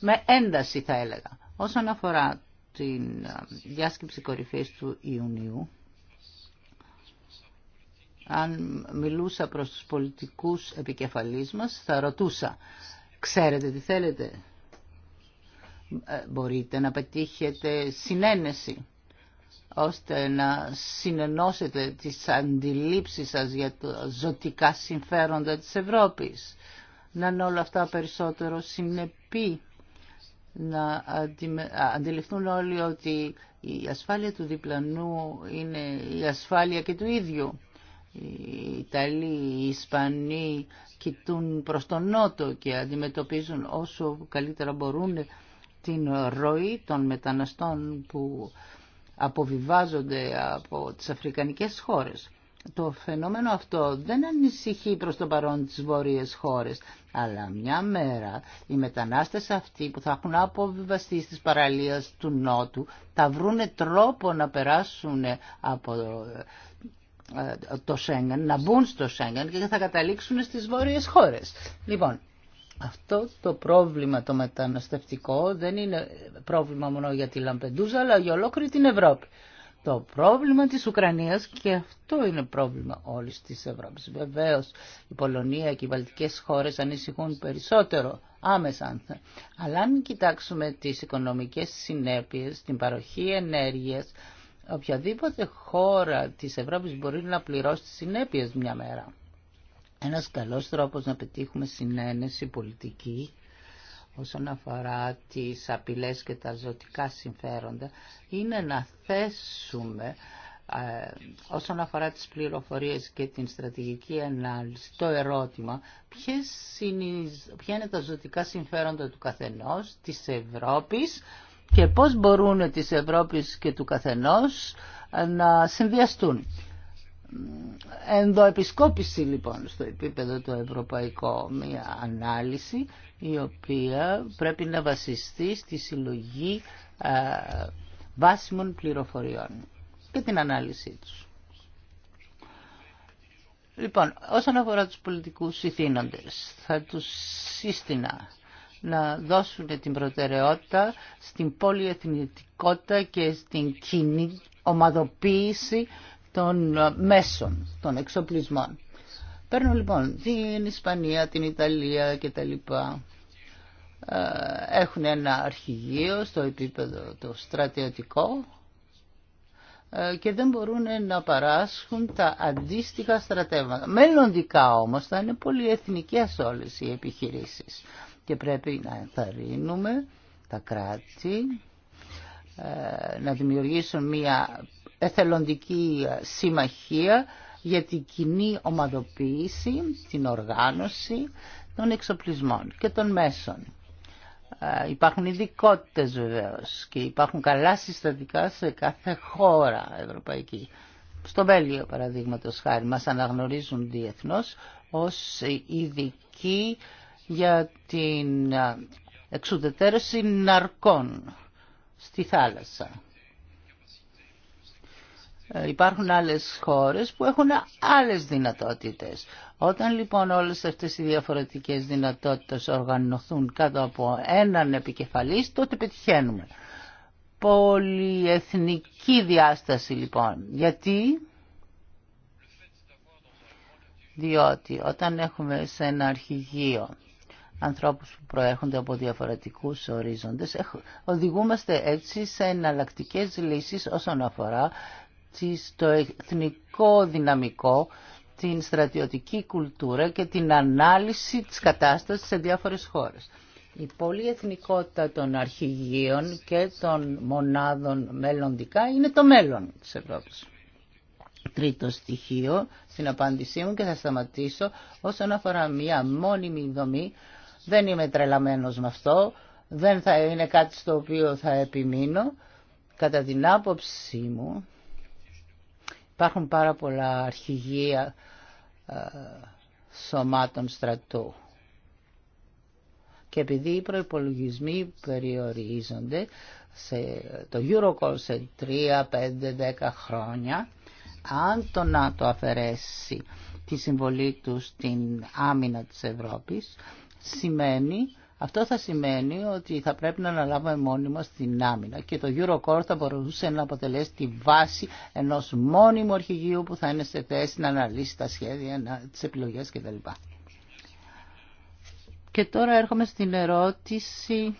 με ένταση θα έλεγα. Όσον αφορά την διάσκεψη κορυφής του Ιουνίου, αν μιλούσα προς τους πολιτικούς επικεφαλής μας, θα ρωτούσα, ξέρετε τι θέλετε, ε, μπορείτε να πετύχετε συνένεση ώστε να συνενώσετε τις αντιλήψεις σας για τα ζωτικά συμφέροντα της Ευρώπης. Να είναι όλα αυτά περισσότερο συνεπή, να αντιληφθούν όλοι ότι η ασφάλεια του διπλανού είναι η ασφάλεια και του ίδιου. Οι Ιταλοί, οι Ισπανοί κοιτούν προς τον Νότο και αντιμετωπίζουν όσο καλύτερα μπορούν την ροή των μεταναστών που αποβιβάζονται από τις αφρικανικές χώρες. Το φαινόμενο αυτό δεν ανησυχεί προς το παρόν τις βόρειες χώρες, αλλά μια μέρα οι μετανάστες αυτοί που θα έχουν αποβιβαστεί στις παραλίες του Νότου θα βρούνε τρόπο να περάσουν από ε, το Σέγγεν, να μπουν στο Σέγγεν και θα καταλήξουν στις βόρειες χώρες. Λοιπόν, αυτό το πρόβλημα το μεταναστευτικό δεν είναι πρόβλημα μόνο για τη Λαμπεντούζα αλλά για ολόκληρη την Ευρώπη. Το πρόβλημα της Ουκρανίας και αυτό είναι πρόβλημα όλης της Ευρώπης. Βεβαίως η Πολωνία και οι βαλτικές χώρες ανησυχούν περισσότερο άμεσα. Αλλά αν κοιτάξουμε τις οικονομικές συνέπειες, την παροχή ενέργειας, οποιαδήποτε χώρα της Ευρώπης μπορεί να πληρώσει τις συνέπειες μια μέρα. Ένας καλός τρόπος να πετύχουμε συνένεση πολιτική όσον αφορά τις απειλές και τα ζωτικά συμφέροντα είναι να θέσουμε όσον αφορά τις πληροφορίες και την στρατηγική ανάλυση το ερώτημα ποια είναι τα ζωτικά συμφέροντα του καθενός, της Ευρώπης και πώς μπορούν της Ευρώπης και του καθενός να συνδυαστούν ενδοεπισκόπηση λοιπόν στο επίπεδο το ευρωπαϊκό μια ανάλυση η οποία πρέπει να βασιστεί στη συλλογή βάσιμων πληροφοριών και την ανάλυση τους. Λοιπόν, όσον αφορά τους πολιτικούς ηθήνοντες, θα τους σύστηνα να δώσουν την προτεραιότητα στην πολυεθνικότητα και στην κοινή ομαδοποίηση των ε, μέσων, των εξοπλισμών. Παίρνω λοιπόν την Ισπανία, την Ιταλία κτλ. Ε, έχουν ένα αρχηγείο στο επίπεδο το στρατιωτικό ε, και δεν μπορούν να παράσχουν τα αντίστοιχα στρατεύματα. Μελλοντικά όμως θα είναι πολυεθνικές όλες οι επιχειρήσεις και πρέπει να ενθαρρύνουμε τα κράτη να δημιουργήσουν μια εθελοντική συμμαχία για την κοινή ομαδοποίηση, την οργάνωση των εξοπλισμών και των μέσων. Ε, υπάρχουν ειδικότητε βεβαίω και υπάρχουν καλά συστατικά σε κάθε χώρα ευρωπαϊκή. Στο Βέλγιο, παραδείγματο χάρη, μα αναγνωρίζουν διεθνώ ω ειδικοί για την εξουδετερώση ναρκών στη θάλασσα. Ε, υπάρχουν άλλες χώρες που έχουν άλλες δυνατότητες. Όταν λοιπόν όλες αυτές οι διαφορετικές δυνατότητες οργανωθούν κάτω από έναν επικεφαλής, τότε πετυχαίνουμε. Πολυεθνική διάσταση λοιπόν. Γιατί? Διότι όταν έχουμε σε ένα αρχηγείο ανθρώπους που προέρχονται από διαφορετικούς ορίζοντες, οδηγούμαστε έτσι σε εναλλακτικέ λύσεις όσον αφορά στο εθνικό δυναμικό, την στρατιωτική κουλτούρα και την ανάλυση της κατάστασης σε διάφορες χώρες. Η πολυεθνικότητα των αρχηγείων και των μονάδων μελλοντικά είναι το μέλλον της Ευρώπης. Τρίτο στοιχείο στην απάντησή μου και θα σταματήσω όσον αφορά μια μόνιμη δομή. Δεν είμαι τρελαμένος με αυτό, δεν θα είναι κάτι στο οποίο θα επιμείνω. Κατά την άποψή μου Υπάρχουν πάρα πολλά αρχηγεία ε, σωμάτων στρατού. Και επειδή οι προϋπολογισμοί περιορίζονται σε το Eurocall σε 3, 5, 10 χρόνια, αν το ΝΑΤΟ αφαιρέσει τη συμβολή του στην άμυνα της Ευρώπης, σημαίνει αυτό θα σημαίνει ότι θα πρέπει να αναλάβουμε μόνιμα στην άμυνα και το Eurocore θα μπορούσε να αποτελέσει τη βάση ενός μόνιμου αρχηγείου που θα είναι σε θέση να αναλύσει τα σχέδια, τις επιλογές κτλ. Και τώρα έρχομαι στην ερώτηση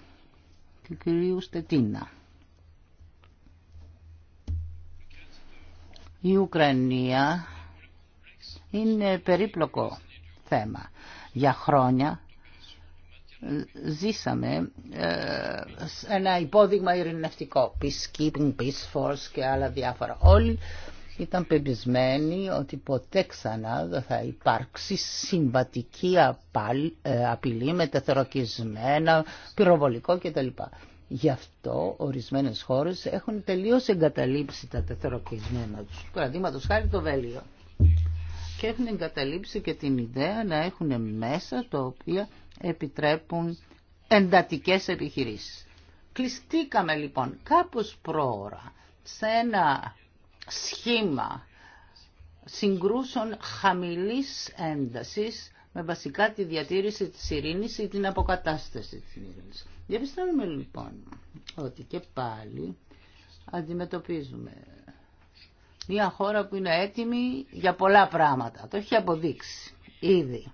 του κυρίου Στετίνα. Η Ουκρανία είναι περίπλοκο θέμα. Για χρόνια ζήσαμε ε, ένα υπόδειγμα ειρηνευτικό, peacekeeping, peace force και άλλα διάφορα. Όλοι ήταν πεμπισμένοι ότι ποτέ ξανά δεν θα υπάρξει συμβατική ε, απειλή με τεθροκισμένα, πυροβολικό κτλ. Γι' αυτό ορισμένες χώρες έχουν τελείως εγκαταλείψει τα τεθεροκισμένα τους. Παραδείγματος χάρη το Βέλιο και έχουν εγκαταλείψει και την ιδέα να έχουν μέσα τα οποία επιτρέπουν εντατικές επιχειρήσεις. Κλειστήκαμε λοιπόν κάπως πρόωρα σε ένα σχήμα συγκρούσεων χαμηλής έντασης με βασικά τη διατήρηση της ειρήνης ή την αποκατάσταση της ειρήνης. Διαπιστώνουμε λοιπόν ότι και πάλι αντιμετωπίζουμε μια χώρα που είναι έτοιμη για πολλά πράγματα. Το έχει αποδείξει ήδη.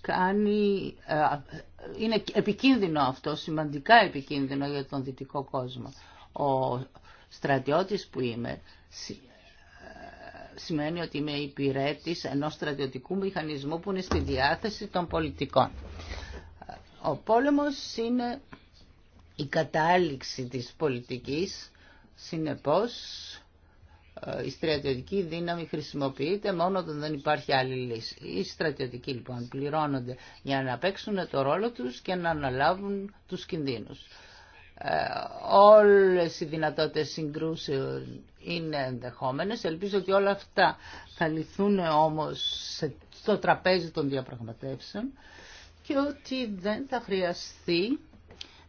Κάνει, ε, είναι επικίνδυνο αυτό, σημαντικά επικίνδυνο για τον δυτικό κόσμο. Ο στρατιώτης που είμαι ε, σημαίνει ότι είμαι υπηρέτης ενός στρατιωτικού μηχανισμού που είναι στη διάθεση των πολιτικών. Ο πόλεμος είναι η κατάληξη της πολιτικής Συνεπώς, ε, η στρατιωτική δύναμη χρησιμοποιείται μόνο όταν δεν υπάρχει άλλη λύση. Οι στρατιωτικοί λοιπόν πληρώνονται για να παίξουν το ρόλο τους και να αναλάβουν τους κινδύνους. Ε, όλες οι δυνατότητες συγκρούσεων είναι ενδεχόμενες. Ελπίζω ότι όλα αυτά θα λυθούν όμως στο τραπέζι των διαπραγματεύσεων και ότι δεν θα χρειαστεί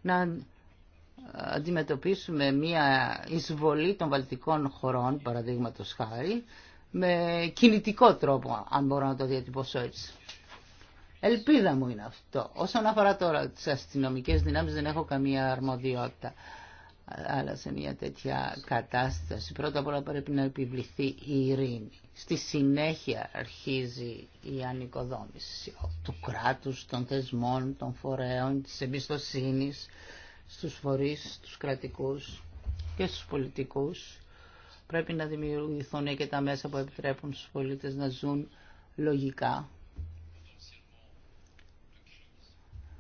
να αντιμετωπίσουμε μία εισβολή των βαλτικών χωρών, παραδείγματο χάρη, με κινητικό τρόπο, αν μπορώ να το διατυπώσω έτσι. Ελπίδα μου είναι αυτό. Όσον αφορά τώρα τις αστυνομικές δυνάμεις δεν έχω καμία αρμοδιότητα. Αλλά σε μια τέτοια κατάσταση πρώτα απ' όλα πρέπει να επιβληθεί η ειρήνη. Στη συνέχεια αρχίζει η ανοικοδόμηση του κράτους, των θεσμών, των φορέων, της εμπιστοσύνης στους φορείς, στους κρατικούς και στους πολιτικούς. Πρέπει να δημιουργηθούν και τα μέσα που επιτρέπουν στους πολίτες να ζουν λογικά.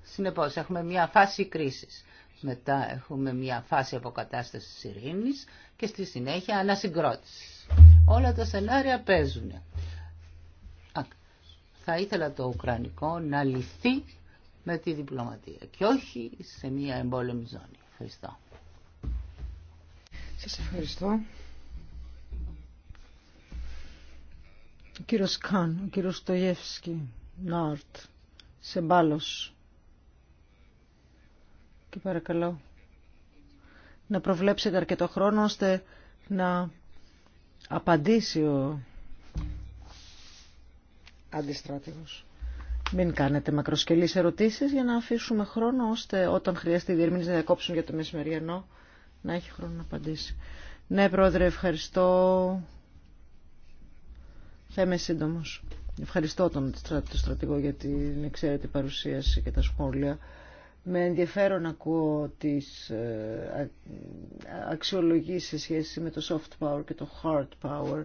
Συνεπώς έχουμε μια φάση κρίσης. Μετά έχουμε μια φάση αποκατάστασης ειρήνης και στη συνέχεια ανασυγκρότησης. Όλα τα σενάρια παίζουν. Θα ήθελα το Ουκρανικό να λυθεί με τη διπλωματία και όχι σε μια εμπόλεμη ζώνη. Ευχαριστώ. Σας ευχαριστώ. Ο κύριος Καν, ο κύριος Στογεύσκη, Νάρτ, Σεμπάλος. Και παρακαλώ να προβλέψετε αρκετό χρόνο ώστε να απαντήσει ο αντιστράτηγος. Μην κάνετε μακροσκελείς ερωτήσεις για να αφήσουμε χρόνο ώστε όταν χρειάζεται η διερμήνες να διακόψουν για το μεσημεριανό να έχει χρόνο να απαντήσει. Ναι, Πρόεδρε, ευχαριστώ. Θα είμαι σύντομο. Ευχαριστώ τον στρατηγό για την εξαίρετη παρουσίαση και τα σχόλια. Με ενδιαφέρον ακούω τις ε, αξιολογήσεις σε σχέση με το soft power και το hard power.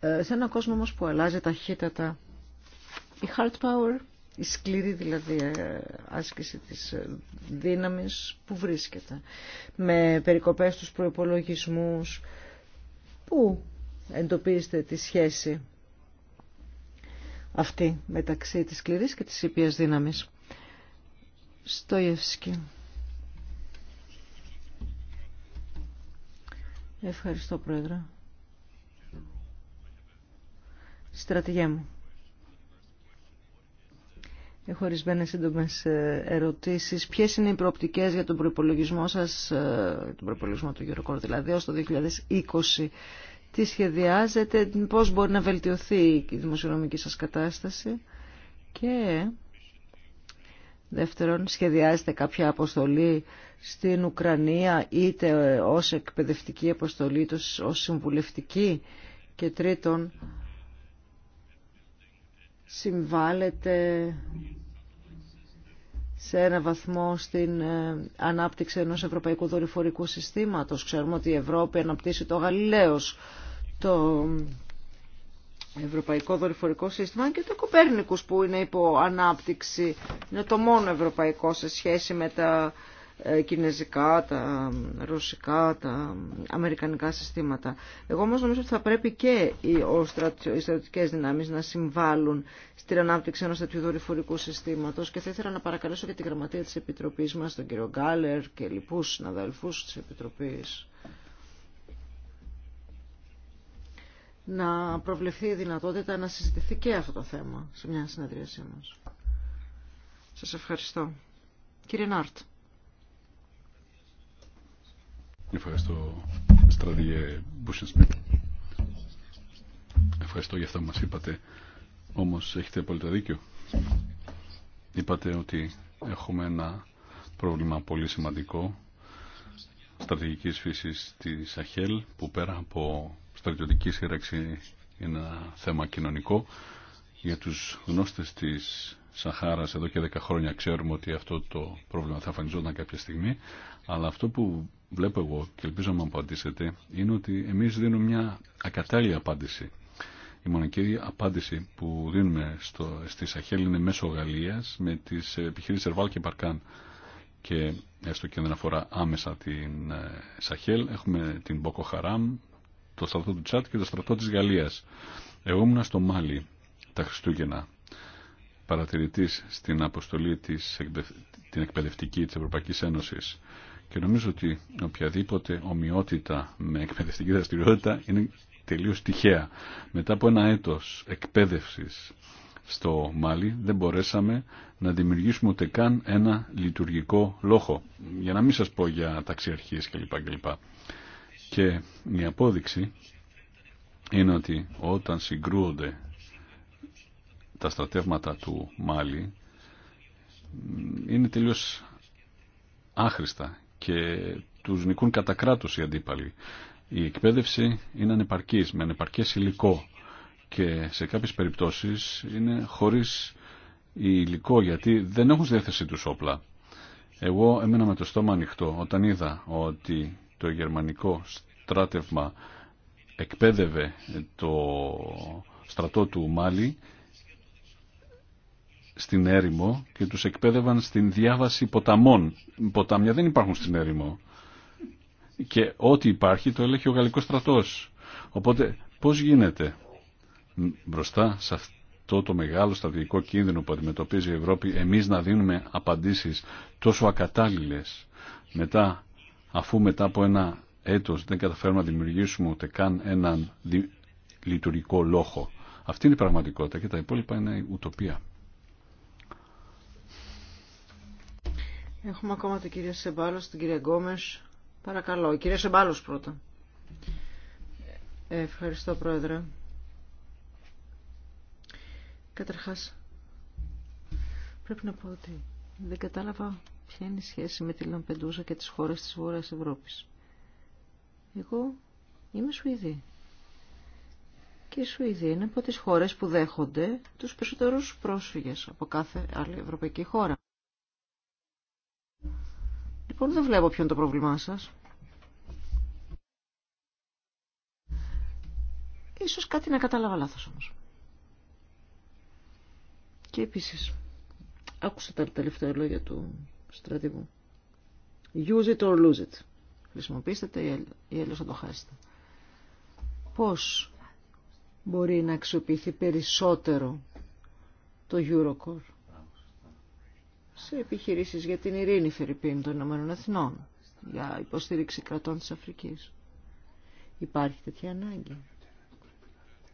Ε, σε έναν κόσμο όμως που αλλάζει ταχύτατα η hard power, η σκληρή δηλαδή ε, άσκηση της ε, δύναμης που βρίσκεται, με περικοπές τους προϋπολογισμούς, που εντοπίζεται τη σχέση αυτή μεταξύ της σκληρής και της ήπιας δύναμης. Στο Ιευσκή. Ευχαριστώ, Πρόεδρε. Στρατηγέ μου. Έχω ορισμένε σύντομε ερωτήσει. Ποιε είναι οι προοπτικέ για τον προπολογισμό σα, ε, τον προπολογισμό του Eurocore δηλαδή, ω το 2020. Τι σχεδιάζετε, πώς μπορεί να βελτιωθεί η δημοσιονομική σας κατάσταση και δεύτερον σχεδιάζετε κάποια αποστολή στην Ουκρανία είτε ως εκπαιδευτική αποστολή είτε ως συμβουλευτική και τρίτον συμβάλλεται σε ένα βαθμό στην ε, ανάπτυξη ενός ευρωπαϊκού δορυφορικού συστήματος. Ξέρουμε ότι η Ευρώπη αναπτύσσει το Γαλιλαίος, το ευρωπαϊκό δορυφορικό σύστημα και το Κοπέρνικους που είναι υπό ανάπτυξη. Είναι το μόνο ευρωπαϊκό σε σχέση με τα ε, κινέζικα, τα ρωσικά, τα αμερικανικά συστήματα. Εγώ όμως νομίζω ότι θα πρέπει και οι, οι στρατιωτικές δυνάμεις να συμβάλλουν στην ανάπτυξη ενός τέτοιου δορυφορικού συστήματος και θα ήθελα να παρακαλέσω και τη γραμματεία της Επιτροπής μας, τον κύριο Γκάλερ και λοιπούς συναδελφούς της Επιτροπής να προβλεφθεί η δυνατότητα να συζητηθεί και αυτό το θέμα σε μια συνεδρίασή μας. Σας ευχαριστώ. Κύριε Νάρτ. Ευχαριστώ, Στρατηγέ Μπούσενσμιτ. Ευχαριστώ για αυτά που μας είπατε. Όμως έχετε πολύ το δίκιο. Είπατε ότι έχουμε ένα πρόβλημα πολύ σημαντικό στρατηγικής φύσης της ΑΧΕΛ που πέρα από στρατιωτική σύραξη είναι ένα θέμα κοινωνικό. Για τους γνώστες της Σαχάρας εδώ και 10 χρόνια ξέρουμε ότι αυτό το πρόβλημα θα εμφανιζόταν κάποια στιγμή αλλά αυτό που βλέπω εγώ και ελπίζω να μου απαντήσετε είναι ότι εμείς δίνουμε μια ακατάλληλη απάντηση. Η μοναδική απάντηση που δίνουμε στο, στη Σαχέλ είναι μέσω Γαλλίας με τις επιχειρήσεις Ερβάλ και Παρκάν και έστω ε, και δεν αφορά άμεσα την ε, Σαχέλ έχουμε την Μπόκο Χαράμ, το στρατό του Τσάτ και το στρατό της Γαλλίας. Εγώ ήμουνα στο Μάλι τα Χριστούγεννα παρατηρητής στην αποστολή της, την εκπαιδευτική της Ευρωπαϊκής Ένωσης και νομίζω ότι οποιαδήποτε ομοιότητα με εκπαιδευτική δραστηριότητα είναι τελείως τυχαία. Μετά από ένα έτος εκπαίδευσης στο Μάλι δεν μπορέσαμε να δημιουργήσουμε ούτε καν ένα λειτουργικό λόγο. Για να μην σας πω για ταξιαρχίες κλπ. κλπ. Και η απόδειξη είναι ότι όταν συγκρούονται τα στρατεύματα του Μάλι είναι τελείως άχρηστα και τους νικούν κατά κράτος οι αντίπαλοι. Η εκπαίδευση είναι ανεπαρκής, με ανεπαρκές υλικό και σε κάποιες περιπτώσεις είναι χωρίς υλικό γιατί δεν έχουν στη διάθεσή τους όπλα. Εγώ έμενα με το στόμα ανοιχτό όταν είδα ότι το γερμανικό στράτευμα εκπαίδευε το στρατό του Μάλι στην έρημο και τους εκπαίδευαν στην διάβαση ποταμών. Ποτάμια δεν υπάρχουν στην έρημο. Και ό,τι υπάρχει το έλεγχε ο γαλλικός στρατός. Οπότε πώς γίνεται μπροστά σε αυτό το μεγάλο στρατηγικό κίνδυνο που αντιμετωπίζει η Ευρώπη εμείς να δίνουμε απαντήσεις τόσο ακατάλληλες μετά αφού μετά από ένα έτος δεν καταφέρουμε να δημιουργήσουμε ούτε καν έναν λειτουργικό λόγο. Αυτή είναι η πραγματικότητα και τα υπόλοιπα είναι η ουτοπία. Έχουμε ακόμα την κυρία Σεμπάλο, την κυρία Γκόμες. Παρακαλώ, η κυρία Σεμπάλο πρώτα. Ε, ευχαριστώ, Πρόεδρε. Καταρχά. πρέπει να πω ότι δεν κατάλαβα ποια είναι η σχέση με τη Λαμπεντούζα και τις χώρες της Βόρειας Ευρώπης. Εγώ είμαι Σουηδή. Και η Σουηδία είναι από τις χώρες που δέχονται τους περισσότερους πρόσφυγες από κάθε άλλη ευρωπαϊκή χώρα. Λοιπόν, δεν βλέπω ποιο είναι το πρόβλημά σα. Ίσως κάτι να κατάλαβα λάθος όμως. Και επίσης, άκουσα τα τελευταία λόγια του στρατηγού. Use it or lose it. Χρησιμοποιήστε το ή αλλιώς θα το χάσετε. Πώς μπορεί να αξιοποιηθεί περισσότερο το Eurocore σε επιχειρήσεις για την ειρήνη Φερρυπίν των Ηνωμένων Εθνών, για υποστήριξη κρατών της Αφρικής. Υπάρχει τέτοια ανάγκη.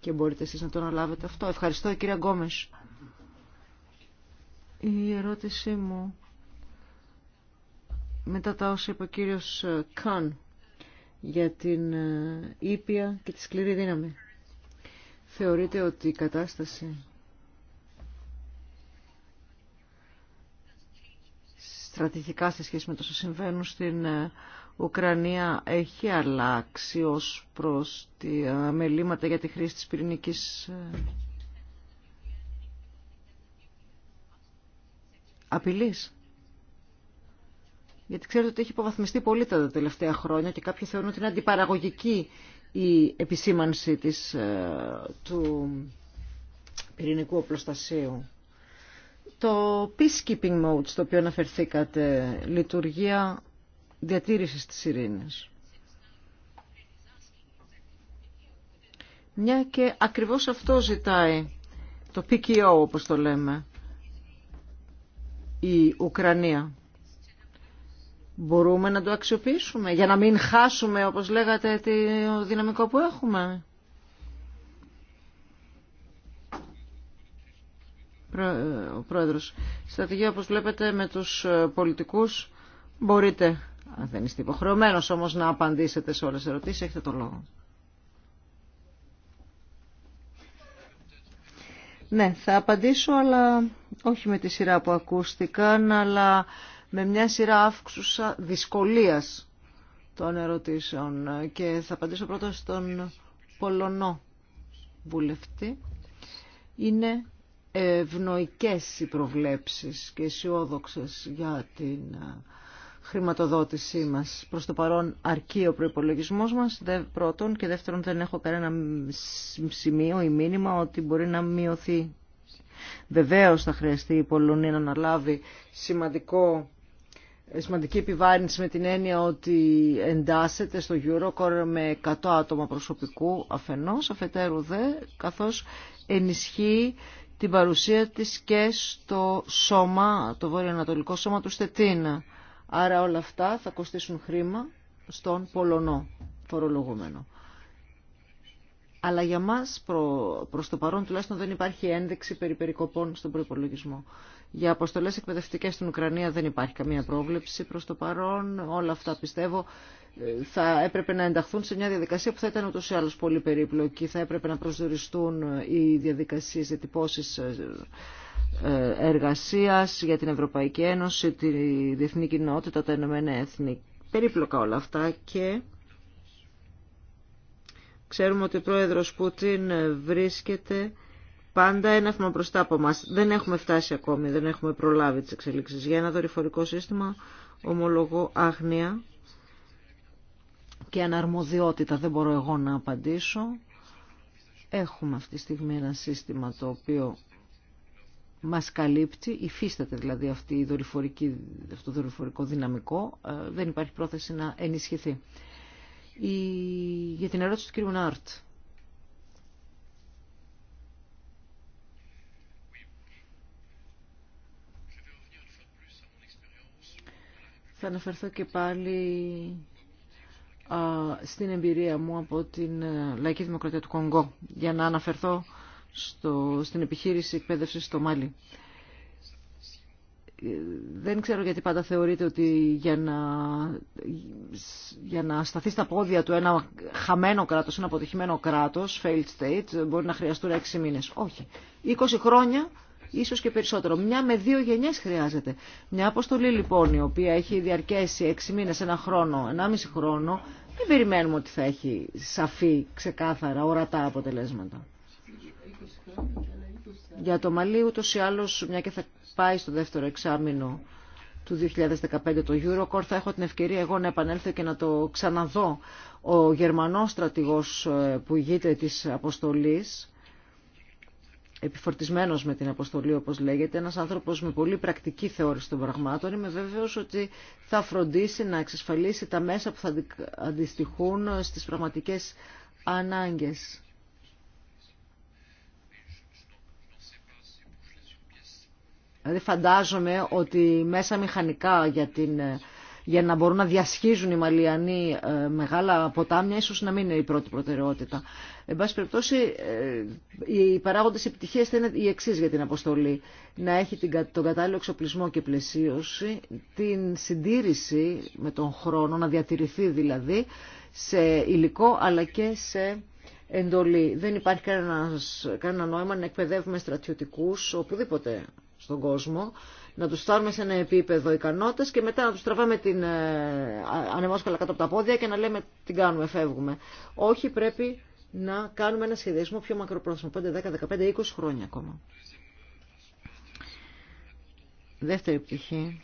Και μπορείτε εσείς να το αναλάβετε αυτό. Ευχαριστώ κύριε Γκόμες. Η ερώτησή μου, μετά τα όσα είπε ο κύριος ε, Καν για την ε, ήπια και τη σκληρή δύναμη. Θεωρείτε ότι η κατάσταση στρατηγικά σε σχέση με το συμβαίνουν στην ε, Ουκρανία έχει αλλάξει ως προς τη ε, μελήματα για τη χρήση της πυρηνικής ε, απειλής. Γιατί ξέρετε ότι έχει υποβαθμιστεί πολύ τα τελευταία χρόνια και κάποιοι θεωρούν ότι είναι αντιπαραγωγική η επισήμανση της, του πυρηνικού οπλοστασίου. Το peacekeeping mode στο οποίο αναφερθήκατε, λειτουργία διατήρησης της ειρήνης. Μια και ακριβώς αυτό ζητάει το PKO όπως το λέμε, η Ουκρανία. Μπορούμε να το αξιοποιήσουμε για να μην χάσουμε όπως λέγατε το δυναμικό που έχουμε. ο Πρόεδρος. Στρατηγία, όπως βλέπετε, με τους ε, πολιτικούς μπορείτε, αν δεν είστε υποχρεωμένος όμως, να απαντήσετε σε όλες τις ερωτήσεις. Έχετε το λόγο. Ναι, θα απαντήσω, αλλά όχι με τη σειρά που ακούστηκαν, αλλά με μια σειρά αύξουσα δυσκολίας των ερωτήσεων. Και θα απαντήσω πρώτα στον Πολωνό βουλευτή. Είναι ευνοϊκές οι προβλέψεις και αισιόδοξε για την χρηματοδότησή μας. Προς το παρόν αρκεί ο προϋπολογισμός μας, πρώτον, και δεύτερον δεν έχω κανένα σημείο ή μήνυμα ότι μπορεί να μειωθεί. Βεβαίως θα χρειαστεί η Πολωνία να αναλάβει σημαντικό ε, σημαντική επιβάρυνση με την έννοια ότι εντάσσεται στο Eurocore με 100 άτομα προσωπικού αφενός, αφετέρου δε, καθώς ενισχύει την παρουσία της και στο σώμα, το βορειοανατολικό σώμα του Στετίνα. Άρα όλα αυτά θα κοστίσουν χρήμα στον Πολωνό φορολογούμενο. Αλλά για μας προ, προς το παρόν τουλάχιστον δεν υπάρχει ένδειξη περί περικοπών στον προϋπολογισμό. Για αποστολές εκπαιδευτικέ στην Ουκρανία δεν υπάρχει καμία πρόβλεψη προς το παρόν. Όλα αυτά πιστεύω ε, θα έπρεπε να ενταχθούν σε μια διαδικασία που θα ήταν ούτως ή άλλως πολύ περίπλοκη. Θα έπρεπε να προσδιοριστούν ε, οι διαδικασίες ετυπώσεις εργασία ε, για την Ευρωπαϊκή Ένωση, τη Διεθνή Κοινότητα, τα Ηνωμένα Έθνη. Περίπλοκα όλα αυτά και... Ξέρουμε ότι ο πρόεδρος Πούτιν βρίσκεται πάντα ένα βήμα μπροστά από εμά. Δεν έχουμε φτάσει ακόμη, δεν έχουμε προλάβει τις εξελίξεις. Για ένα δορυφορικό σύστημα ομολογώ άγνοια και αναρμοδιότητα δεν μπορώ εγώ να απαντήσω. Έχουμε αυτή τη στιγμή ένα σύστημα το οποίο μας καλύπτει, υφίσταται δηλαδή αυτή η δορυφορική, αυτό το δορυφορικό δυναμικό, ε, δεν υπάρχει πρόθεση να ενισχυθεί. Η... Για την ερώτηση του κ. Νάρτ, Θα αναφερθώ και πάλι στην εμπειρία μου από την ε, Λαϊκή Δημοκρατία του Κονγκό για να αναφερθώ στο, στην επιχείρηση εκπαίδευση στο Μάλι. Δεν ξέρω γιατί πάντα θεωρείτε ότι για να, για να σταθεί στα πόδια του ένα χαμένο κράτος, ένα αποτυχημένο κράτος, failed state, μπορεί να χρειαστούν έξι μήνες. Όχι. 20 χρόνια ίσως και περισσότερο. Μια με δύο γενιές χρειάζεται. Μια αποστολή λοιπόν η οποία έχει διαρκέσει έξι μήνες, ένα χρόνο, ένα μισή χρόνο, δεν περιμένουμε ότι θα έχει σαφή, ξεκάθαρα, ορατά αποτελέσματα. Για το Μαλί ούτως ή άλλως, μια και θα πάει στο δεύτερο εξάμεινο του 2015 το Eurocore, θα έχω την ευκαιρία εγώ να επανέλθω και να το ξαναδώ. Ο Γερμανός στρατηγός ε, που ηγείται της αποστολής, επιφορτισμένος με την αποστολή όπως λέγεται, ένας άνθρωπος με πολύ πρακτική θεώρηση των πραγμάτων, είμαι βέβαιος ότι θα φροντίσει να εξασφαλίσει τα μέσα που θα αντιστοιχούν στις πραγματικές ανάγκες. Δηλαδή φαντάζομαι ότι μέσα μηχανικά για την για να μπορούν να διασχίζουν οι Μαλιανοί ε, μεγάλα ποτάμια, ίσως να μην είναι η πρώτη προτεραιότητα. Εν πάση περιπτώσει, ε, οι παράγοντε επιτυχία θα είναι οι εξή για την αποστολή. Να έχει τον κατάλληλο εξοπλισμό και πλαισίωση, την συντήρηση με τον χρόνο, να διατηρηθεί δηλαδή σε υλικό αλλά και σε εντολή. Δεν υπάρχει κανένα νόημα να εκπαιδεύουμε στρατιωτικούς οπουδήποτε στον κόσμο να τους φτάνουμε σε ένα επίπεδο ικανότητας και μετά να τους τραβάμε την ε, ανεμόσκαλα κάτω από τα πόδια και να λέμε τι κάνουμε, φεύγουμε. Όχι, πρέπει να κάνουμε ένα σχεδιασμό πιο μακροπρόθεσμο, 5, 10, 15, 20 χρόνια ακόμα. Δεύτερη επιτυχία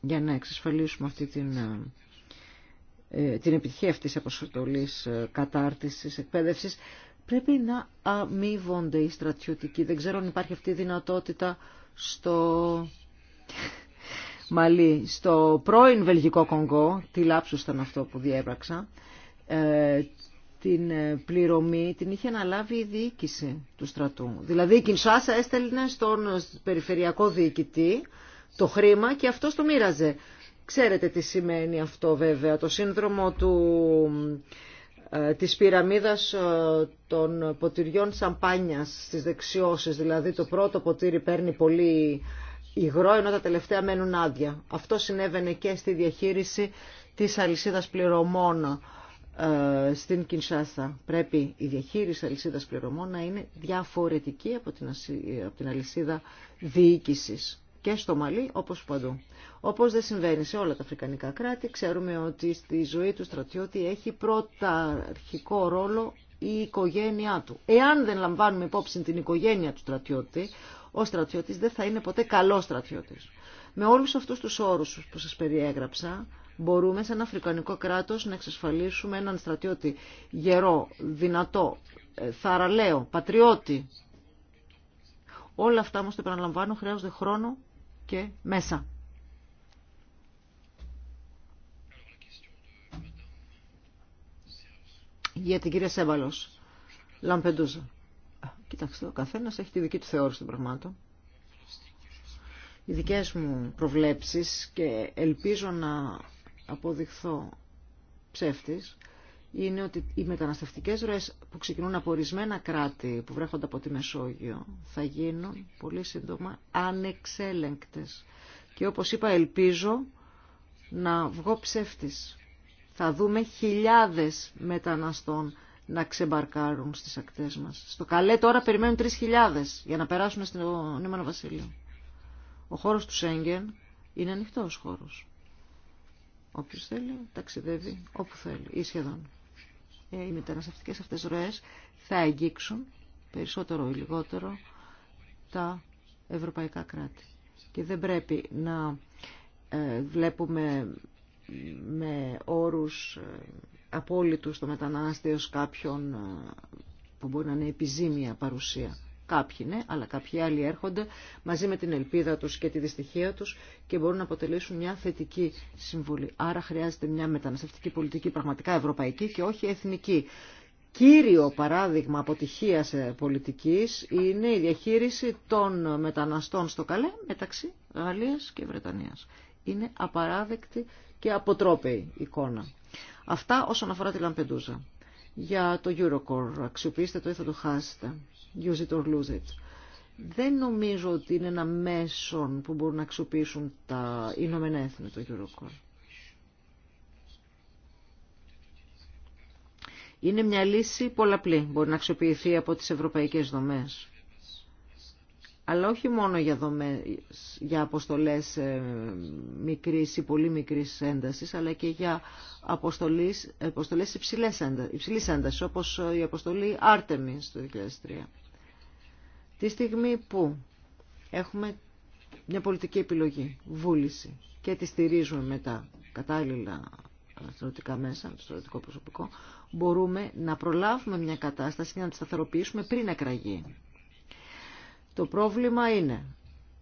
για να εξασφαλίσουμε αυτή την ε, ε, την επιτυχία αυτής της αποστολής κατάρτισης, εκπαίδευσης, πρέπει να αμείβονται οι στρατιωτικοί. Δεν ξέρω αν υπάρχει αυτή η δυνατότητα στο στο πρώην Βελγικό Κονγκό, τη λάψους ήταν αυτό που διέπραξα, ε, την ε, πληρωμή την είχε αναλάβει η διοίκηση του στρατού. Δηλαδή η Κινσάσα έστελνε στον περιφερειακό διοικητή το χρήμα και αυτό το μοίραζε. Ξέρετε τι σημαίνει αυτό βέβαια, το σύνδρομο του της πυραμίδας ε, των ποτηριών σαμπάνιας στις δεξιώσεις. Δηλαδή το πρώτο ποτήρι παίρνει πολύ υγρό ενώ τα τελευταία μένουν άδεια. Αυτό συνέβαινε και στη διαχείριση της αλυσίδας πληρωμών ε, στην Κινσάστα. Πρέπει η διαχείριση αλυσίδας πληρωμών να είναι διαφορετική από την αλυσίδα διοίκησης και στο Μαλί όπως παντού όπως δεν συμβαίνει σε όλα τα αφρικανικά κράτη. Ξέρουμε ότι στη ζωή του στρατιώτη έχει πρωταρχικό ρόλο η οικογένειά του. Εάν δεν λαμβάνουμε υπόψη την οικογένεια του στρατιώτη, ο στρατιώτης δεν θα είναι ποτέ καλός στρατιώτης. Με όλους αυτούς τους όρους που σας περιέγραψα, μπορούμε σε ένα αφρικανικό κράτος να εξασφαλίσουμε έναν στρατιώτη γερό, δυνατό, ε, θαραλέο, πατριώτη. Όλα αυτά όμως το επαναλαμβάνω χρειάζονται χρόνο και μέσα. για την κυρία Σέβαλο. Λαμπεντούζα. Κοιτάξτε, ο καθένα έχει τη δική του θεώρηση των πραγμάτων. Οι δικέ μου προβλέψεις και ελπίζω να αποδειχθώ ψεύτης είναι ότι οι μεταναστευτικές ροές που ξεκινούν από ορισμένα κράτη που βρέχονται από τη Μεσόγειο θα γίνουν πολύ σύντομα ανεξέλεγκτες. Και όπως είπα ελπίζω να βγω ψεύτης θα δούμε χιλιάδες μεταναστών να ξεμπαρκάρουν στις ακτές μας. Στο καλέ τώρα περιμένουν 3.000 για να περάσουν στο Νήμανο Βασίλειο. Ο χώρος του Σέγγεν είναι ανοιχτός χώρος. Όποιος θέλει ταξιδεύει όπου θέλει ή σχεδόν. Ε, οι μεταναστευτικές αυτές ροές θα αγγίξουν περισσότερο ή λιγότερο τα ευρωπαϊκά κράτη. Και δεν πρέπει να ε, βλέπουμε με όρους ε, απόλυτους στο μετανάστη ως κάποιον ε, που μπορεί να είναι επιζήμια παρουσία. Κάποιοι ναι, αλλά κάποιοι άλλοι έρχονται μαζί με την ελπίδα τους και τη δυστυχία τους και μπορούν να αποτελέσουν μια θετική συμβολή. Άρα χρειάζεται μια μεταναστευτική πολιτική πραγματικά ευρωπαϊκή και όχι εθνική. Κύριο παράδειγμα αποτυχίας ε, πολιτικής είναι η διαχείριση των μεταναστών στο καλέ μεταξύ Γαλλίας και Βρετανίας. Είναι απαράδεκτη και αποτρόπαιη εικόνα. Αυτά όσον αφορά τη Λαμπεντούζα. Για το Eurocore, αξιοποιήστε το ή θα το χάσετε. Use it or lose it. Δεν νομίζω ότι είναι ένα μέσον που μπορούν να αξιοποιήσουν τα Ηνωμένα Έθνη το Eurocore. Είναι μια λύση πολλαπλή. Μπορεί να αξιοποιηθεί από τις ευρωπαϊκές δομές αλλά όχι μόνο για, δομές, για αποστολές ε, μικρής ή πολύ μικρής έντασης, αλλά και για αποστολές, υψηλής, υψηλές, υψηλής έντασης, όπως ε, η αποστολή Άρτεμι το 2003. Τη στιγμή που έχουμε μια πολιτική επιλογή, βούληση, και τη στηρίζουμε με τα κατάλληλα στρατιωτικά μέσα, στρατιωτικό προσωπικό, μπορούμε να προλάβουμε μια κατάσταση και να τη σταθεροποιήσουμε πριν εκραγεί. Το πρόβλημα είναι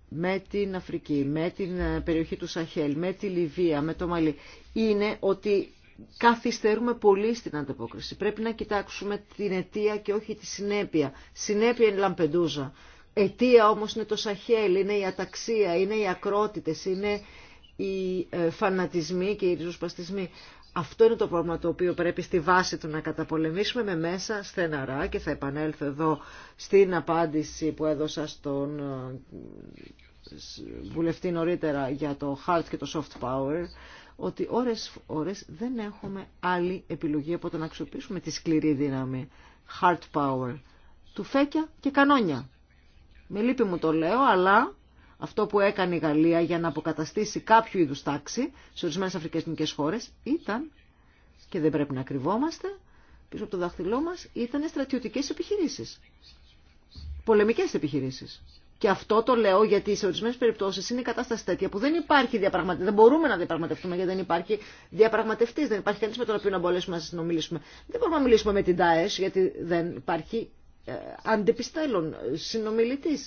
με την Αφρική, με την ε, περιοχή του Σαχέλ, με τη Λιβύα, με το Μαλί, είναι ότι καθυστερούμε πολύ στην ανταπόκριση. Πρέπει να κοιτάξουμε την αιτία και όχι τη συνέπεια. Συνέπεια είναι Λαμπεντούζα. Αιτία όμως είναι το Σαχέλ, είναι η αταξία, είναι οι ακρότητες, είναι οι ε, φανατισμοί και οι ριζοσπαστισμοί. Αυτό είναι το πρόβλημα το οποίο πρέπει στη βάση του να καταπολεμήσουμε με μέσα στεναρά και θα επανέλθω εδώ στην απάντηση που έδωσα στον ε, βουλευτή νωρίτερα για το hard και το soft power ότι ώρες, ώρες δεν έχουμε άλλη επιλογή από το να αξιοποιήσουμε τη σκληρή δύναμη hard power του φέκια και κανόνια. Με λύπη μου το λέω, αλλά αυτό που έκανε η Γαλλία για να αποκαταστήσει κάποιο είδου τάξη σε ορισμένες αφρικανικές χώρε ήταν, και δεν πρέπει να κρυβόμαστε, πίσω από το δάχτυλό μα, ήταν στρατιωτικέ επιχειρήσει, πολεμικέ επιχειρήσει. Και αυτό το λέω γιατί σε ορισμένε περιπτώσει είναι η κατάσταση τέτοια που δεν υπάρχει διαπραγματευτή. Δεν μπορούμε να διαπραγματευτούμε γιατί δεν υπάρχει διαπραγματευτή. Δεν υπάρχει κανεί με τον οποίο να μπορέσουμε να συνομιλήσουμε. Δεν μπορούμε να μιλήσουμε με την ΤΑΕΣ γιατί δεν υπάρχει ε, συνομιλητή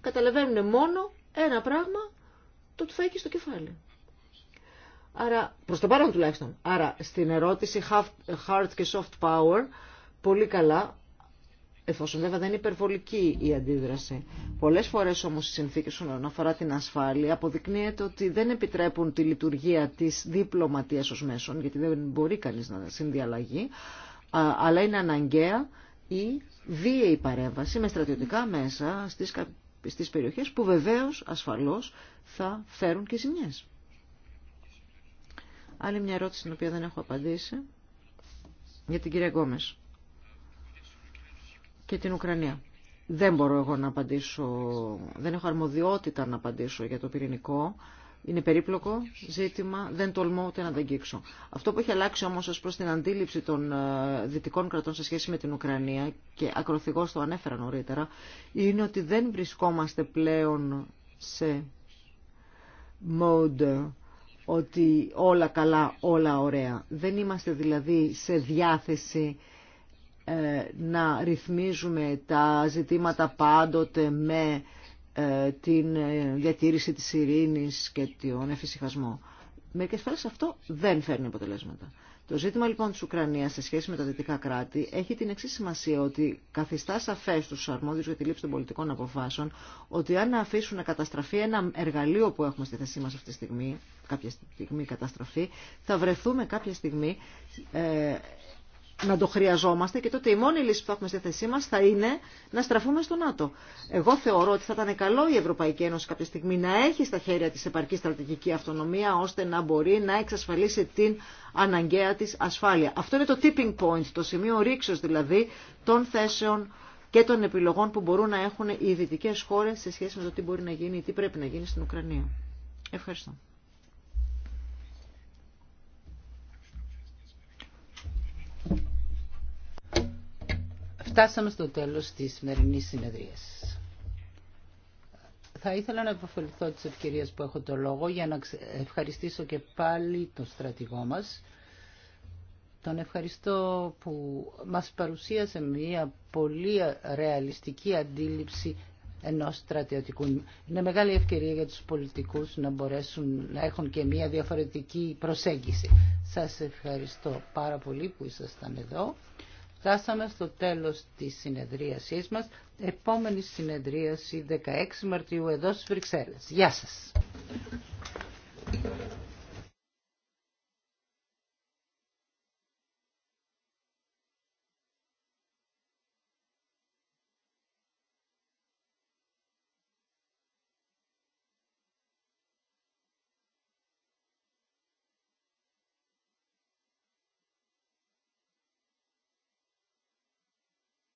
καταλαβαίνουν μόνο ένα πράγμα, το τουφέκι στο κεφάλι. Άρα, προς το παρόν τουλάχιστον. Άρα, στην ερώτηση hard και soft power, πολύ καλά, εφόσον βέβαια δεν είναι υπερβολική η αντίδραση. Πολλές φορές όμως οι συνθήκες όσον αφορά την ασφάλεια αποδεικνύεται ότι δεν επιτρέπουν τη λειτουργία της διπλωματίας ως μέσον, γιατί δεν μπορεί κανείς να συνδιαλλαγεί, αλλά είναι αναγκαία η βίαιη παρέμβαση με στρατιωτικά μέσα στις στις περιοχές που βεβαίως ασφαλώς θα φέρουν και ζημιές. Άλλη μια ερώτηση την οποία δεν έχω απαντήσει για την κυρία Γκόμες και την Ουκρανία. Δεν μπορώ εγώ να απαντήσω, δεν έχω αρμοδιότητα να απαντήσω για το πυρηνικό. Είναι περίπλοκο ζήτημα, δεν τολμώ ούτε να τα αγγίξω. Αυτό που έχει αλλάξει όμως ως προς την αντίληψη των ε, δυτικών κρατών σε σχέση με την Ουκρανία και ακροθυγώς το ανέφερα νωρίτερα, είναι ότι δεν βρισκόμαστε πλέον σε mode ότι όλα καλά, όλα ωραία. Δεν είμαστε δηλαδή σε διάθεση ε, να ρυθμίζουμε τα ζητήματα πάντοτε με ε, την ε, διατήρηση της ειρήνης και τον εφησυχασμό. Μερικές φορές αυτό δεν φέρνει αποτελέσματα. Το ζήτημα λοιπόν της Ουκρανίας σε σχέση με τα δυτικά κράτη έχει την εξή σημασία ότι καθιστά σαφέ στους αρμόδιους για τη λήψη των πολιτικών αποφάσεων ότι αν αφήσουν να καταστραφεί ένα εργαλείο που έχουμε στη θέση μας αυτή τη στιγμή, κάποια στιγμή καταστροφή, θα βρεθούμε κάποια στιγμή ε, να το χρειαζόμαστε και τότε η μόνη λύση που θα έχουμε στη θέση μας θα είναι να στραφούμε στο ΝΑΤΟ. Εγώ θεωρώ ότι θα ήταν καλό η Ευρωπαϊκή Ένωση κάποια στιγμή να έχει στα χέρια της επαρκή στρατηγική αυτονομία ώστε να μπορεί να εξασφαλίσει την αναγκαία της ασφάλεια. Αυτό είναι το tipping point, το σημείο ρήξος δηλαδή των θέσεων και των επιλογών που μπορούν να έχουν οι δυτικέ χώρε σε σχέση με το τι μπορεί να γίνει ή τι πρέπει να γίνει στην Ουκρανία. Ευχαριστώ. Φτάσαμε στο τέλος της σημερινής συνεδρίας. Θα ήθελα να υποφεληθώ της ευκαιρία που έχω το λόγο για να ευχαριστήσω και πάλι τον στρατηγό μας. Τον ευχαριστώ που μας παρουσίασε μια πολύ ρεαλιστική αντίληψη ενός στρατιωτικού. Είναι μεγάλη ευκαιρία για τους πολιτικούς να μπορέσουν να έχουν και μια διαφορετική προσέγγιση. Σας ευχαριστώ πάρα πολύ που ήσασταν εδώ. Φτάσαμε στο τέλος της συνεδρίασής μας, επόμενη συνεδρίαση 16 Μαρτίου εδώ στις Βρυξέλλες. Γεια σας.